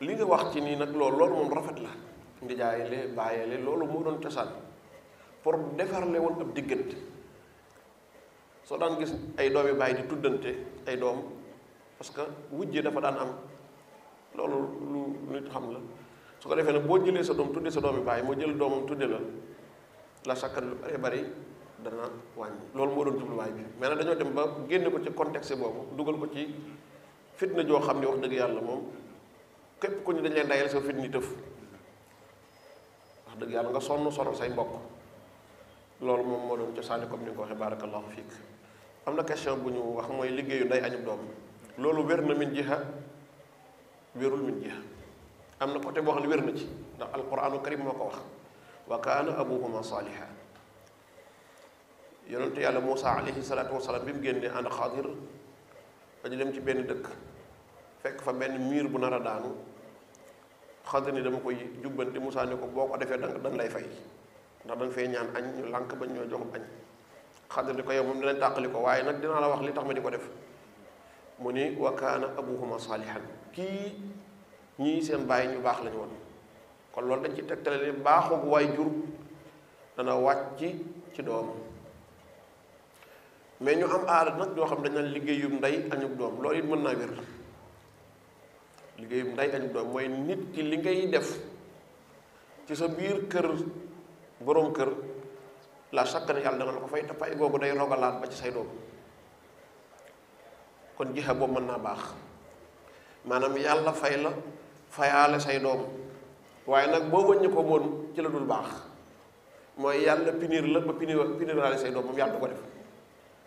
li nga wax ci nii nag loolu loolu moom rafet la ndijaayale bàyyeele loolu moo doon cosaan pour defarle woon ab diggante soo daan gis ay doomi bàyyi di tuddante ay doom parce que wujje dafa daan am loolu lu nit xam la su ko defee nag boo jëlee sa doom tuddee sa doomi baay moo jël doomam tuddee la la sakkan lu bare bari dana wàññi loolu moo doon jubluwaay bi mais nag dañoo dem ba génne ko ci contexte boobu dugal ko ci fitna joo xam ne wax dëgg yàlla moom képp ko ñu dañ leen dayal sa fitni tëf wax dëgg yàlla nga sonn sonal say mbokk loolu moom moo doon cosaani comme ni nga ko waxee barakallahu fiik am na question bu ñu wax mooy liggéeyu day añub doom loolu wér na min jiha wérul min jiha am na côté boo xam ne wér na ci ndax alquranu karim moo ko wax wa kaana abuhuma saaliha yonente yàlla Moussa alayhi salaatu wasalaam bi mu génnee ànd xaadir dañu dem ci benn dëkk fekk fa benn miir bu nar a daanu xaadir ni dama koy jubbanti Moussa ne ko boo ko defee dan dan lay fay ndax da nga fay ñaan añ ñu lànk bañ ñoo jox añ xadir ni ko yow moom dinañ tàqali ko waaye nag dinaa la wax li tax ma di ko def mu ni wa kaana abuhuma saalihan kii ñii seen bàyyi ñu baax lañu woon kon loolu dañ ci teg tegtale ni baaxug waay jur dana wàcc ci doom mais ñu am aada nag ñoo xam dañ naan liggéeyum ndey añub doom loolu it mën naa wér liggéeyum ndey añub doom mooy nit ki li ngay def ci sa biir kër boroom kër la sakkan yàlla danga la ko fay te pay googu day rogalaat ba ci say doom kon jixa boobu mën naa baax maanaam yàlla fay la fayaale say doom waaye nag boo wëññi ko woon ci la dul baax mooy yàlla pinir la ba pinir piniraale say doom moom yàlla ko def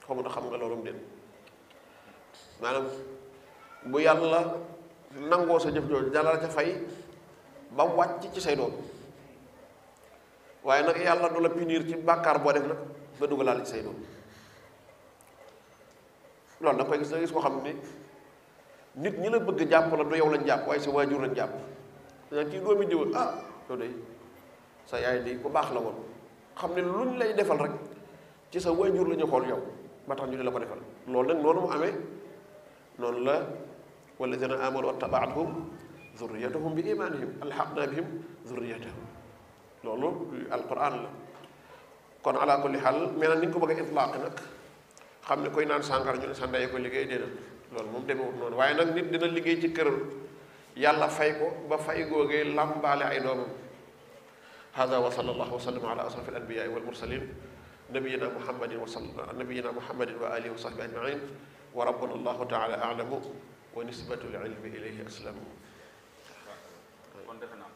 xamu na xam nga loolu mu dem maanaam bu yàlla nangoo sa jëf jooju dana la ca fay ba wàcc ci say doom waaye nag yàlla du la punir ci bàkkaar boo def nag ba dugalaal ci say doom loolu da koy gis da gis koo xam ne nit ñi la bëgg jàpp la du yow lañ jàpp waaye sa waajur lañ jàpp dañ ci doomi diw ah sa yaay di ku baax la woon xam ne luñ lay defal rek ci sa waajur la ñu xool yow ba tax ñu di la ko defal loolu nag noonu mu amee noonu la walladina amanu wa tabaatuhum zurriyatahum bi imanihim alxaqna bihim zurriyatahum loolu alquran la kon ala kulli xaal mais nag ni ko bëgg a itlaaq nag xam ne koy naan sàngara ñu ne sa ndey ko liggéey déedéet loolu moom demewut noonu waaye nag nit dina liggéey ci këram yàlla fay ko ba fay googee làmbaale ay doomam hada wa sallallahu wa sallam ala asrafi al anbiyaai wal mursalin nabiyina muhammadin wa sal nabiyina muhammadin wa alihi wa sahbi ajmain wa rabbuna allahu taala alamu wa nisbatu l ilmi ilayhi aslamu kon defe naa